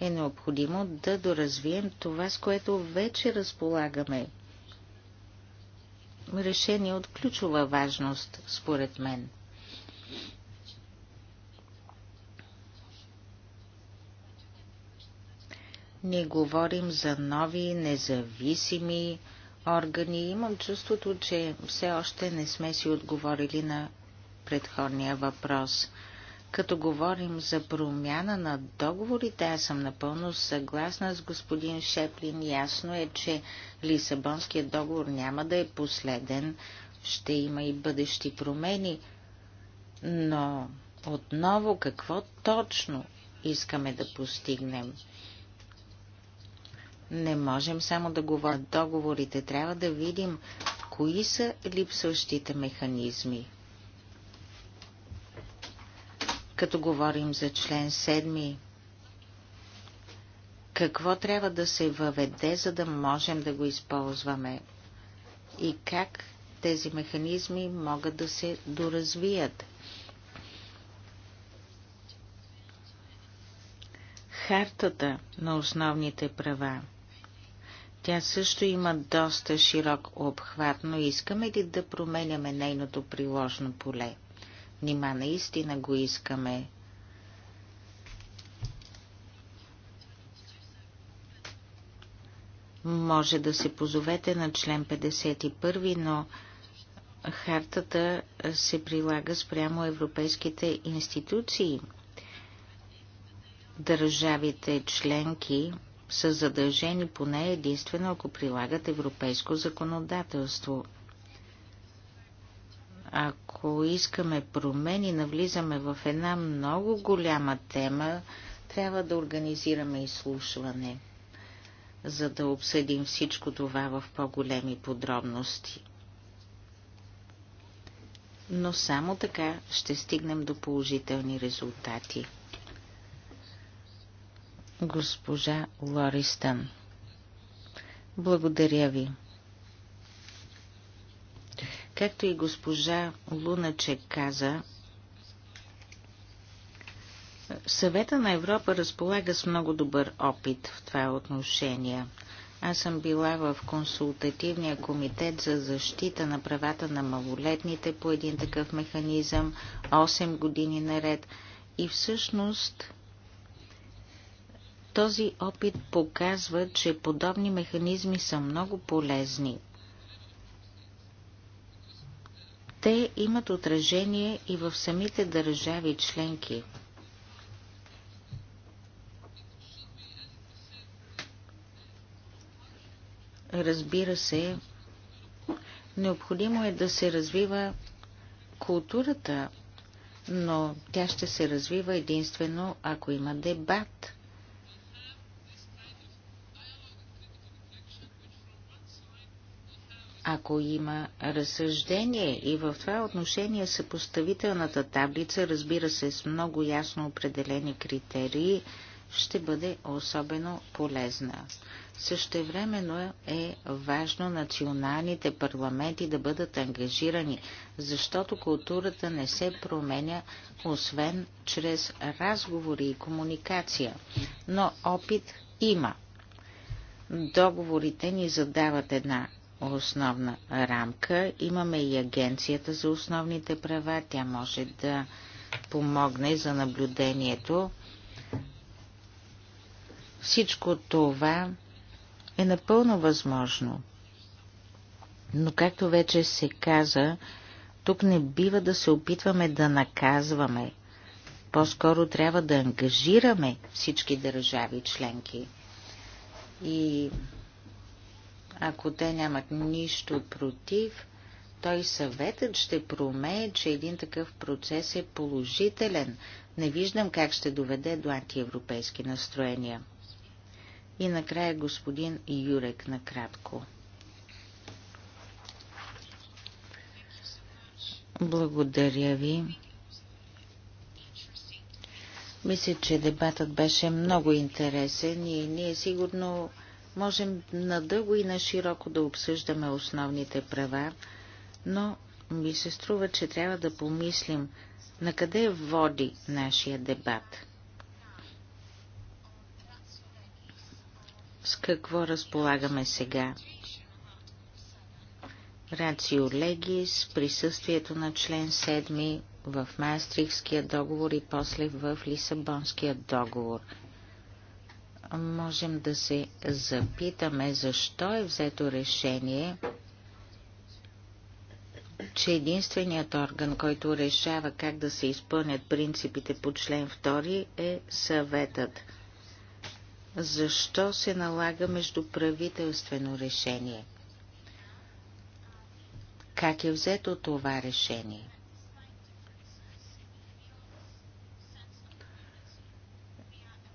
е необходимо да доразвием това, с което вече разполагаме. Решение от ключова важност, според мен. Ние говорим за нови, независими органи. Имам чувството, че все още не сме си отговорили на предходния въпрос – като говорим за промяна на договорите, аз съм напълно съгласна с господин Шеплин. Ясно е, че Лисабонският договор няма да е последен, ще има и бъдещи промени. Но отново какво точно искаме да постигнем? Не можем само да говорим договорите, трябва да видим кои са липсващите механизми като говорим за член 7. Какво трябва да се въведе, за да можем да го използваме? И как тези механизми могат да се доразвият? Хартата на основните права. Тя също има доста широк обхват, но искаме ли да променяме нейното приложно поле? Нима наистина го искаме. Може да се позовете на член 51, но хартата се прилага спрямо европейските институции. Държавите членки са задължени поне единствено ако прилагат европейско законодателство – ако искаме промени, навлизаме в една много голяма тема, трябва да организираме изслушване, за да обсъдим всичко това в по-големи подробности. Но само така ще стигнем до положителни резултати. Госпожа Лористън. Благодаря ви. Както и госпожа Луначек каза, Съвета на Европа разполага с много добър опит в това отношение. Аз съм била в консултативния комитет за защита на правата на малолетните по един такъв механизъм 8 години наред и всъщност този опит показва, че подобни механизми са много полезни – те имат отражение и в самите държави членки. Разбира се, необходимо е да се развива културата, но тя ще се развива единствено, ако има дебат – ако има разсъждение и в това отношение съпоставителната таблица, разбира се, с много ясно определени критерии, ще бъде особено полезна. Същевременно е, е важно националните парламенти да бъдат ангажирани, защото културата не се променя, освен чрез разговори и комуникация. Но опит има. Договорите ни задават една основна рамка. Имаме и Агенцията за основните права. Тя може да помогне за наблюдението. Всичко това е напълно възможно. Но както вече се каза, тук не бива да се опитваме да наказваме. По-скоро трябва да ангажираме всички държави членки. И ако те нямат нищо против, той съветът ще промее, че един такъв процес е положителен. Не виждам как ще доведе до антиевропейски настроения. И накрая господин Юрек накратко. Благодаря ви. Мисля, че дебатът беше много интересен и ние сигурно Можем надълго и на широко да обсъждаме основните права, но ми се струва, че трябва да помислим на къде води нашия дебат. С какво разполагаме сега? Рацио Легис, присъствието на член 7 в Маастрихския договор и после в Лисабонския договор – можем да се запитаме защо е взето решение, че единственият орган, който решава как да се изпълнят принципите по член 2 е съветът. Защо се налага между правителствено решение? Как е взето това решение?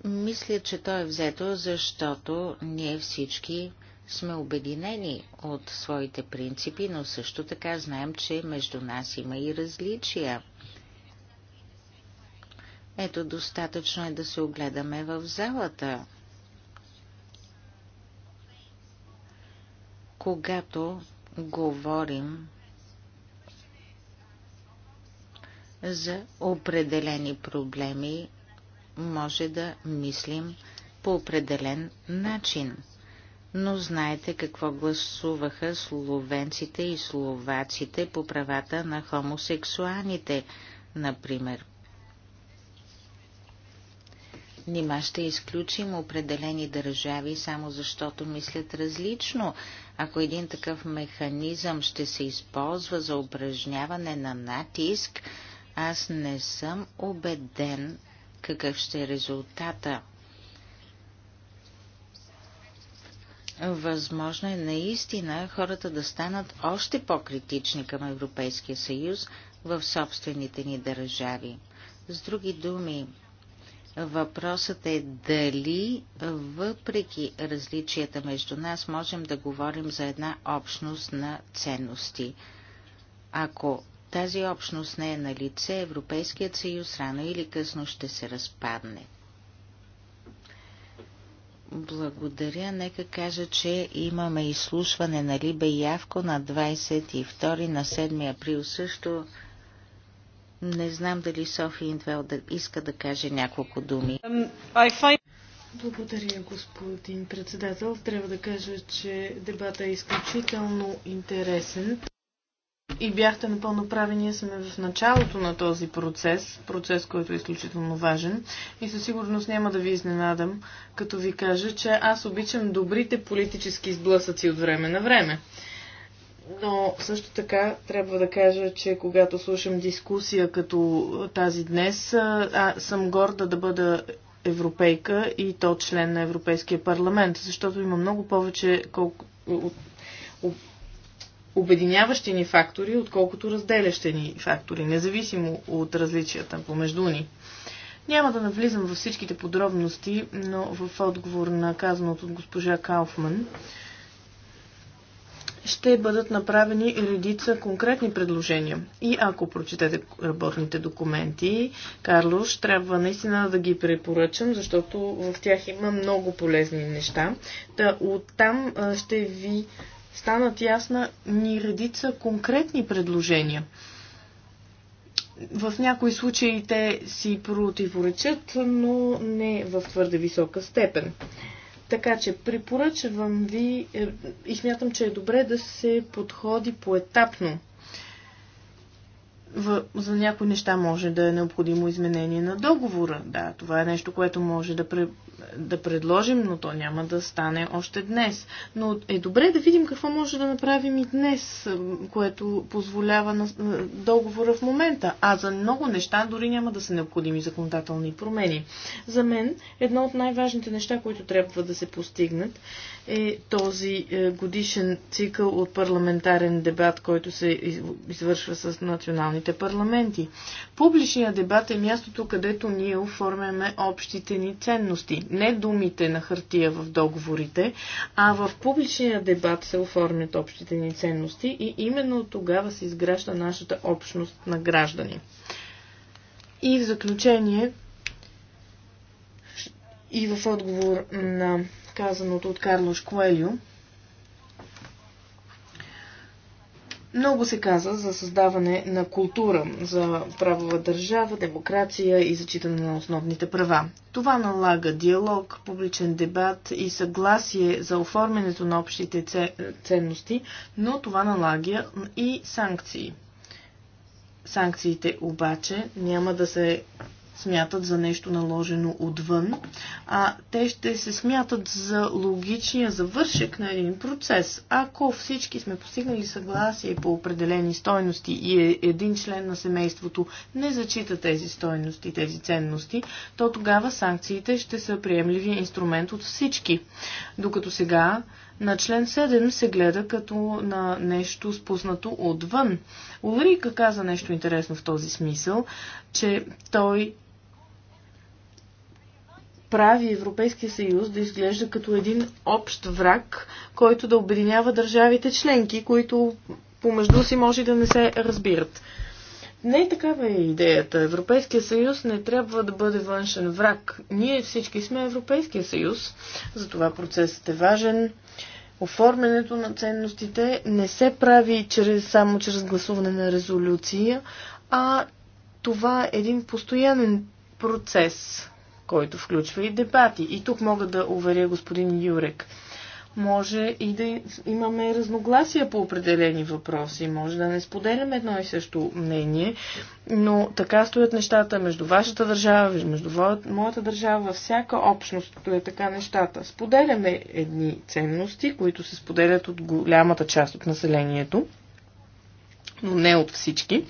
Мисля, че то е взето, защото ние всички сме обединени от своите принципи, но също така знаем, че между нас има и различия. Ето, достатъчно е да се огледаме в залата. Когато говорим за определени проблеми, може да мислим по определен начин. Но знаете какво гласуваха словенците и словаците по правата на хомосексуалните, например. Нима ще изключим определени държави, само защото мислят различно. Ако един такъв механизъм ще се използва за упражняване на натиск, аз не съм убеден, какъв ще е резултата. Възможно е наистина хората да станат още по-критични към Европейския съюз в собствените ни държави. С други думи, Въпросът е дали, въпреки различията между нас, можем да говорим за една общност на ценности. Ако тази общност не е на лице, Европейският съюз рано или късно ще се разпадне. Благодаря. Нека кажа, че имаме изслушване на Либе Явко на 22 на 7 април също. Не знам дали Софи Индвел да иска да каже няколко думи. Благодаря, господин председател. Трябва да кажа, че дебата е изключително интересен. И бяхте напълно прави, ние сме в началото на този процес, процес, който е изключително важен. И със сигурност няма да ви изненадам, като ви кажа, че аз обичам добрите политически сблъсъци от време на време. Но също така трябва да кажа, че когато слушам дискусия като тази днес, а, съм горда да бъда европейка и то член на Европейския парламент, защото има много повече колко, обединяващи ни фактори, отколкото разделящи ни фактори, независимо от различията помежду ни. Няма да навлизам във всичките подробности, но в отговор на казаното от госпожа Кауфман ще бъдат направени редица конкретни предложения. И ако прочетете работните документи, Карлош, трябва наистина да ги препоръчам, защото в тях има много полезни неща. Да, оттам ще ви станат ясна ни редица конкретни предложения. В някои случаи те си противоречат, но не в твърде висока степен. Така че препоръчвам ви е, и смятам, че е добре да се подходи поетапно за някои неща може да е необходимо изменение на договора. Да, това е нещо, което може да, пре, да предложим, но то няма да стане още днес. Но е добре да видим какво може да направим и днес, което позволява на е, договора в момента. А за много неща дори няма да са необходими законодателни промени. За мен едно от най-важните неща, които трябва да се постигнат, е този е, годишен цикъл от парламентарен дебат, който се извършва с националните парламенти. Публичният дебат е мястото, където ние оформяме общите ни ценности. Не думите на хартия в договорите, а в публичния дебат се оформят общите ни ценности и именно тогава се изгражда нашата общност на граждани. И в заключение, и в отговор на казаното от Карлош Коелю. Много се каза за създаване на култура, за правова държава, демокрация и зачитане на основните права. Това налага диалог, публичен дебат и съгласие за оформянето на общите ценности, но това налага и санкции. Санкциите обаче няма да се смятат за нещо наложено отвън, а те ще се смятат за логичния завършек на един процес. Ако всички сме постигнали съгласие по определени стойности и е един член на семейството не зачита тези стойности, тези ценности, то тогава санкциите ще са приемливи инструмент от всички. Докато сега на член 7 се гледа като на нещо спуснато отвън. Улрика каза нещо интересно в този смисъл, че той прави Европейския съюз да изглежда като един общ враг, който да обединява държавите членки, които помежду си може да не се разбират. Не е такава е идеята. Европейския съюз не трябва да бъде външен враг. Ние всички сме Европейския съюз, затова процесът е важен. Оформянето на ценностите не се прави чрез, само чрез гласуване на резолюция, а това е един постоянен процес който включва и дебати. И тук мога да уверя господин Юрек. Може и да имаме разногласия по определени въпроси, може да не споделяме едно и също мнение, но така стоят нещата между вашата държава, между моята държава, във всяка общност е така нещата. Споделяме едни ценности, които се споделят от голямата част от населението, но не от всички.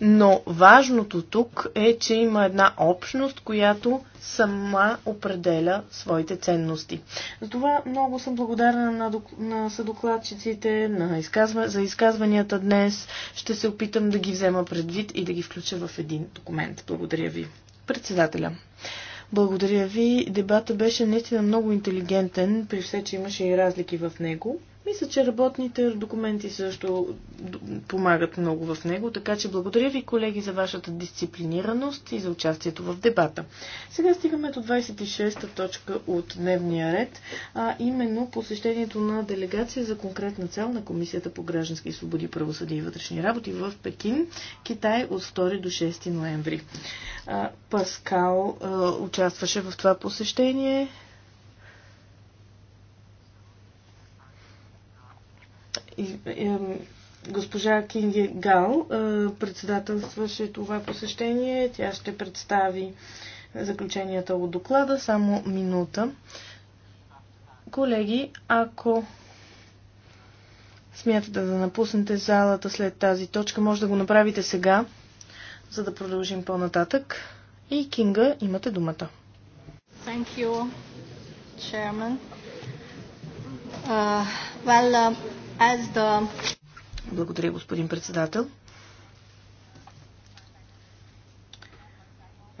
Но важното тук е, че има една общност, която сама определя своите ценности. Затова много съм благодарна на, на съдокладчиците на изказва, за изказванията днес. Ще се опитам да ги взема предвид и да ги включа в един документ. Благодаря ви. Председателя. Благодаря ви. Дебата беше наистина много интелигентен, при все, че имаше и разлики в него. Мисля, че работните документи също помагат много в него, така че благодаря ви, колеги, за вашата дисциплинираност и за участието в дебата. Сега стигаме до 26-та точка от дневния ред, а именно посещението на делегация за конкретна цел на Комисията по граждански свободи, правосъдие и вътрешни работи в Пекин, Китай от 2 до 6 ноември. Паскал участваше в това посещение госпожа Кинги е Гал е, председателстваше това посещение. Тя ще представи заключенията от доклада. Само минута. Колеги, ако смятате да напуснете залата след тази точка, може да го направите сега, за да продължим по-нататък. И Кинга, имате думата. Thank you, Chairman. Uh, well, uh... Благодаря, господин председател.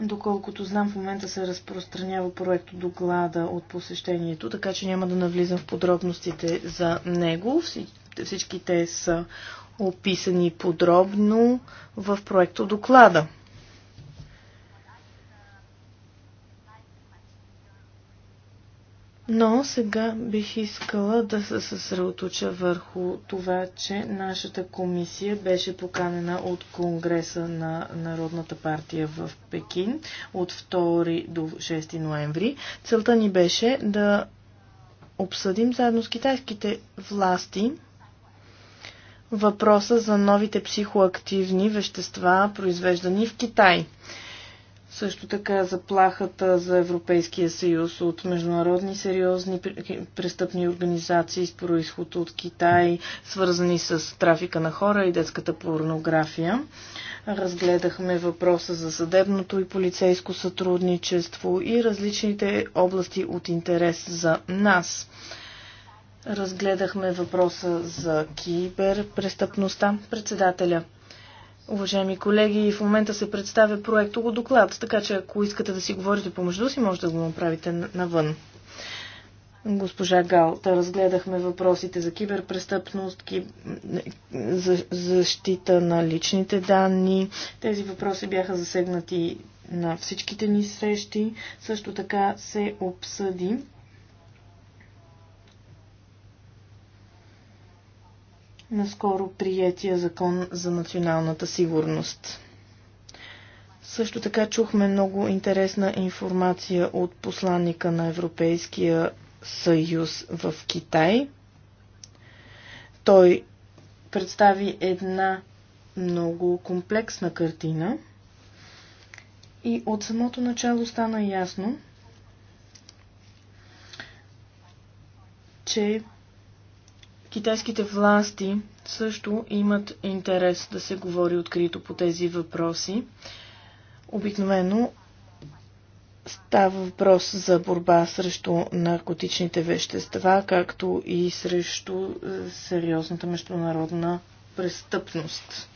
Доколкото знам, в момента се разпространява проект доклада от посещението, така че няма да навлизам в подробностите за него. Всички те са описани подробно в проекто доклада. Но сега бих искала да се съсредоточа върху това, че нашата комисия беше поканена от Конгреса на Народната партия в Пекин от 2 до 6 ноември. Целта ни беше да обсъдим заедно с китайските власти въпроса за новите психоактивни вещества, произвеждани в Китай. Също така заплахата за Европейския съюз от международни сериозни престъпни организации с происход от Китай, свързани с трафика на хора и детската порнография. Разгледахме въпроса за съдебното и полицейско сътрудничество и различните области от интерес за нас. Разгледахме въпроса за киберпрестъпността. Председателя, Уважаеми колеги, в момента се представя проектово доклад, така че ако искате да си говорите помежду си, може да го направите навън. Госпожа Гал, да разгледахме въпросите за киберпрестъпност, киб... за... защита на личните данни. Тези въпроси бяха засегнати на всичките ни срещи. Също така се обсъди наскоро приятия закон за националната сигурност. Също така чухме много интересна информация от посланника на Европейския съюз в Китай. Той представи една много комплексна картина и от самото начало стана ясно, че Китайските власти също имат интерес да се говори открито по тези въпроси. Обикновено става въпрос за борба срещу наркотичните вещества, както и срещу е, сериозната международна престъпност.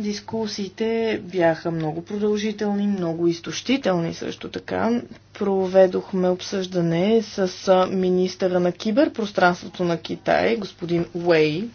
Дискусиите бяха много продължителни, много изтощителни също така. Проведохме обсъждане с министъра на киберпространството на Китай, господин Уей.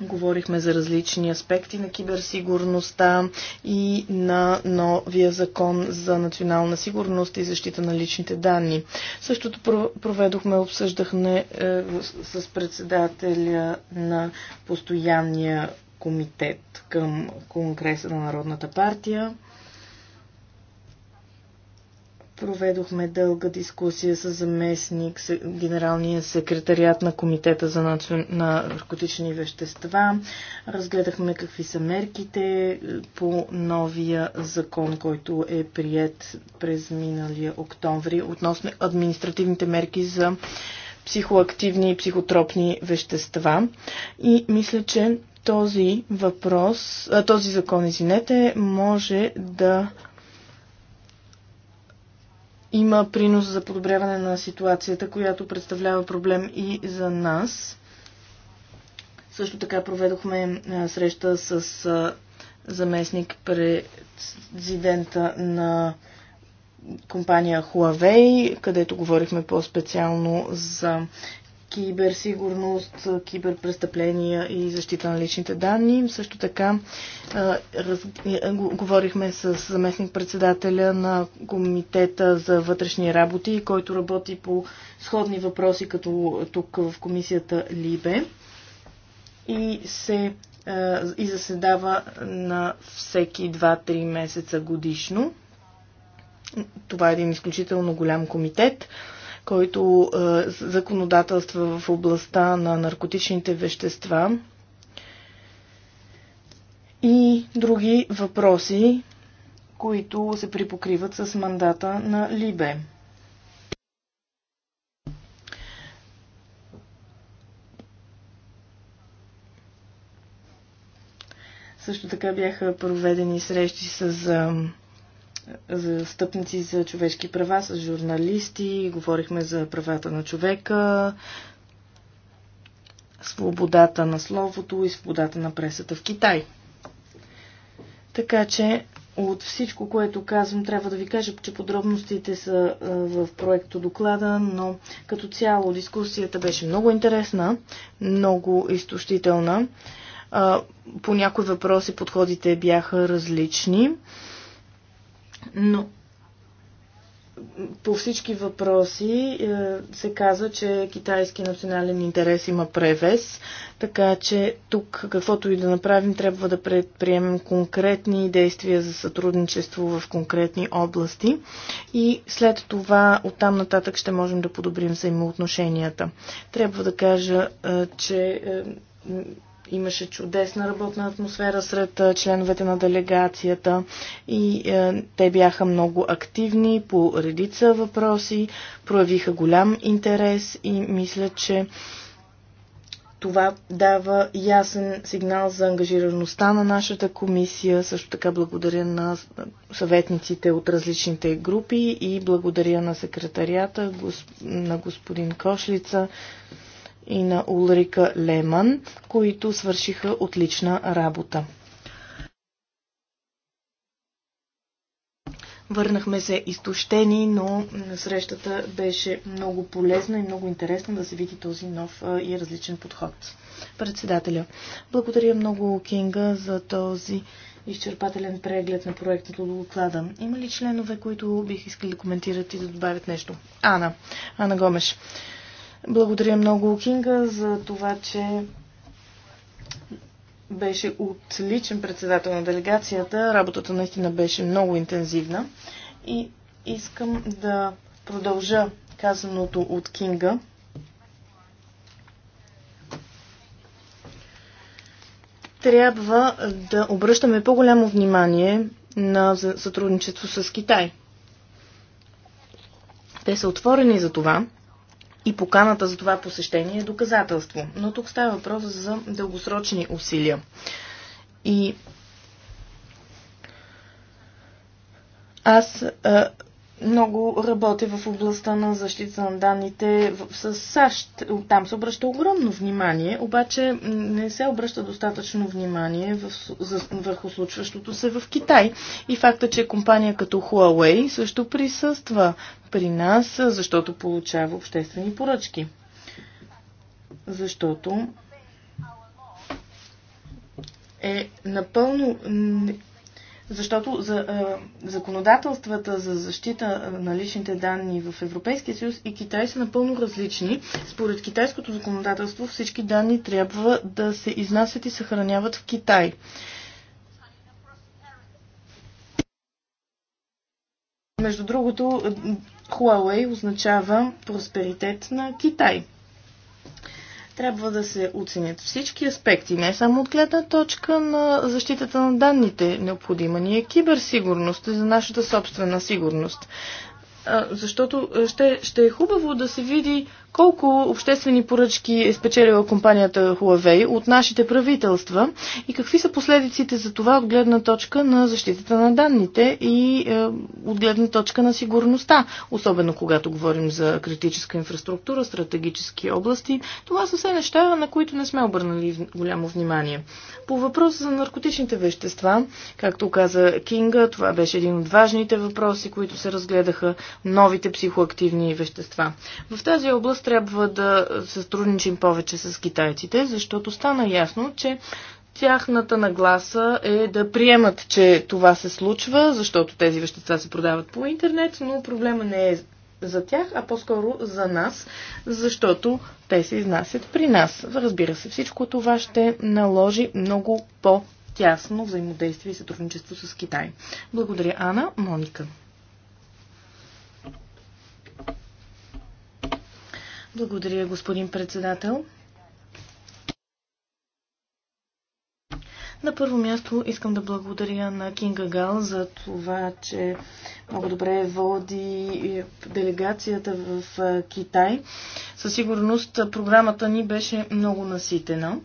Говорихме за различни аспекти на киберсигурността и на новия закон за национална сигурност и защита на личните данни. Същото проведохме обсъждахме е, с председателя на постоянния комитет към Конгреса на Народната партия. Проведохме дълга дискусия с заместник генералния секретариат на Комитета за наркотични вещества. Разгледахме какви са мерките е, по новия закон, който е прият през миналия октомври относно административните мерки за психоактивни и психотропни вещества. И мисля, че този въпрос, този закон, извинете, може да има принос за подобряване на ситуацията, която представлява проблем и за нас. Също така проведохме е, среща с е, заместник президента на компания Huawei, където говорихме по-специално за киберсигурност, киберпрестъпления и защита на личните данни. Също така раз... Е, говорихме с заместник-председателя на Комитета за вътрешни работи, който работи по сходни въпроси, като тук в комисията Либе. И се и заседава на всеки 2-3 месеца годишно. Това е един изключително голям комитет който е, законодателства в областта на наркотичните вещества и други въпроси, които се припокриват с мандата на Либе. Също така бяха проведени срещи с за стъпници за човешки права с журналисти, говорихме за правата на човека, свободата на словото и свободата на пресата в Китай. Така че от всичко, което казвам, трябва да ви кажа, че подробностите са в проекто доклада, но като цяло дискусията беше много интересна, много изтощителна. По някои въпроси подходите бяха различни. Но по всички въпроси е, се каза, че китайски национален интерес има превес, така че тук каквото и да направим, трябва да предприемем конкретни действия за сътрудничество в конкретни области и след това оттам нататък ще можем да подобрим взаимоотношенията. Трябва да кажа, е, че е, Имаше чудесна работна атмосфера сред членовете на делегацията и е, те бяха много активни по редица въпроси, проявиха голям интерес и мисля, че това дава ясен сигнал за ангажираността на нашата комисия. Също така благодаря на съветниците от различните групи и благодаря на секретарията, на господин Кошлица, и на Улрика Леман, които свършиха отлична работа. Върнахме се изтощени, но срещата беше много полезна и много интересна да се види този нов и различен подход. Председателя, благодаря много Кинга за този изчерпателен преглед на проекта до доклада. Има ли членове, които бих искали да коментират и да добавят нещо? Ана. Ана Гомеш. Благодаря много, Кинга, за това, че беше отличен председател на делегацията. Работата наистина беше много интензивна. И искам да продължа казаното от Кинга. Трябва да обръщаме по-голямо внимание на сътрудничество с Китай. Те са отворени за това и поканата за това посещение е доказателство. Но тук става въпрос за дългосрочни усилия. И аз много работи в областта на защита на данните с САЩ. Там се обръща огромно внимание, обаче не се обръща достатъчно внимание в, за, върху случващото се в Китай. И факта, че компания като Huawei също присъства при нас, защото получава обществени поръчки. Защото е напълно защото за, е, законодателствата за защита на личните данни в Европейския съюз и Китай са напълно различни. Според китайското законодателство всички данни трябва да се изнасят и съхраняват в Китай. Между другото, Huawei означава просперитет на Китай. Трябва да се оценят всички аспекти, не само от гледна точка на защитата на данните. Необходима ни е киберсигурност за нашата собствена сигурност. Защото ще, ще е хубаво да се види колко обществени поръчки е спечелила компанията Huawei от нашите правителства и какви са последиците за това от гледна точка на защитата на данните и е, от гледна точка на сигурността, особено когато говорим за критическа инфраструктура, стратегически области. Това са все неща, на които не сме обърнали голямо внимание. По въпроса за наркотичните вещества, както каза Кинга, това беше един от важните въпроси, които се разгледаха новите психоактивни вещества. В тази област трябва да сътрудничим повече с китайците, защото стана ясно, че тяхната нагласа е да приемат, че това се случва, защото тези вещества се продават по интернет, но проблема не е за тях, а по-скоро за нас, защото те се изнасят при нас. Разбира се, всичко това ще наложи много по-тясно взаимодействие и сътрудничество с Китай. Благодаря, Ана. Моника. Благодаря, господин председател. На първо място искам да благодаря на Кинга Гал за това, че много добре води делегацията в Китай. Със сигурност програмата ни беше много наситена.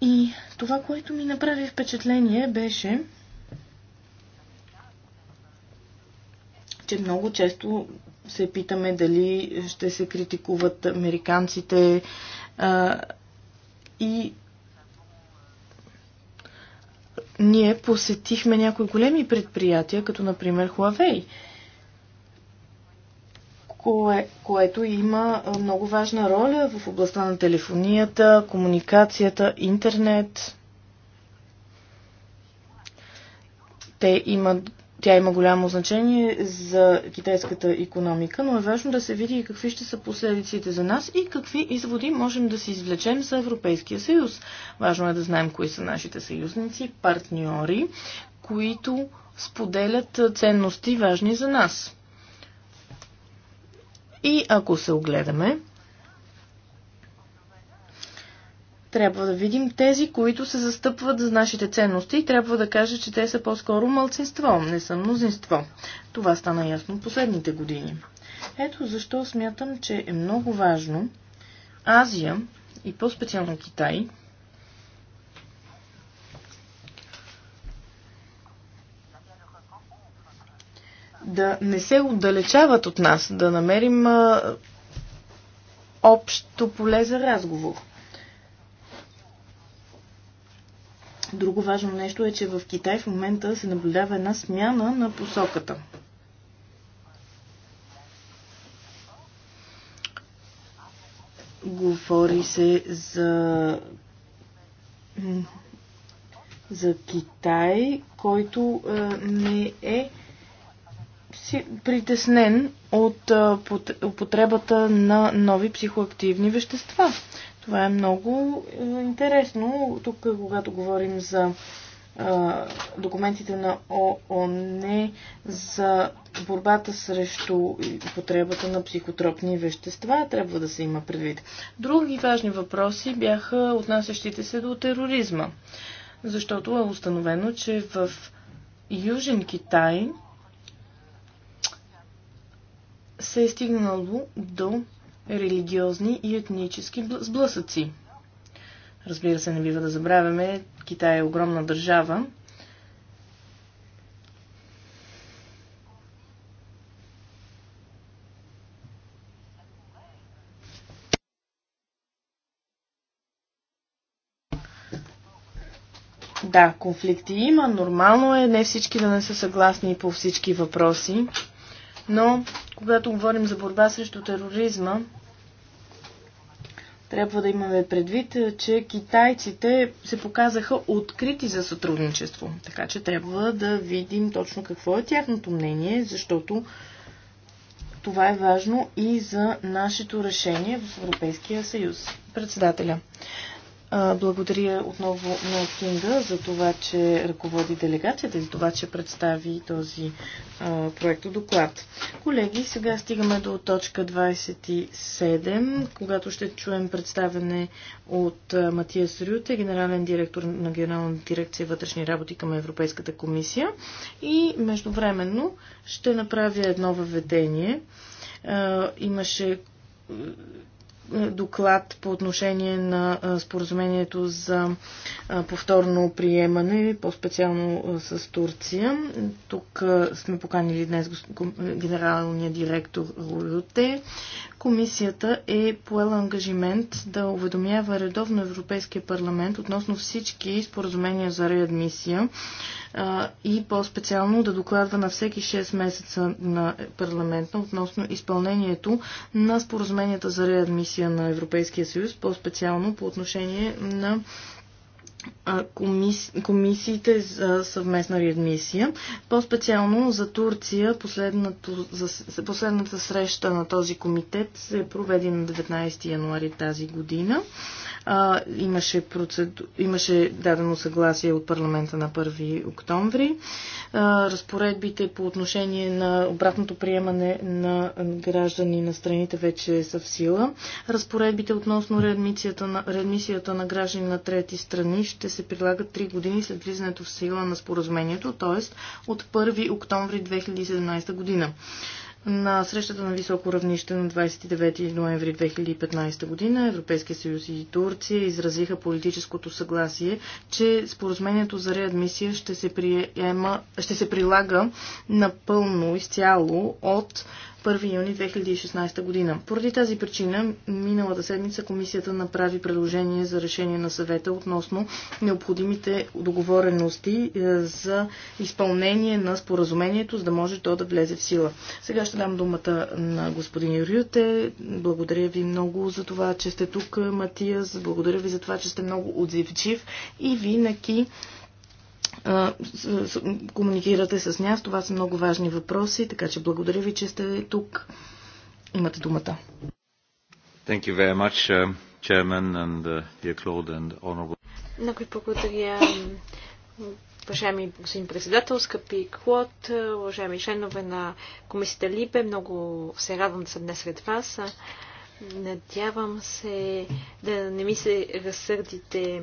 И това, което ми направи впечатление, беше, че много често се питаме дали ще се критикуват американците а, и ние посетихме някои големи предприятия, като например Huawei, кое, което има много важна роля в областта на телефонията, комуникацията, интернет. Те имат тя има голямо значение за китайската економика, но е важно да се види и какви ще са последиците за нас и какви изводи можем да си извлечем за Европейския съюз. Важно е да знаем кои са нашите съюзници, партньори, които споделят ценности важни за нас. И ако се огледаме, Трябва да видим тези, които се застъпват за нашите ценности и трябва да кажа, че те са по-скоро мълцинство, не са мнозинство. Това стана ясно последните години. Ето защо смятам, че е много важно Азия и по-специално Китай да не се отдалечават от нас, да намерим общо поле за разговор. Друго важно нещо е, че в Китай в момента се наблюдава една смяна на посоката. Говори се за за Китай, който а, е, не е си притеснен от а, е, употребата на нови психоактивни вещества. Това е много е, интересно. Тук, когато говорим за документите на ООН за борбата срещу употребата на психотропни вещества трябва да се има предвид. Други важни въпроси бяха отнасящите се до тероризма, защото е установено, че в Южен Китай се е стигнало до религиозни и етнически сблъсъци. Разбира се, не бива да забравяме, Китай е огромна държава. Да, конфликти има, нормално е не всички да не са съгласни по всички въпроси. Но, когато говорим за борба срещу тероризма, трябва да имаме предвид, е, че китайците се показаха открити за сътрудничество. Така че трябва да видим точно какво е тяхното мнение, защото това е важно и за нашето решение в Европейския съюз. Председателя. Благодаря отново на Кинга за това, че ръководи делегацията и за това, че представи този проект доклад. Колеги, сега стигаме до точка 27, когато ще чуем представене от Матиас Рюте, генерален директор на Генерална дирекция вътрешни работи към Европейската комисия. И междувременно ще направя едно въведение. Имаше е, доклад по отношение на е, споразумението за е, повторно приемане, по-специално с Турция. Тук сме поканили днес генералния директор Руте, Комисията е поела ангажимент да уведомява редовно Европейския парламент относно всички споразумения за реадмисия и по-специално да докладва на всеки 6 месеца на парламента относно изпълнението на споразуменията за реадмисия на Европейския съюз, по-специално по отношение на комис... комисиите за съвместна реадмисия. По-специално за Турция за... последната среща на този комитет се проведе на 19 януари тази година. А, имаше, процеду... имаше дадено съгласие от парламента на 1 октомври. А, разпоредбите по отношение на обратното приемане на граждани на страните вече са в сила. Разпоредбите относно реадмисията на, реадмисията на граждани на трети страни ще се прилагат 3 години след влизането в сила на споразумението, т.е. от 1 октомври 2017 година. На срещата на високо равнище на 29 ноември 2015 година Европейския съюз и Турция изразиха политическото съгласие, че споразумението за реадмисия ще се, приема, ще се прилага напълно изцяло от 1 юни 2016 година. Поради тази причина, миналата седмица комисията направи предложение за решение на съвета относно необходимите договорености е, за изпълнение на споразумението, за да може то да влезе в сила. Сега ще дам думата на господин Рюте. Благодаря ви много за това, че сте тук, Матиас. Благодаря ви за това, че сте много отзивчив и винаги комуникирате с нас. Това са много важни въпроси, така че благодаря ви, че сте тук. Имате думата. Thank you very much, uh, Chairman and uh, dear Claude and Honorable. Много ви благодаря, уважаеми господин председател, скъпи Клод, уважаеми членове на комисията Либе. Много се радвам да съм днес сред вас. Надявам се да не ми се разсърдите Uh,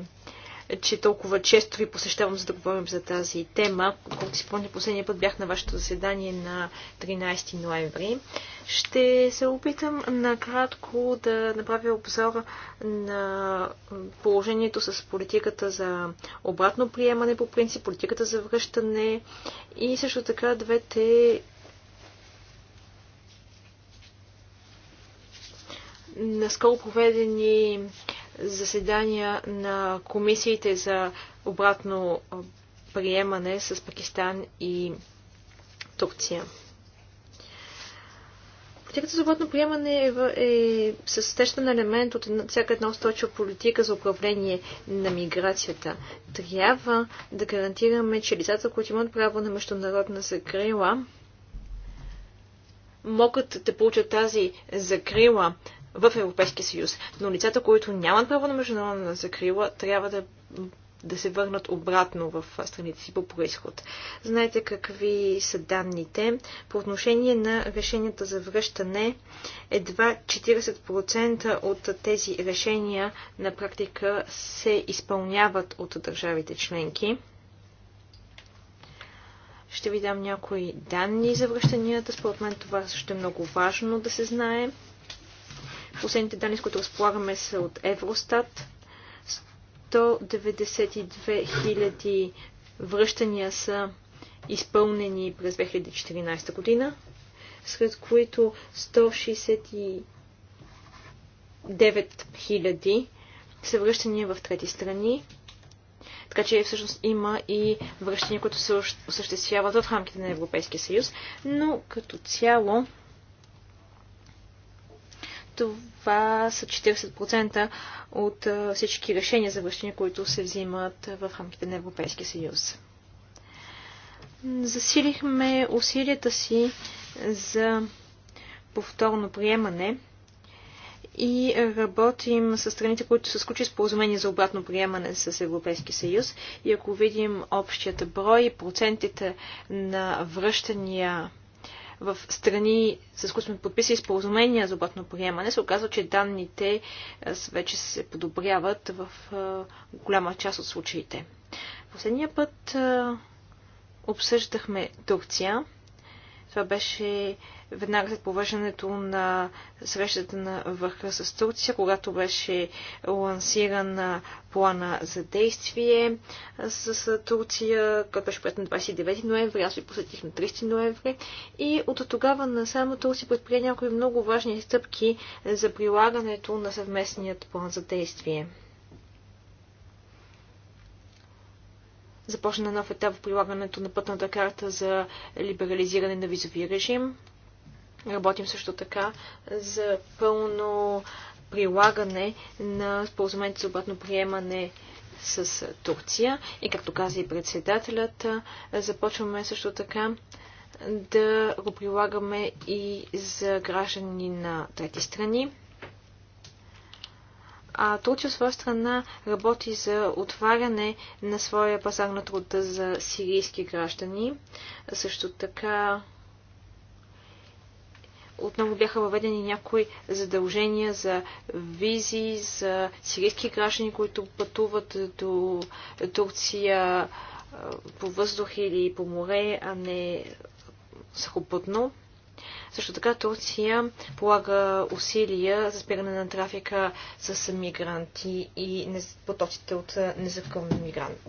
че толкова често ви посещавам, за да говорим за тази тема. Колкото си помня, последния път бях на вашето заседание на 13 ноември. Ще се опитам накратко да направя обзор на положението с политиката за обратно приемане по принцип, политиката за връщане и също така двете наскоро проведени заседания на комисиите за обратно приемане с Пакистан и Турция. Политиката за обратно приемане е, е съществен елемент от една, всяка една устойчива политика за управление на миграцията. Трябва да гарантираме, че лицата, които имат право на международна закрила, могат да получат тази закрила в Европейския съюз. Но лицата, които нямат право на международна закрила, трябва да да се върнат обратно в страните си по происход. Знаете какви са данните. По отношение на решенията за връщане, едва 40% от тези решения на практика се изпълняват от държавите членки. Ще ви дам някои данни за връщанията. Според мен това също е много важно да се знае. Последните данни, с които разполагаме, са от Евростат. 192 000 връщания са изпълнени през 2014 година, сред които 169 000 са връщания в трети страни. Така че всъщност има и връщания, които се осъществяват в рамките на Европейския съюз, но като цяло това са 40% от всички решения за връщане, които се взимат в рамките на Европейския съюз. Засилихме усилията си за повторно приемане и работим с страните, които са сключили споразумение за обратно приемане с Европейски съюз. И ако видим общият брой, процентите на връщания в страни, с които сме подписали споразумения за обратно приемане, се оказва, че данните е, вече се подобряват в е, голяма част от случаите. Последния път е, обсъждахме Турция. Това беше веднага след повършването на срещата на върха с Турция, когато беше лансиран плана за действие с Турция, който беше прият на 29 ноември, аз ви посетих на 30 ноември. И от тогава само Турция предприе някои много важни стъпки за прилагането на съвместният план за действие. започна нов етап в прилагането на пътната карта за либерализиране на визовия режим. Работим също така за пълно прилагане на споразумението за обратно приемане с Турция. И както каза и председателят, започваме също така да го прилагаме и за граждани на трети страни а Турция от своя страна работи за отваряне на своя пазар на труда за сирийски граждани. Също така отново бяха въведени някои задължения за визи за сирийски граждани, които пътуват до Турция по въздух или по море, а не сухопътно. Също така Турция полага усилия за спиране на трафика с мигранти и потоците от незаконна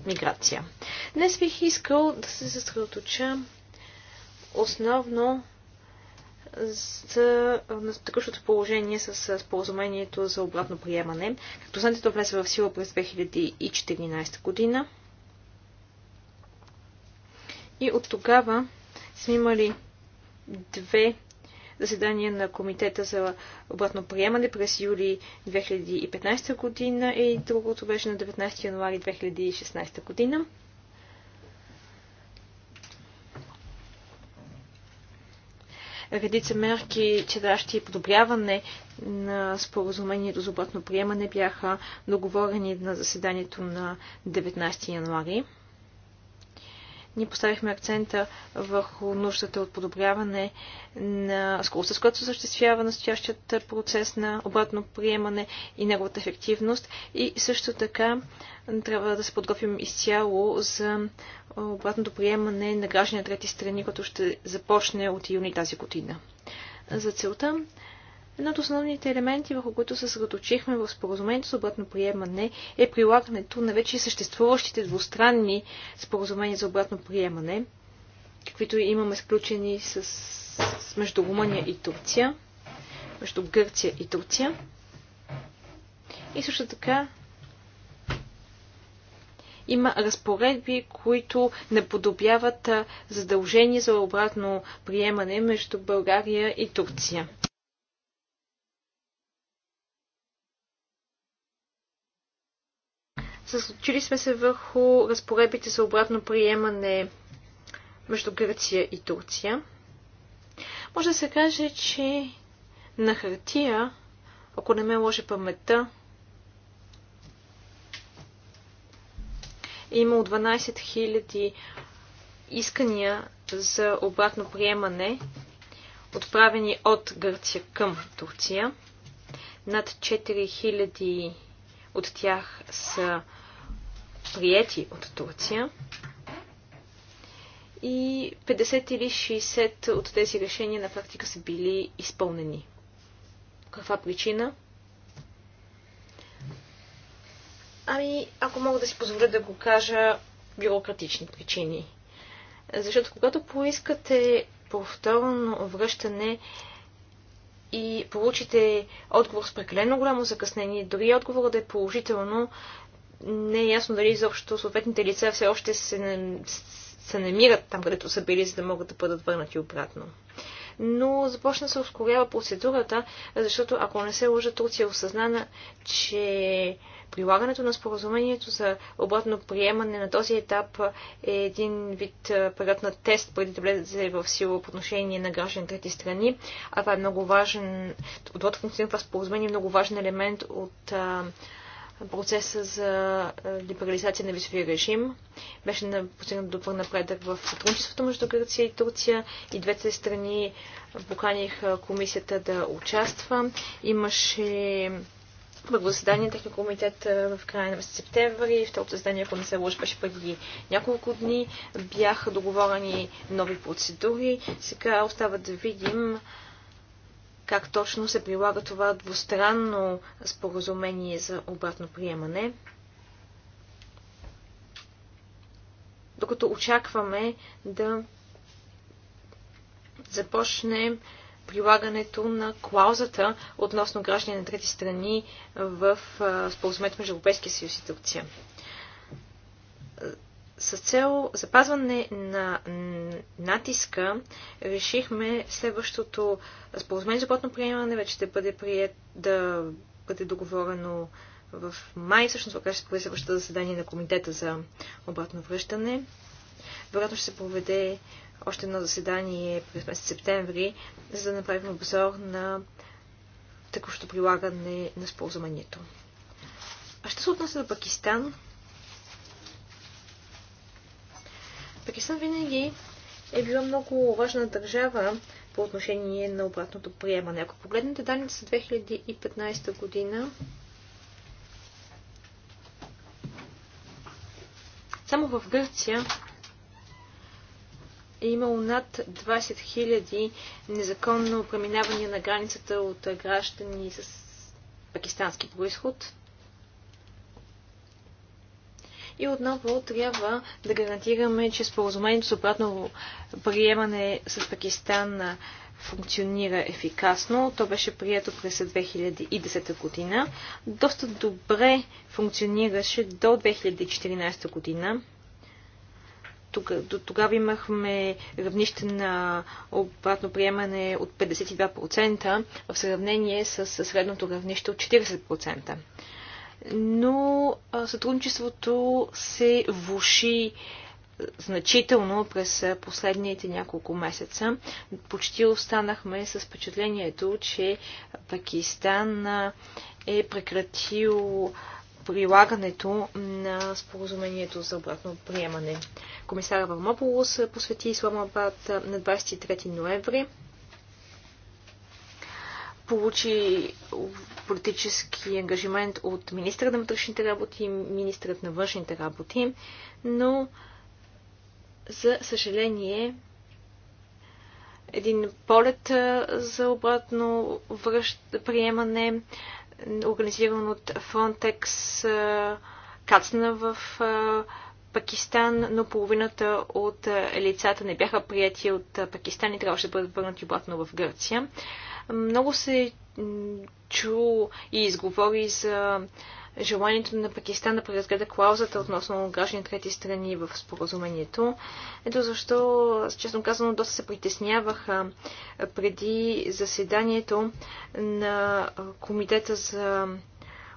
миграция. Днес бих искал да се съсредоточа основно за текущото положение с споразумението за обратно приемане. като знаете, то влезе в сила през 2014 година. И от тогава сме имали две заседание на Комитета за обратно приемане през юли 2015 година и другото беше на 19 януари 2016 година. редица мерки, целящи подобряване на споразумението за обратно приемане, бяха договорени на заседанието на 19 януари. Ние поставихме акцента върху нуждата от подобряване на скоростта, с която се осъществява настоящият процес на обратно приемане и неговата ефективност. И също така трябва да се подготвим изцяло за обратното приемане на граждани на трети страни, което ще започне от юни тази година. За целта Едно от основните елементи, върху които се съсредоточихме в споразумението за обратно приемане, е прилагането на вече съществуващите двустранни споразумения за обратно приемане, каквито имаме сключени с, с, между Румъния и Турция, между Гърция и Турция. И също така има разпоредби, които наподобяват задължение за обратно приемане между България и Турция. Съсочили сме се върху разпоредбите за обратно приемане между Гърция и Турция. Може да се каже, че на хартия, ако не ме лоша паметта, е имало 12 000 искания за обратно приемане, отправени от Гърция към Турция. Над 4 от тях са приети от Турция. И 50 или 60 от тези решения на практика са били изпълнени. Каква причина? Ами, ако мога да си позволя да го кажа, бюрократични причини. Защото когато поискате повторно връщане, и получите отговор с прекалено голямо закъснение, дори отговорът да е положително, не е ясно дали изобщо съответните лица все още се, се намират там, където са били, за да могат да бъдат върнати обратно. Но започна се ускорява процедурата, защото ако не се лъжа, Турция е осъзнана, че Прилагането на споразумението за обратно приемане на този етап е един вид период на тест, преди да влезе в сила по отношение на граждани трети страни. А това е много важен, доброто функционира това споразумение е много важен елемент от процеса за либерализация на висовия режим. Беше постигнат добър напредък в сътрудничеството между Гърция и Турция. И двете страни поканих комисията да участва. Имаше първо заседание на комитет е, в края на месец септември, второто заседание, ако не се лъжа, беше преди няколко дни. Бяха договорени нови процедури. Сега остава да видим как точно се прилага това двустранно споразумение за обратно приемане. Докато очакваме да започнем прилагането на клаузата относно граждани на трети страни в споразумението между Европейския съюз и Турция. С цел запазване на натиска решихме следващото споразумение за плотно приемане вече да бъде прият да бъде договорено в май, всъщност когато ще се следващото заседание на комитета за обратно връщане. Вероятно ще се проведе още едно заседание през месец септември, за да направим обзор на текущото прилагане на сползването. А ще се отнася до Пакистан. Пакистан винаги е била много важна държава по отношение на обратното приемане. Ако погледнете данните за 2015 година, само в Гърция е имало над 20 000 незаконно преминавания на границата от граждани с пакистански происход. И отново трябва да гарантираме, че споразумението с обратно приемане с Пакистан функционира ефикасно. То беше прието през 2010 година. Доста добре функционираше до 2014 година до тогава имахме равнище на обратно приемане от 52% в сравнение с средното равнище от 40%. Но сътрудничеството се влуши значително през последните няколко месеца. Почти останахме с впечатлението, че Пакистан е прекратил прилагането на споразумението за обратно приемане. Комисарът Вармополос посвети Исламабад на 23 ноември. Получи политически ангажимент от министра на вътрешните работи и министрът на външните работи, но за съжаление един полет за обратно връщ, приемане организиран от Frontex, кацна в Пакистан, но половината от лицата не бяха прияти от Пакистан и трябваше да бъдат върнати обратно в Гърция. Много се чу и изговори за желанието на Пакистан да преразгледа клаузата относно граждани трети страни в споразумението. Ето защо, честно казано, доста се притесняваха преди заседанието на Комитета за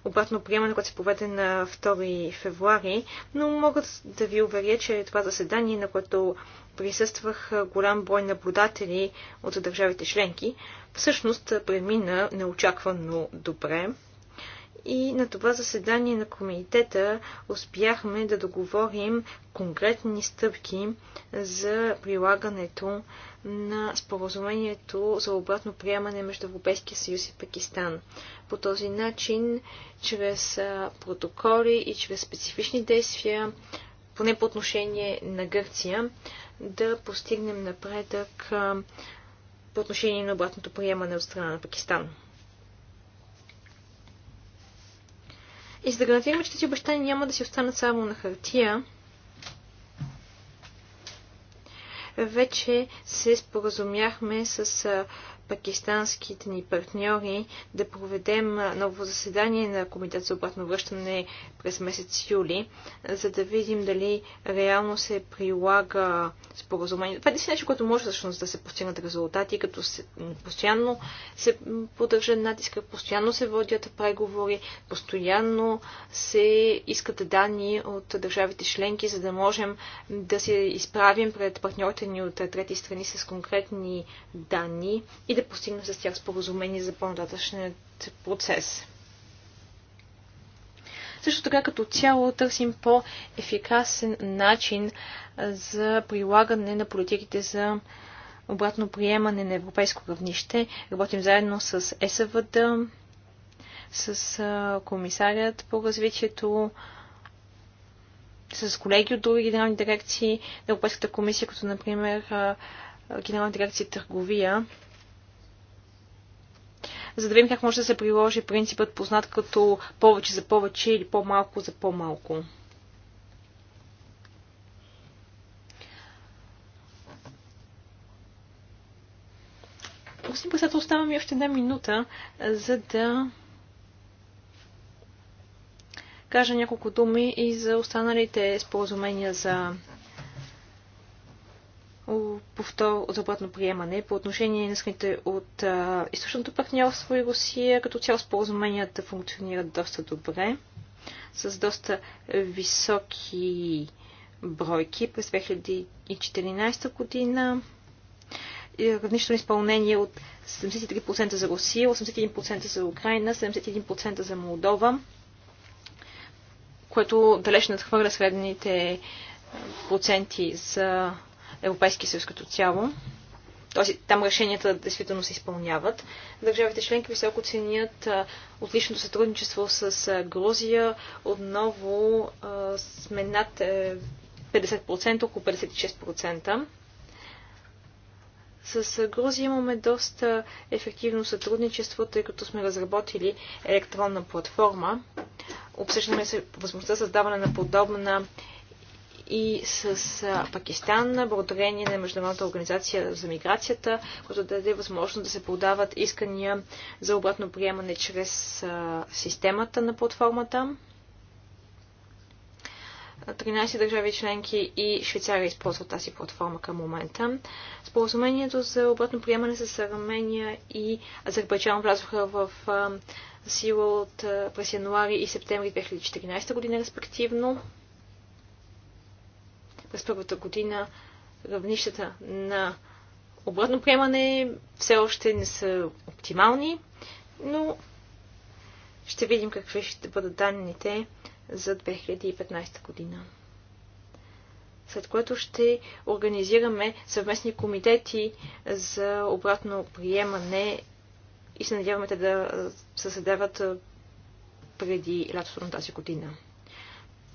обратно приемане, което се проведе на 2 февруари, но мога да ви уверя, че това заседание, на което присъствах голям брой наблюдатели от държавите членки, всъщност премина неочаквано добре. И на това заседание на комитета успяхме да договорим конкретни стъпки за прилагането на споразумението за обратно приемане между Европейския съюз и Пакистан. По този начин, чрез протоколи и чрез специфични действия, поне по отношение на Гърция, да постигнем напредък по отношение на обратното приемане от страна на Пакистан. И за да гарантираме, че тези обещания няма да си останат само на хартия, вече се споразумяхме с пакистанските ни партньори да проведем ново заседание на Комитет за обратно връщане през месец юли, за да видим дали реално се прилага споразумение. Това е нещо, което може всъщност да се постигнат резултати, като се, постоянно се поддържа натиска, постоянно се водят преговори, постоянно се искат данни от държавите членки, за да можем да се изправим пред партньорите ни от трети страни с конкретни данни и да постигнем с тях споразумение за по-нататъчният процес. Също така като цяло търсим по-ефикасен начин за прилагане на политиките за обратно приемане на европейско равнище. Работим заедно с ЕСВД, с комисарят по развитието, с колеги от други генерални дирекции на Европейската комисия, като например Генерална дирекция търговия за да видим как може да се приложи принципът познат като повече за повече или по-малко за по-малко. Господин председател, остава ми още една минута, за да кажа няколко думи и за останалите споразумения за повтор за обратно приемане по отношение на страните от а, източното партньорство и Русия. Като цяло споразуменията функционират доста добре, с доста високи бройки през 2014 година. Равнището на изпълнение от 73% за Русия, 81% за Украина, 71% за Молдова, което далеч надхвърля средните проценти за Европейския съюз като цяло. Тоест, там решенията действително се изпълняват. Държавите членки високо ценят отличното сътрудничество с Грузия. Отново сме над 50%, е, около 56%. С Грузия имаме доста ефективно сътрудничество, тъй като сме разработили електронна платформа. Обсъждаме се възможността създаване на подобна и с Пакистан, благодарение на Международната организация за миграцията, която даде възможност да се подават искания за обратно приемане чрез системата на платформата. 13 държави членки и Швейцария използват тази платформа към момента. Споразумението за обратно приемане с Армения и Азербайджан влязоха в сила от през януари и септември 2014 година, респективно през първата година равнищата на обратно приемане все още не са оптимални, но ще видим какви ще бъдат данните за 2015 година. След което ще организираме съвместни комитети за обратно приемане и се надяваме те да съседават преди лятото на тази година.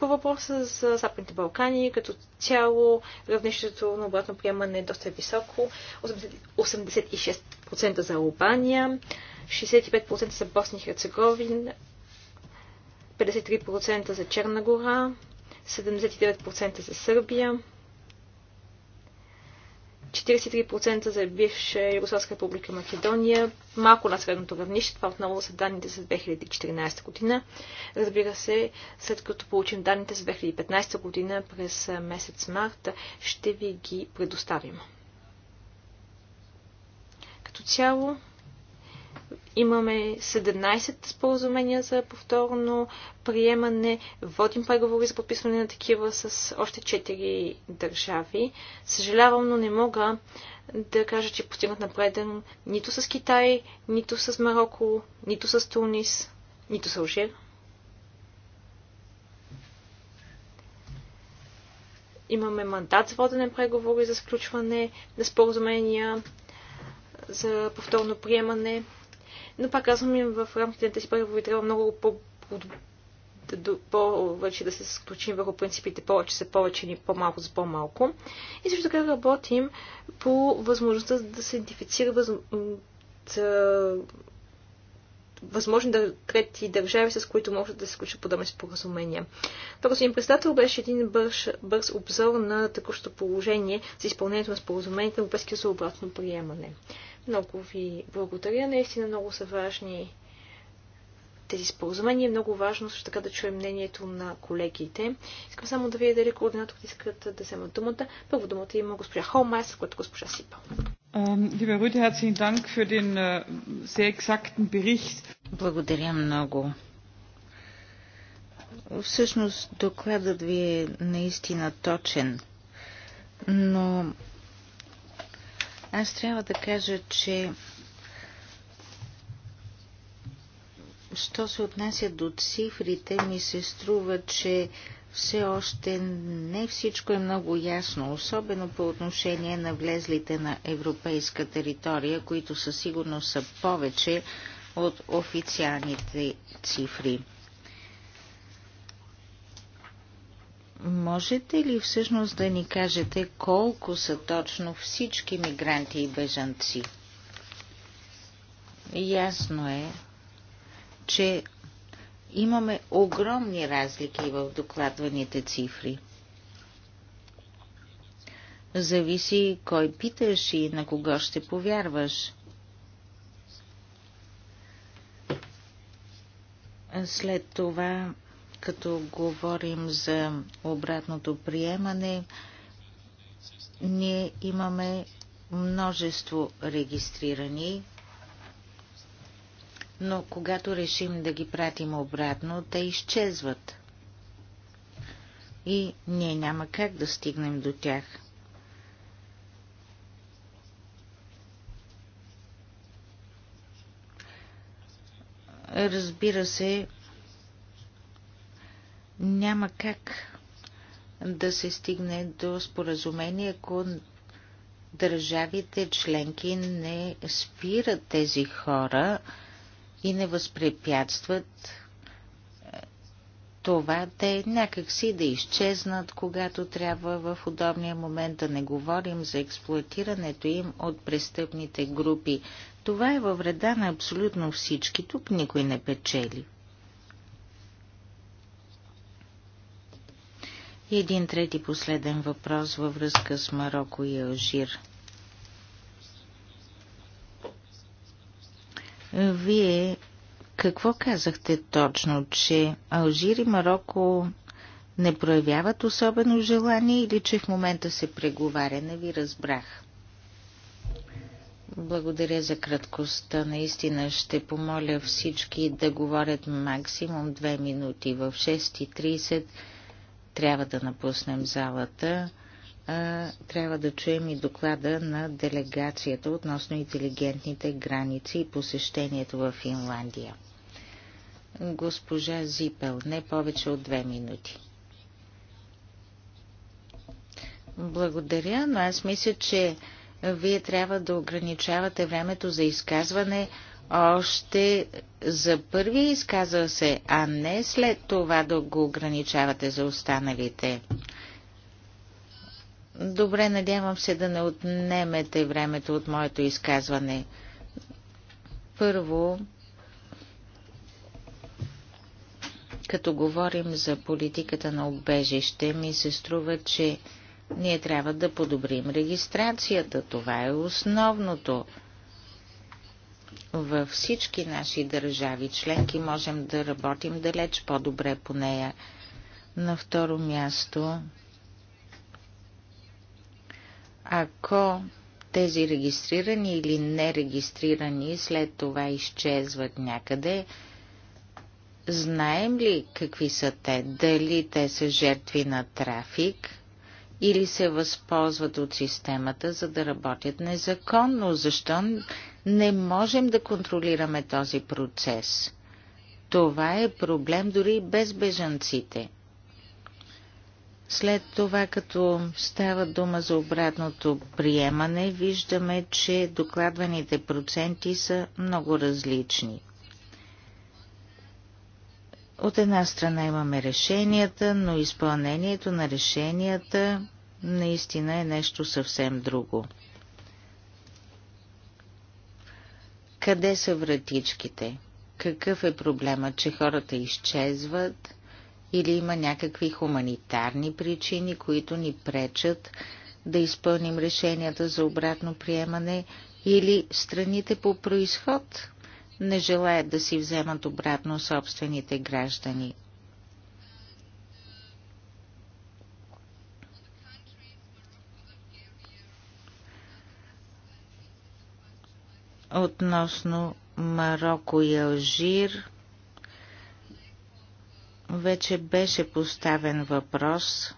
По въпроса за Западните Балкани, като цяло равнището на обратно приемане е доста високо. 86% за Албания, 65% за Босния и Херцеговин, 53% за Черна гора, 79% за Сърбия, 43% за бивша Югославска република Македония, малко на средното равнище. Това отново са данните за 2014 година. Разбира се, след като получим данните за 2015 година през месец март, ще ви ги предоставим. Като цяло, Имаме 17 споразумения за повторно приемане. Водим преговори за подписване на такива с още 4 държави. Съжалявам, но не мога да кажа, че постигнат напреден нито с Китай, нито с Марокко, нито с Тунис, нито с Алжир. Имаме мандат за водене преговори за сключване на споразумения за повторно приемане. Но пак казвам им в рамките на тези ви трябва много по повече да се сключим върху принципите повече се повече или по-малко за по-малко. И също така работим по възможността да се идентифицира въз... възможни да... трети държави, с които може да се сключат подобни споразумения. Този им председател беше един бърз, бърз обзор на текущото положение за изпълнението на споразумението на Европейския за обратно приемане. Много ви благодаря. Наистина много са важни тези споразумения. много важно също така да чуем мнението на колегите. Искам само да видя дали координаторите искат да вземат думата. Първо думата има госпожа Холмайс, която госпожа Сипа. Благодаря много. Всъщност докладът ви е наистина точен, но аз трябва да кажа, че що се отнася до цифрите, ми се струва, че все още не всичко е много ясно, особено по отношение на влезлите на европейска територия, които със сигурност са повече от официалните цифри. Можете ли всъщност да ни кажете колко са точно всички мигранти и бежанци? Ясно е, че имаме огромни разлики в докладваните цифри. Зависи кой питаш и на кого ще повярваш. След това като говорим за обратното приемане, ние имаме множество регистрирани, но когато решим да ги пратим обратно, те изчезват. И ние няма как да стигнем до тях. Разбира се, няма как да се стигне до споразумение, ако държавите членки не спират тези хора и не възпрепятстват е, това те някакси да изчезнат, когато трябва в удобния момент да не говорим за експлуатирането им от престъпните групи. Това е във вреда на абсолютно всички. Тук никой не печели. И един трети последен въпрос във връзка с Марокко и Алжир. Вие какво казахте точно, че Алжир и Марокко не проявяват особено желание или че в момента се преговаря? Не ви разбрах. Благодаря за краткостта. Наистина ще помоля всички да говорят максимум две минути. В 6.30 трябва да напуснем залата. А, трябва да чуем и доклада на делегацията относно интелигентните граници и посещението в Финландия. Госпожа Зипел, не повече от две минути. Благодаря, но аз мисля, че вие трябва да ограничавате времето за изказване още за първи изказал се, а не след това да го ограничавате за останалите. Добре, надявам се да не отнемете времето от моето изказване. Първо, като говорим за политиката на обежище, ми се струва, че ние трябва да подобрим регистрацията. Това е основното във всички наши държави членки можем да работим далеч по-добре по нея. На второ място, ако тези регистрирани или нерегистрирани след това изчезват някъде, знаем ли какви са те? Дали те са жертви на трафик или се възползват от системата, за да работят незаконно? Защо не можем да контролираме този процес. Това е проблем дори без бежанците. След това, като става дума за обратното приемане, виждаме, че докладваните проценти са много различни. От една страна имаме решенията, но изпълнението на решенията наистина е нещо съвсем друго. Къде са вратичките? Какъв е проблема, че хората изчезват или има някакви хуманитарни причини, които ни пречат да изпълним решенията за обратно приемане или страните по происход не желаят да си вземат обратно собствените граждани. Относно Марокко и Алжир, вече беше поставен въпрос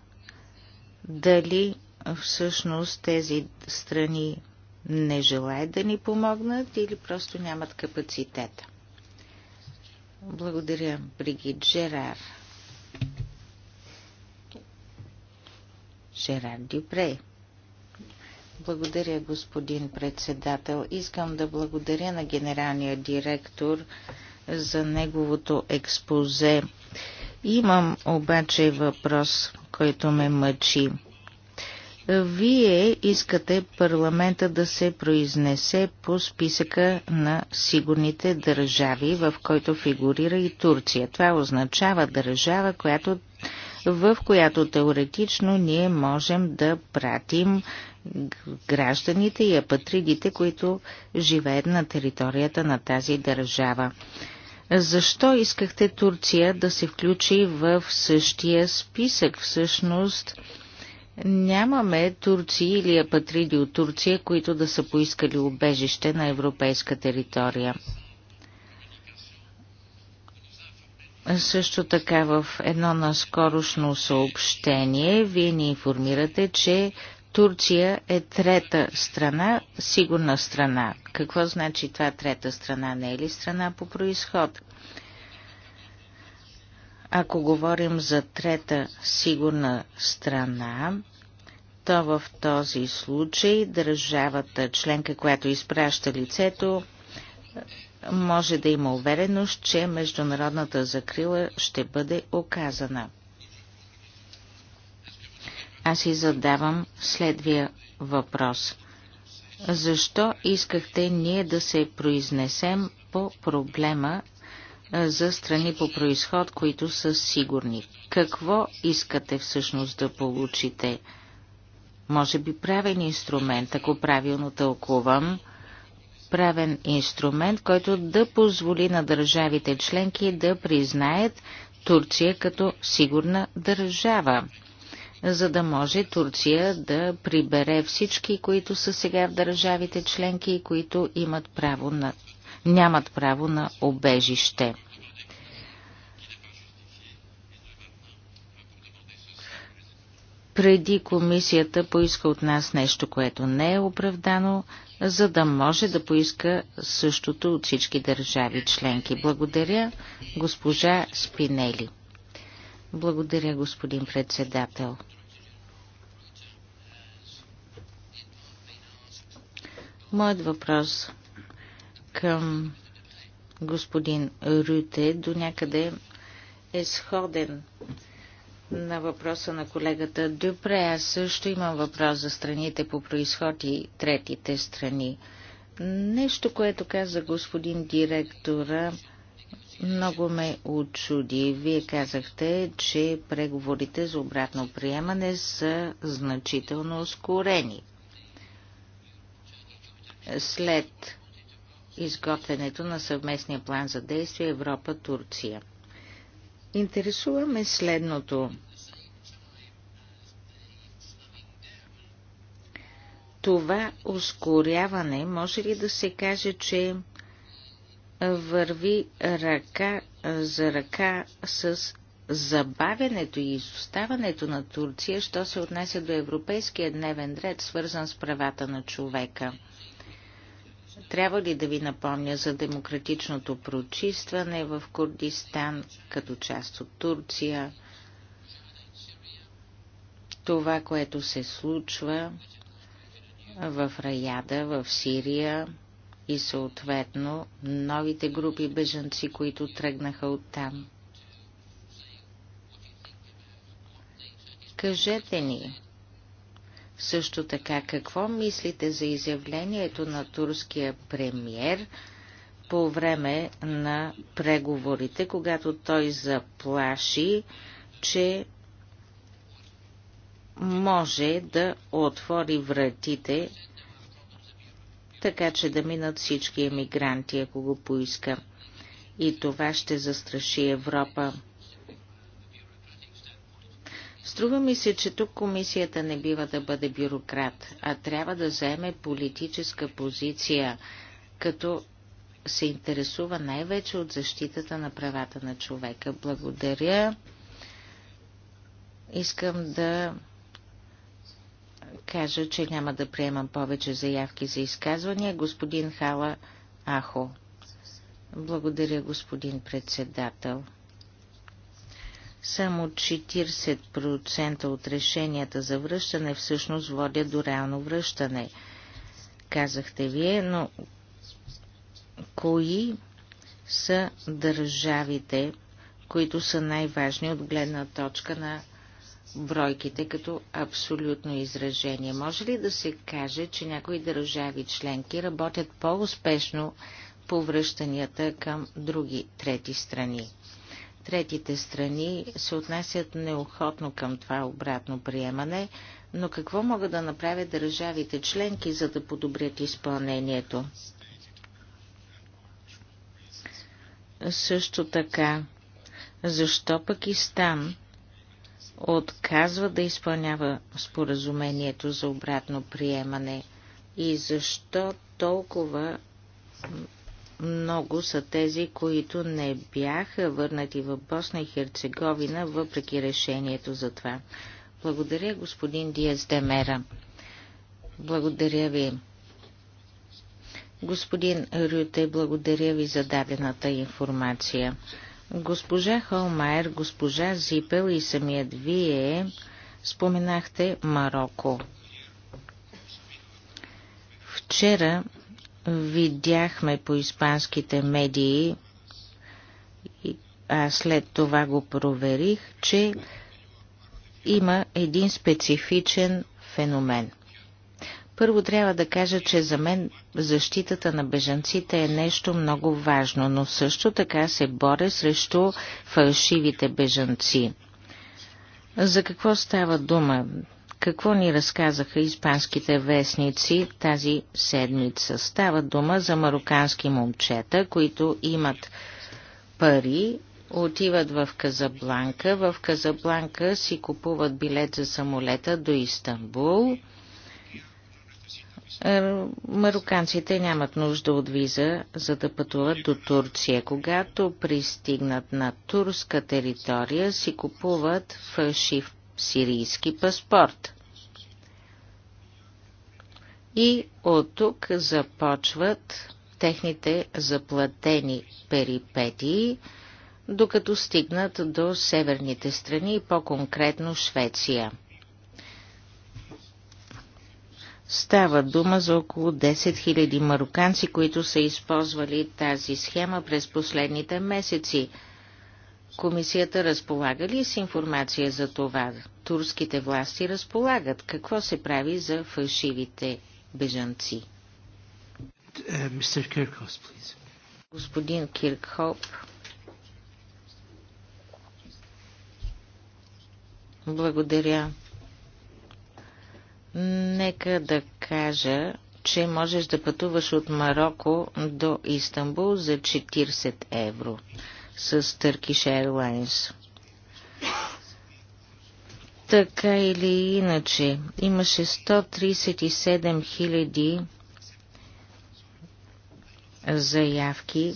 дали всъщност тези страни не желаят да ни помогнат или просто нямат капацитета. Благодаря, Бригит Жерар. Жерар Дюпре. Благодаря, господин председател. Искам да благодаря на генералния директор за неговото експозе. Имам обаче въпрос, който ме мъчи. Вие искате парламента да се произнесе по списъка на сигурните държави, в който фигурира и Турция. Това означава държава, която в която теоретично ние можем да пратим гражданите и апатридите, които живеят на територията на тази държава. Защо искахте Турция да се включи в същия списък? Всъщност нямаме Турции или апатриди от Турция, които да са поискали убежище на европейска територия. Също така в едно наскорошно съобщение вие ни информирате, че Турция е трета страна, сигурна страна. Какво значи това трета страна? Не е ли страна по происход? Ако говорим за трета сигурна страна, то в този случай държавата членка, която изпраща лицето, може да има увереност, че международната закрила ще бъде оказана. Аз си задавам следвия въпрос. Защо искахте ние да се произнесем по проблема за страни по происход, които са сигурни? Какво искате всъщност да получите? Може би правен инструмент, ако правилно тълкувам – правен инструмент, който да позволи на държавите членки да признаят Турция като сигурна държава, за да може Турция да прибере всички, които са сега в държавите членки и които имат право на, нямат право на обежище. преди комисията поиска от нас нещо, което не е оправдано, за да може да поиска същото от всички държави членки. Благодаря, госпожа Спинели. Благодаря, господин председател. Моят въпрос към господин Рюте до някъде е сходен на въпроса на колегата Дюпре, аз също имам въпрос за страните по происход и третите страни. Нещо, което каза господин директора, много ме очуди. Вие казахте, че преговорите за обратно приемане са значително ускорени. След изготвянето на съвместния план за действие Европа-Турция – интересуваме следното. Това ускоряване може ли да се каже, че върви ръка за ръка с забавянето и изоставането на Турция, що се отнася до европейския дневен ред, свързан с правата на човека – трябва ли да ви напомня за демократичното прочистване в Курдистан като част от Турция? Това, което се случва в Раяда, в Сирия и съответно новите групи бежанци, които тръгнаха оттам. Кажете ни, също така, какво мислите за изявлението на турския премьер по време на преговорите, когато той заплаши, че може да отвори вратите, така че да минат всички емигранти, ако го поиска. И това ще застраши Европа. Струва ми се, че тук комисията не бива да бъде бюрократ, а трябва да заеме политическа позиция, като се интересува най-вече от защитата на правата на човека. Благодаря. Искам да кажа, че няма да приемам повече заявки за изказвания. Господин Хала Ахо. Благодаря, господин председател. Само 40% от решенията за връщане всъщност водят до реално връщане, казахте вие, но кои са държавите, които са най-важни от гледна точка на бройките като абсолютно изражение. Може ли да се каже, че някои държави членки работят по-успешно по връщанията към други трети страни? Третите страни се отнасят неохотно към това обратно приемане, но какво могат да направят държавите членки, за да подобрят изпълнението? Също така, защо Пакистан отказва да изпълнява споразумението за обратно приемане и защо толкова много са тези, които не бяха върнати в Босна и Херцеговина, въпреки решението за това. Благодаря, господин Диес Демера. Благодаря ви. Господин Рюте, благодаря ви за дадената информация. Госпожа Холмайер, госпожа Зипел и самият вие споменахте Марокко. Вчера Видяхме по испанските медии, а след това го проверих, че има един специфичен феномен. Първо трябва да кажа, че за мен защитата на бежанците е нещо много важно, но също така се боря срещу фалшивите бежанци. За какво става дума? Какво ни разказаха испанските вестници тази седмица? Става дума за марокански момчета, които имат пари, отиват в Казабланка. В Казабланка си купуват билет за самолета до Истанбул. Е, мароканците нямат нужда от виза, за да пътуват до Турция. Когато пристигнат на турска територия, си купуват фалшив сирийски паспорт. И от тук започват техните заплатени перипетии, докато стигнат до северните страни и по-конкретно Швеция. Става дума за около 10 000 мароканци, които са използвали тази схема през последните месеци – Комисията разполага ли с информация за това? Турските власти разполагат. Какво се прави за фалшивите бежанци? Е, Господин Киркхоп. Благодаря. Нека да кажа, че можеш да пътуваш от Марокко до Истанбул за 40 евро с Turkish Airlines. Така или иначе, имаше 137 000 заявки,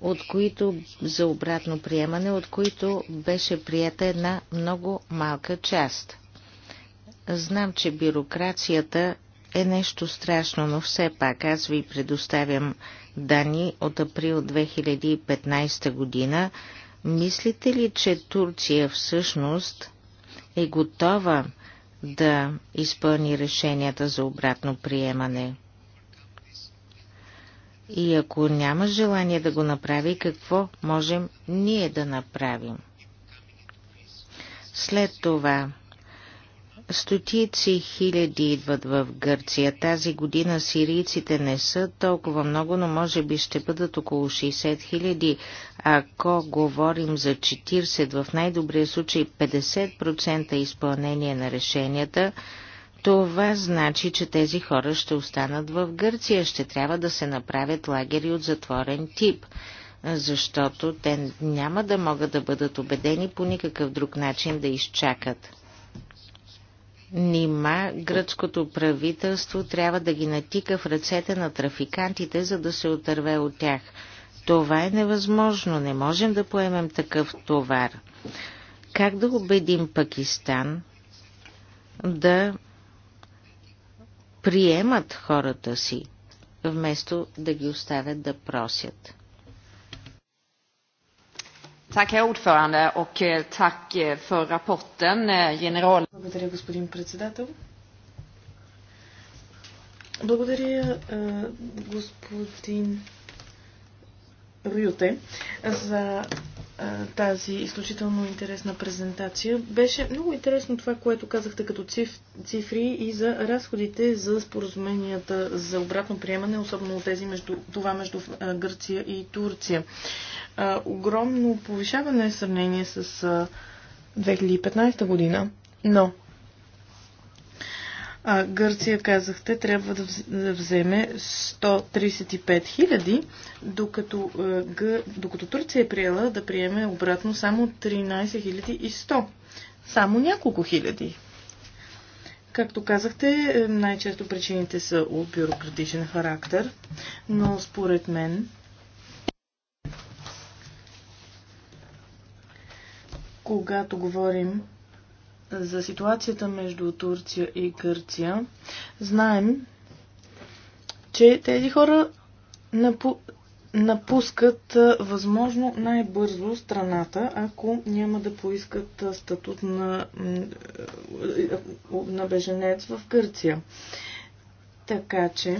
от които за обратно приемане, от които беше прията една много малка част. Знам, че бюрокрацията е нещо страшно, но все пак аз ви предоставям данни от април 2015 година. Мислите ли, че Турция всъщност е готова да изпълни решенията за обратно приемане? И ако няма желание да го направи, какво можем ние да направим? След това Стотици хиляди идват в Гърция. Тази година сирийците не са толкова много, но може би ще бъдат около 60 хиляди. Ако говорим за 40, в най-добрия случай 50% изпълнение на решенията, това значи, че тези хора ще останат в Гърция. Ще трябва да се направят лагери от затворен тип защото те няма да могат да бъдат убедени по никакъв друг начин да изчакат. Нима гръцкото правителство трябва да ги натика в ръцете на трафикантите, за да се отърве от тях. Това е невъзможно, не можем да поемем такъв товар. Как да убедим Пакистан да приемат хората си, вместо да ги оставят да просят? Tack herr ordförande och eh, tack eh, för rapporten eh, general. Благодаря господин председател. Благодаря е, господин Рюте за е, тази изключително интересна презентация. Беше много интересно това, което казахте като цифри и за разходите за споразуменията за обратно приемане, особено тези между, това между е, Гърция и Турция а, огромно повишаване в сравнение с а, 2015 година, но а, Гърция, казахте, трябва да вземе 135 хиляди, докато, докато Турция е приела да приеме обратно само 13 100. Само няколко хиляди. Както казахте, е, най-често причините са от бюрократичен характер, но според мен когато говорим за ситуацията между Турция и Гърция, знаем, че тези хора напу... напускат възможно най-бързо страната, ако няма да поискат статут на, на беженец в Гърция. Така че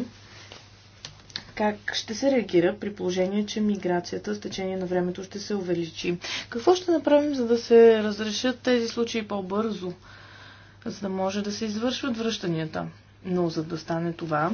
как ще се реагира при положение, че миграцията с течение на времето ще се увеличи? Какво ще направим, за да се разрешат тези случаи по-бързо, за да може да се извършват връщанията? Но за да стане това,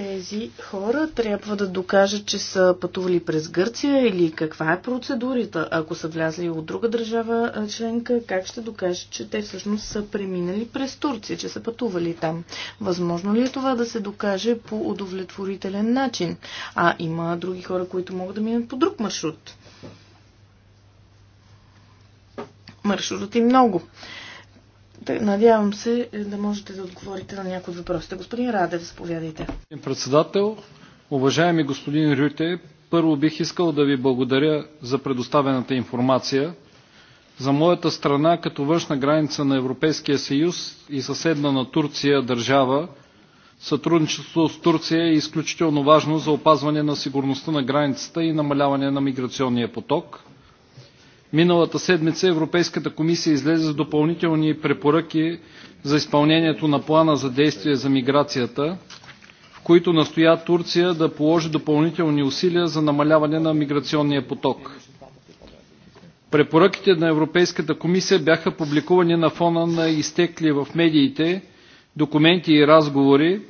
тези хора трябва да докажат, че са пътували през Гърция или каква е процедурата. Ако са влязли от друга държава членка, как ще докажат, че те всъщност са преминали през Турция, че са пътували там? Възможно ли е това да се докаже по удовлетворителен начин? А има други хора, които могат да минат по друг маршрут. Маршрут и много. Надявам се е, да можете да отговорите на някои от въпросите. Господин Радев, заповядайте. Председател, уважаеми господин Рюте, първо бих искал да ви благодаря за предоставената информация. За моята страна, като външна граница на Европейския съюз и съседна на Турция държава, сътрудничеството с Турция е изключително важно за опазване на сигурността на границата и намаляване на миграционния поток – Миналата седмица Европейската комисия излезе с допълнителни препоръки за изпълнението на плана за действие за миграцията, в които настоя Турция да положи допълнителни усилия за намаляване на миграционния поток. Препоръките на Европейската комисия бяха публикувани на фона на изтекли в медиите документи и разговори,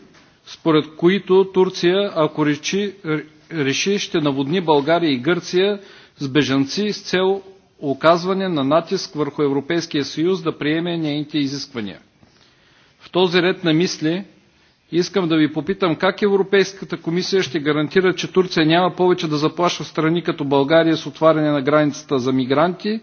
според които Турция, ако реши, реши ще наводни България и Гърция с бежанци с цел оказване на натиск върху Европейския съюз да приеме нейните изисквания. В този ред на мисли искам да ви попитам как Европейската комисия ще гарантира, че Турция няма повече да заплашва страни като България с отваряне на границата за мигранти,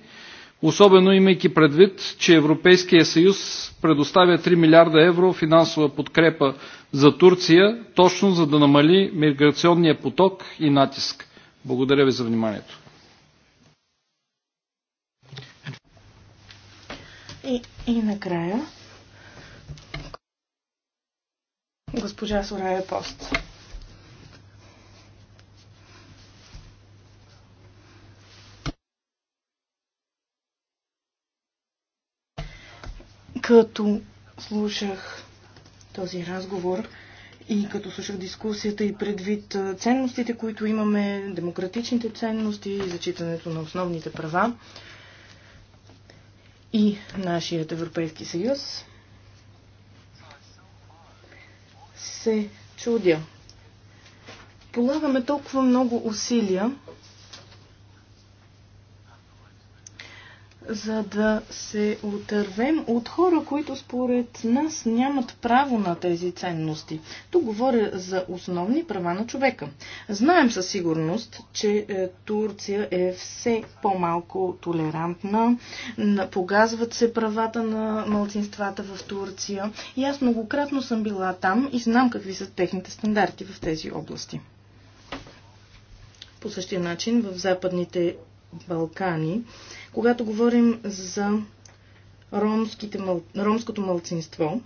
особено имайки предвид, че Европейския съюз предоставя 3 милиарда евро финансова подкрепа за Турция, точно за да намали миграционния поток и натиск. Благодаря ви за вниманието. И, и накрая госпожа Сорая Пост. Като слушах този разговор и като слушах дискусията и предвид ценностите, които имаме, демократичните ценности и зачитането на основните права, и нашият Европейски съюз, се чудя. Полагаме толкова много усилия за да се отървем от хора, които според нас нямат право на тези ценности. Тук говоря за основни права на човека. Знаем със сигурност, че е, Турция е все по-малко толерантна, погазват се правата на малцинствата в Турция и аз многократно съм била там и знам какви са техните стандарти в тези области. По същия начин в Западните Балкани когато говорим за ромското мълцинство,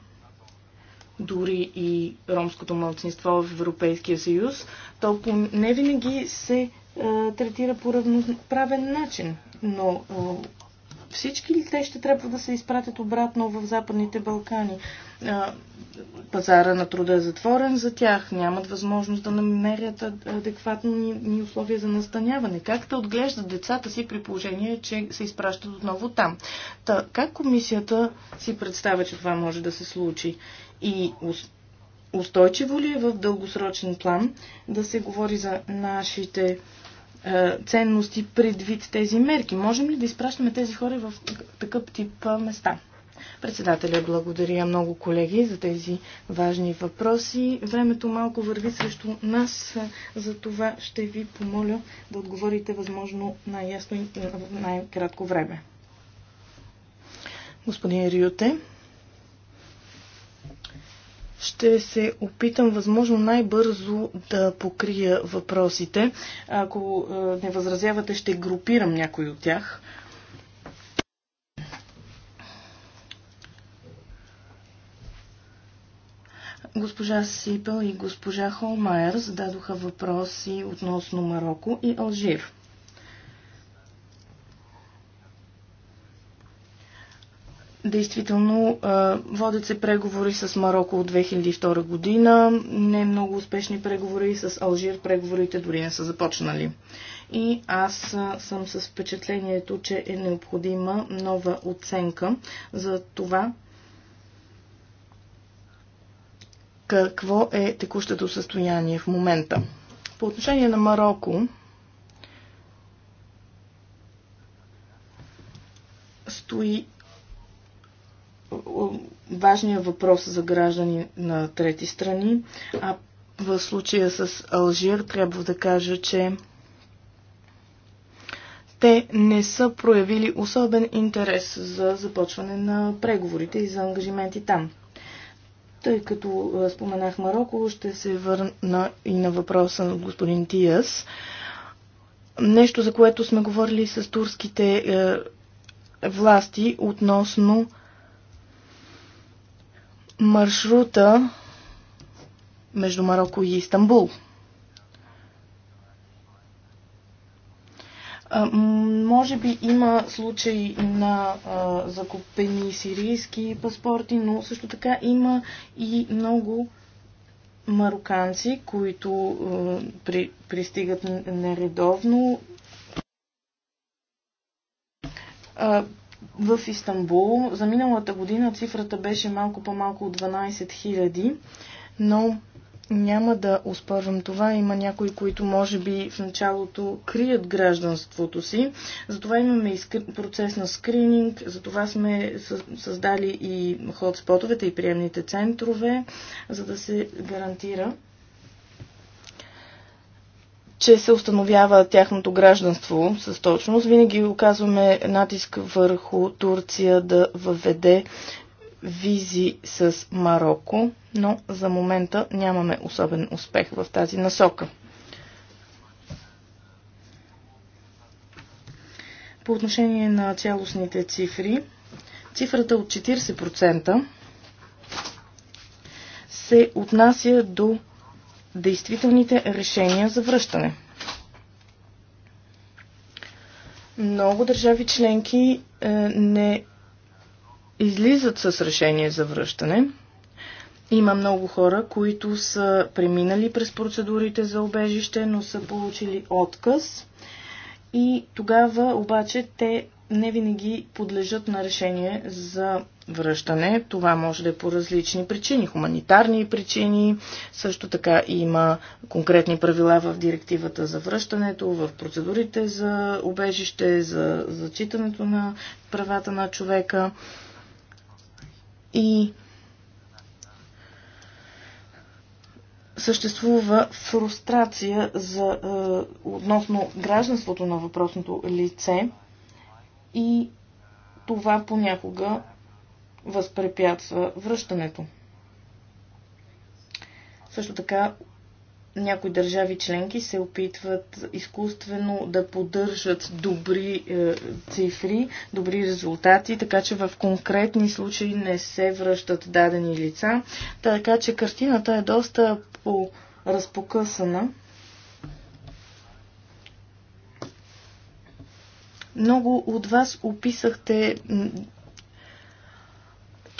дори и ромското мълцинство в Европейския съюз, то не винаги се е, третира по равноправен начин. Но е, всички ли те ще трябва да се изпратят обратно в Западните Балкани? Пазара на труда е затворен за тях, нямат възможност да намерят адекватни условия за настаняване. Как те отглеждат децата си при положение, че се изпращат отново там? Та, как комисията си представя, че това може да се случи? И устойчиво ли е в дългосрочен план да се говори за нашите е, ценности предвид тези мерки? Можем ли да изпращаме тези хора в такъв тип е, места? Председателя, благодаря много колеги за тези важни въпроси. Времето малко върви срещу нас, е, за това ще ви помоля да отговорите възможно най-ясно и най-кратко време. Господин Риоте. Ще се опитам възможно най-бързо да покрия въпросите. Ако е, не възразявате, ще групирам някой от тях. Госпожа Сипел и госпожа Холмайер зададоха въпроси относно Марокко и Алжир. Действително, водят се преговори с Марокко от 2002 година, не много успешни преговори с Алжир, преговорите дори не са започнали. И аз съм с впечатлението, че е необходима нова оценка за това какво е текущото състояние в момента. По отношение на Марокко, стои важния въпрос за граждани на трети страни, а в случая с Алжир трябва да кажа, че те не са проявили особен интерес за започване на преговорите и за ангажименти там. Тъй като споменах Марокко, ще се върна и на въпроса на господин Тиас. Нещо, за което сме говорили с турските е, власти относно маршрута между Марокко и Истанбул. Може би има случаи на а, закупени сирийски паспорти, но също така има и много мароканци, които а, при, пристигат нередовно. А, в Истанбул. За миналата година цифрата беше малко по-малко от 12 000, но няма да успървам това. Има някои, които може би в началото крият гражданството си. Затова имаме и процес на скрининг, затова сме създали и ходспотовете и приемните центрове, за да се гарантира че се установява тяхното гражданство с точност. Винаги оказваме натиск върху Турция да въведе визи с Марокко, но за момента нямаме особен успех в тази насока. По отношение на цялостните цифри, цифрата от 40% се отнася до действителните решения за връщане. Много държави членки е, не излизат с решение за връщане. Има много хора, които са преминали през процедурите за обежище, но са получили отказ. И тогава обаче те не винаги подлежат на решение за връщане. Това може да е по различни причини, хуманитарни причини. Също така има конкретни правила в директивата за връщането, в процедурите за обежище, за зачитането на правата на човека. И съществува фрустрация за, е, относно гражданството на въпросното лице и това понякога възпрепятства връщането. Също така някои държави членки се опитват изкуствено да поддържат добри е, цифри, добри резултати, така че в конкретни случаи не се връщат дадени лица. Така че картината е доста по-разпокъсана. Много от вас описахте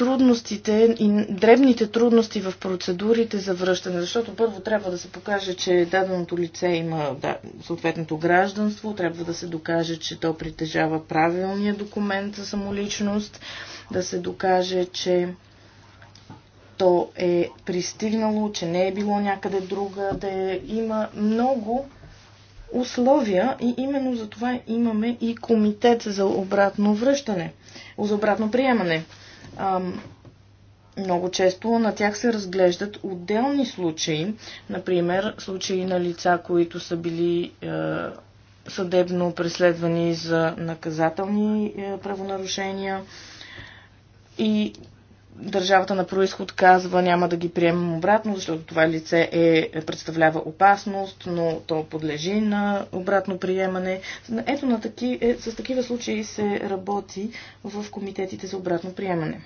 трудностите и дребните трудности в процедурите за връщане, защото първо трябва да се покаже, че даденото лице има да, съответното гражданство, трябва да се докаже, че то притежава правилния документ за самоличност, да се докаже, че то е пристигнало, че не е било някъде друга, да е, има много условия и именно за това имаме и комитет за обратно връщане, за обратно приемане. Ам, много често на тях се разглеждат отделни случаи, например случаи на лица, които са били е, съдебно преследвани за наказателни е, правонарушения и държавата на происход казва няма да ги приемем обратно, защото това лице е, представлява опасност, но то подлежи на обратно приемане. Ето на таки, е, с такива случаи се работи в комитетите за обратно приемане.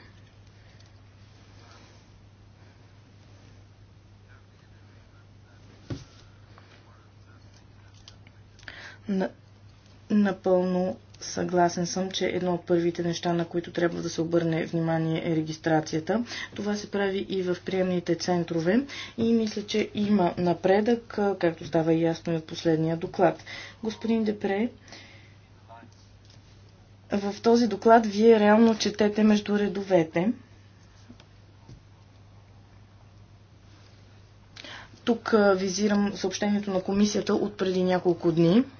Напълно Съгласен съм, че едно от първите неща, на които трябва да се обърне внимание е регистрацията. Това се прави и в приемните центрове и мисля, че има напредък, както става ясно и от последния доклад. Господин Депре, в този доклад вие реално четете между редовете. Тук визирам съобщението на комисията от преди няколко дни –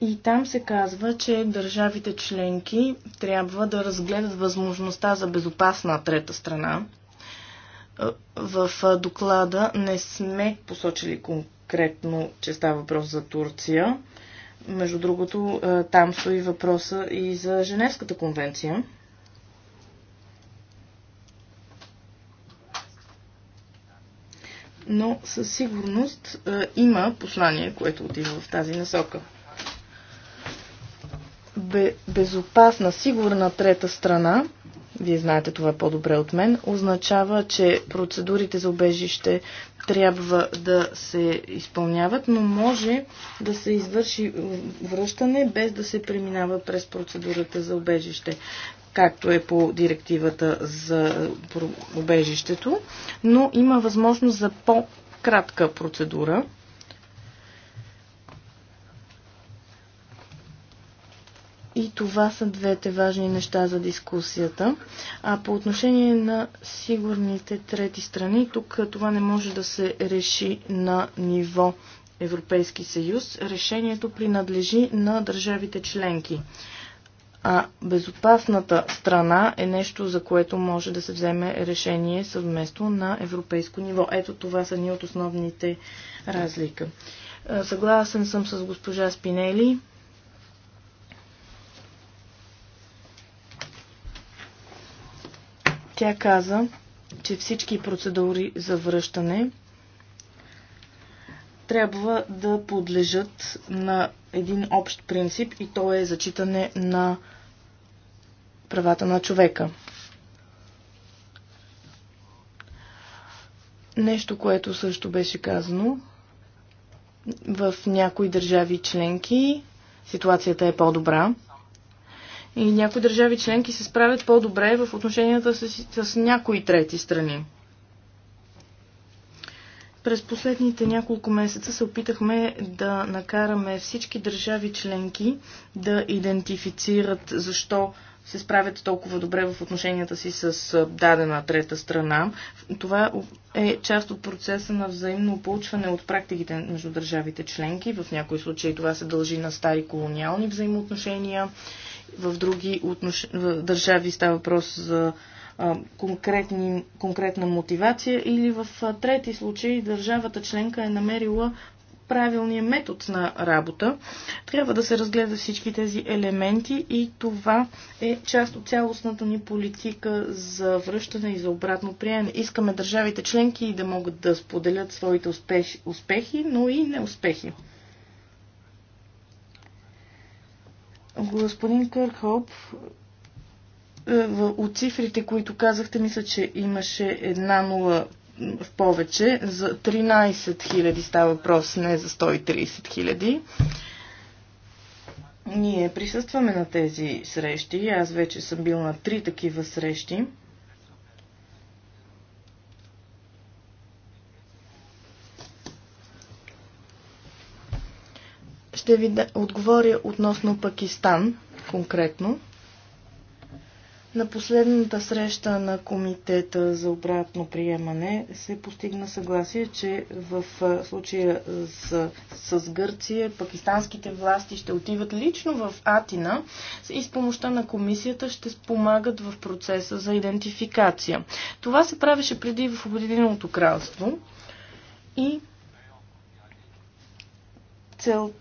И там се казва, че държавите членки трябва да разгледат възможността за безопасна трета страна. В доклада не сме посочили конкретно, че става въпрос за Турция. Между другото, там стои въпроса и за Женевската конвенция. Но със сигурност има послание, което отива в тази насока безопасна, сигурна трета страна, вие знаете това по-добре от мен, означава, че процедурите за обежище трябва да се изпълняват, но може да се извърши връщане без да се преминава през процедурата за обежище както е по директивата за обежището, но има възможност за по-кратка процедура, И това са двете важни неща за дискусията. А по отношение на сигурните трети страни, тук това не може да се реши на ниво Европейски съюз. Решението принадлежи на държавите членки. А безопасната страна е нещо, за което може да се вземе решение съвместно на европейско ниво. Ето това са ни от основните разлика. Съгласен съм с госпожа Спинели Тя каза, че всички процедури за връщане трябва да подлежат на един общ принцип и то е зачитане на правата на човека. Нещо, което също беше казано, в някои държави членки ситуацията е по-добра. И някои държави членки се справят по-добре в отношенията с, с някои трети страни. През последните няколко месеца се опитахме да накараме всички държави членки да идентифицират защо се справят толкова добре в отношенията си с дадена трета страна. Това е част от процеса на взаимно получване от практиките между държавите членки. В някои случаи това се дължи на стари колониални взаимоотношения. В други отнош... държави става въпрос за конкретни, конкретна мотивация или в трети случай държавата членка е намерила правилния метод на работа. Трябва да се разгледа всички тези елементи и това е част от цялостната ни политика за връщане и за обратно приемане. Искаме държавите членки да могат да споделят своите успехи, успехи но и неуспехи. Господин Кърхоп, е, от цифрите, които казахте, мисля, че имаше една нула в повече. За 13 000 става въпрос, не за 130 000. Ние присъстваме на тези срещи. Аз вече съм бил на три такива срещи. Ще ви отговоря относно Пакистан конкретно. На последната среща на Комитета за обратно приемане се постигна съгласие, че в случая с, с Гърция пакистанските власти ще отиват лично в Атина и с помощта на комисията ще спомагат в процеса за идентификация. Това се правеше преди в Обединеното кралство и цел...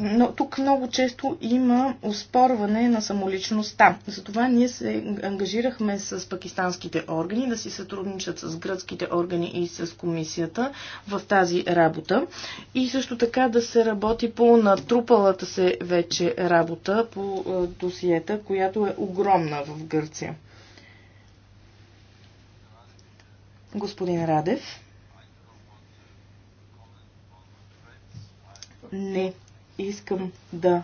Но тук много често има оспорване на самоличността. Затова ние се ангажирахме с пакистанските органи да си сътрудничат с гръцките органи и с комисията в тази работа. И също така да се работи по натрупалата се вече работа по досиета, която е огромна в Гърция. Господин Радев. не искам да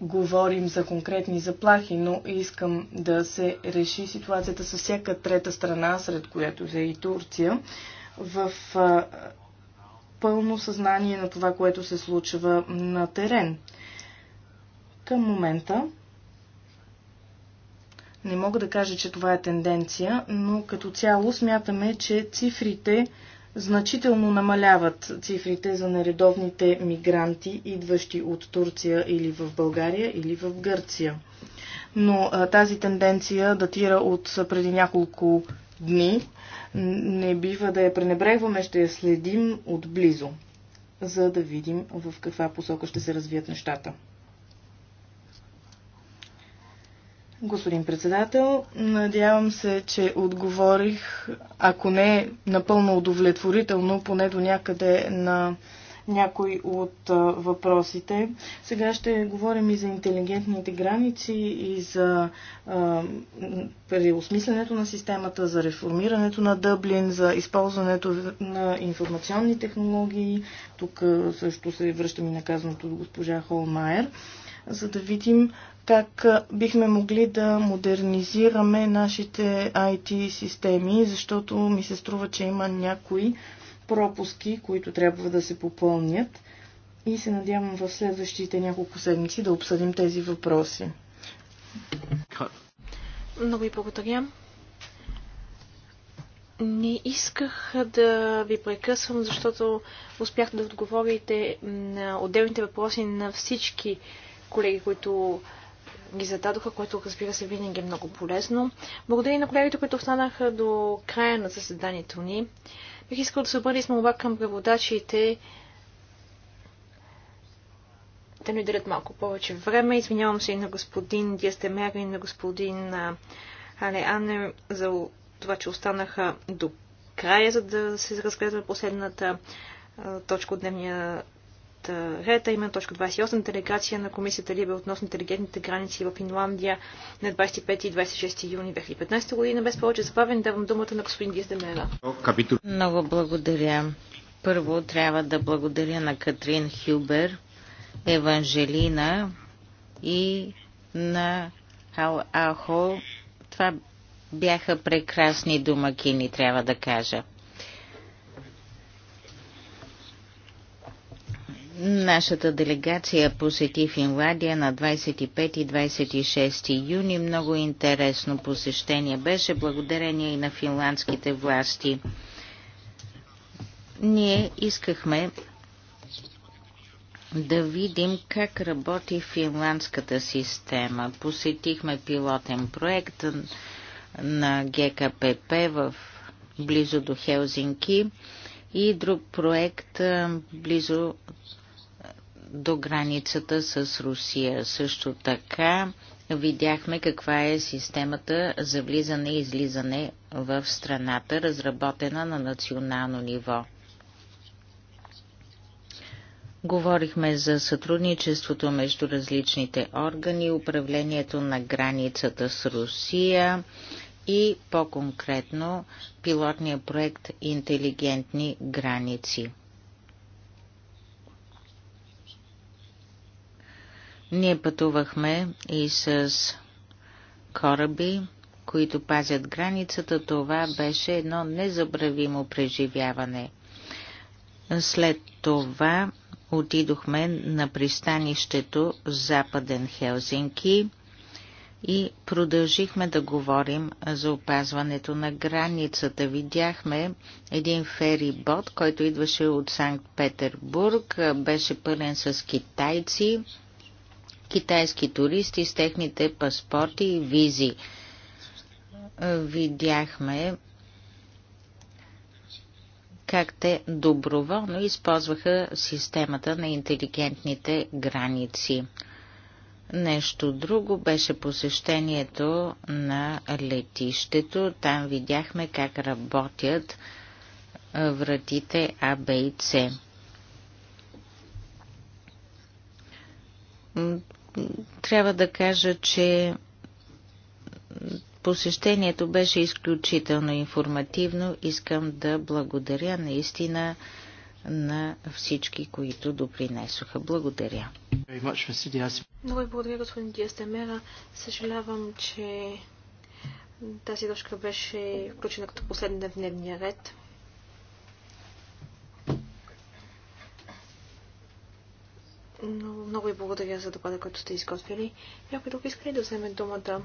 говорим за конкретни заплахи, но искам да се реши ситуацията с всяка трета страна, сред която е и Турция, в пълно съзнание на това, което се случва на терен. Към момента не мога да кажа, че това е тенденция, но като цяло смятаме, че цифрите значително намаляват цифрите за нередовните мигранти, идващи от Турция или в България или в Гърция. Но а, тази тенденция датира от преди няколко дни. Не бива да я пренебрегваме, ще я следим отблизо, за да видим в каква посока ще се развият нещата. Господин председател, надявам се, че отговорих, ако не напълно удовлетворително, поне до някъде на някой от въпросите. Сега ще говорим и за интелигентните граници, и за а, преосмисленето на системата, за реформирането на Дъблин, за използването на информационни технологии. Тук също се връщам и наказаното от госпожа Холмайер, за да видим как бихме могли да модернизираме нашите IT системи, защото ми се струва, че има някои пропуски, които трябва да се попълнят. И се надявам в следващите няколко седмици да обсъдим тези въпроси. Много ви благодаря. Не исках да ви прекъсвам, защото успях да отговорите на отделните въпроси на всички колеги, които ги зададоха, което разбира се винаги е много полезно. Благодаря и на колегите, които останаха до края на заседанието ни. Бих искал да се обърна с молба към преводачите да ни дадат малко повече време. Извинявам се и на господин Диастемер и на господин Але Анне за това, че останаха до края, за да се разгледа последната точка от дневния Рета, именно точка 28, делегация на комисията Либе относно интелигентните граници в Финландия на 25 и 26 юни 2015 година. Без повече забавен давам думата на господин Диздемера. Много благодаря. Първо трябва да благодаря на Катрин Хюбер, Еванжелина и на Хал Ахо. Това бяха прекрасни домакини, трябва да кажа. Нашата делегация посети Финландия на 25 и 26 юни. Много интересно посещение беше благодарение и на финландските власти. Ние искахме да видим как работи финландската система. Посетихме пилотен проект на ГКПП в близо до Хелзинки и друг проект близо до границата с Русия. Също така видяхме каква е системата за влизане и излизане в страната, разработена на национално ниво. Говорихме за сътрудничеството между различните органи, управлението на границата с Русия и по-конкретно пилотния проект Интелигентни граници. Ние пътувахме и с кораби, които пазят границата. Това беше едно незабравимо преживяване. След това отидохме на пристанището Западен Хелзинки и продължихме да говорим за опазването на границата. Видяхме един ферибот, който идваше от Санкт Петербург, беше пълен с китайци китайски туристи с техните паспорти и визи. Видяхме как те доброволно използваха системата на интелигентните граници. Нещо друго беше посещението на летището. Там видяхме как работят вратите А, Б и С трябва да кажа, че посещението беше изключително информативно. Искам да благодаря наистина на всички, които допринесоха. Благодаря. Много ви благодаря, господин Диастемера. Съжалявам, че тази точка беше включена като последна в дневния ред. Но много ви благодаря за доклада, който сте изготвили. Някой друг иска ли да вземе думата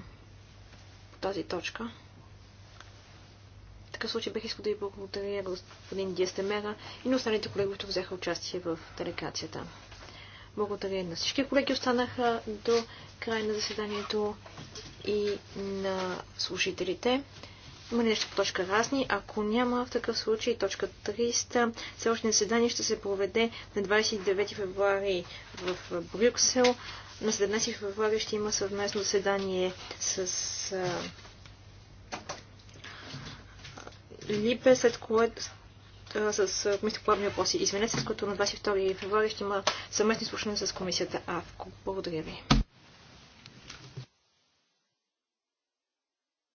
по тази точка? В такъв случай бих искал да ви благодаря господин Диестемера и на останалите колеги, които взеха участие в делегацията. Благодаря на всички колеги, останаха до края на заседанието и на слушателите. Има ли нещо по точка разни? Ако няма, в такъв случай точка 300. Следващото заседание ще се проведе на 29 февруари в Брюксел. На 17 февруари ще има съвместно заседание с Липе, след което с Комисията по правни въпроси. Извинете, с което на 22 февруари ще има съвместни слушане с Комисията АВКО. Благодаря ви.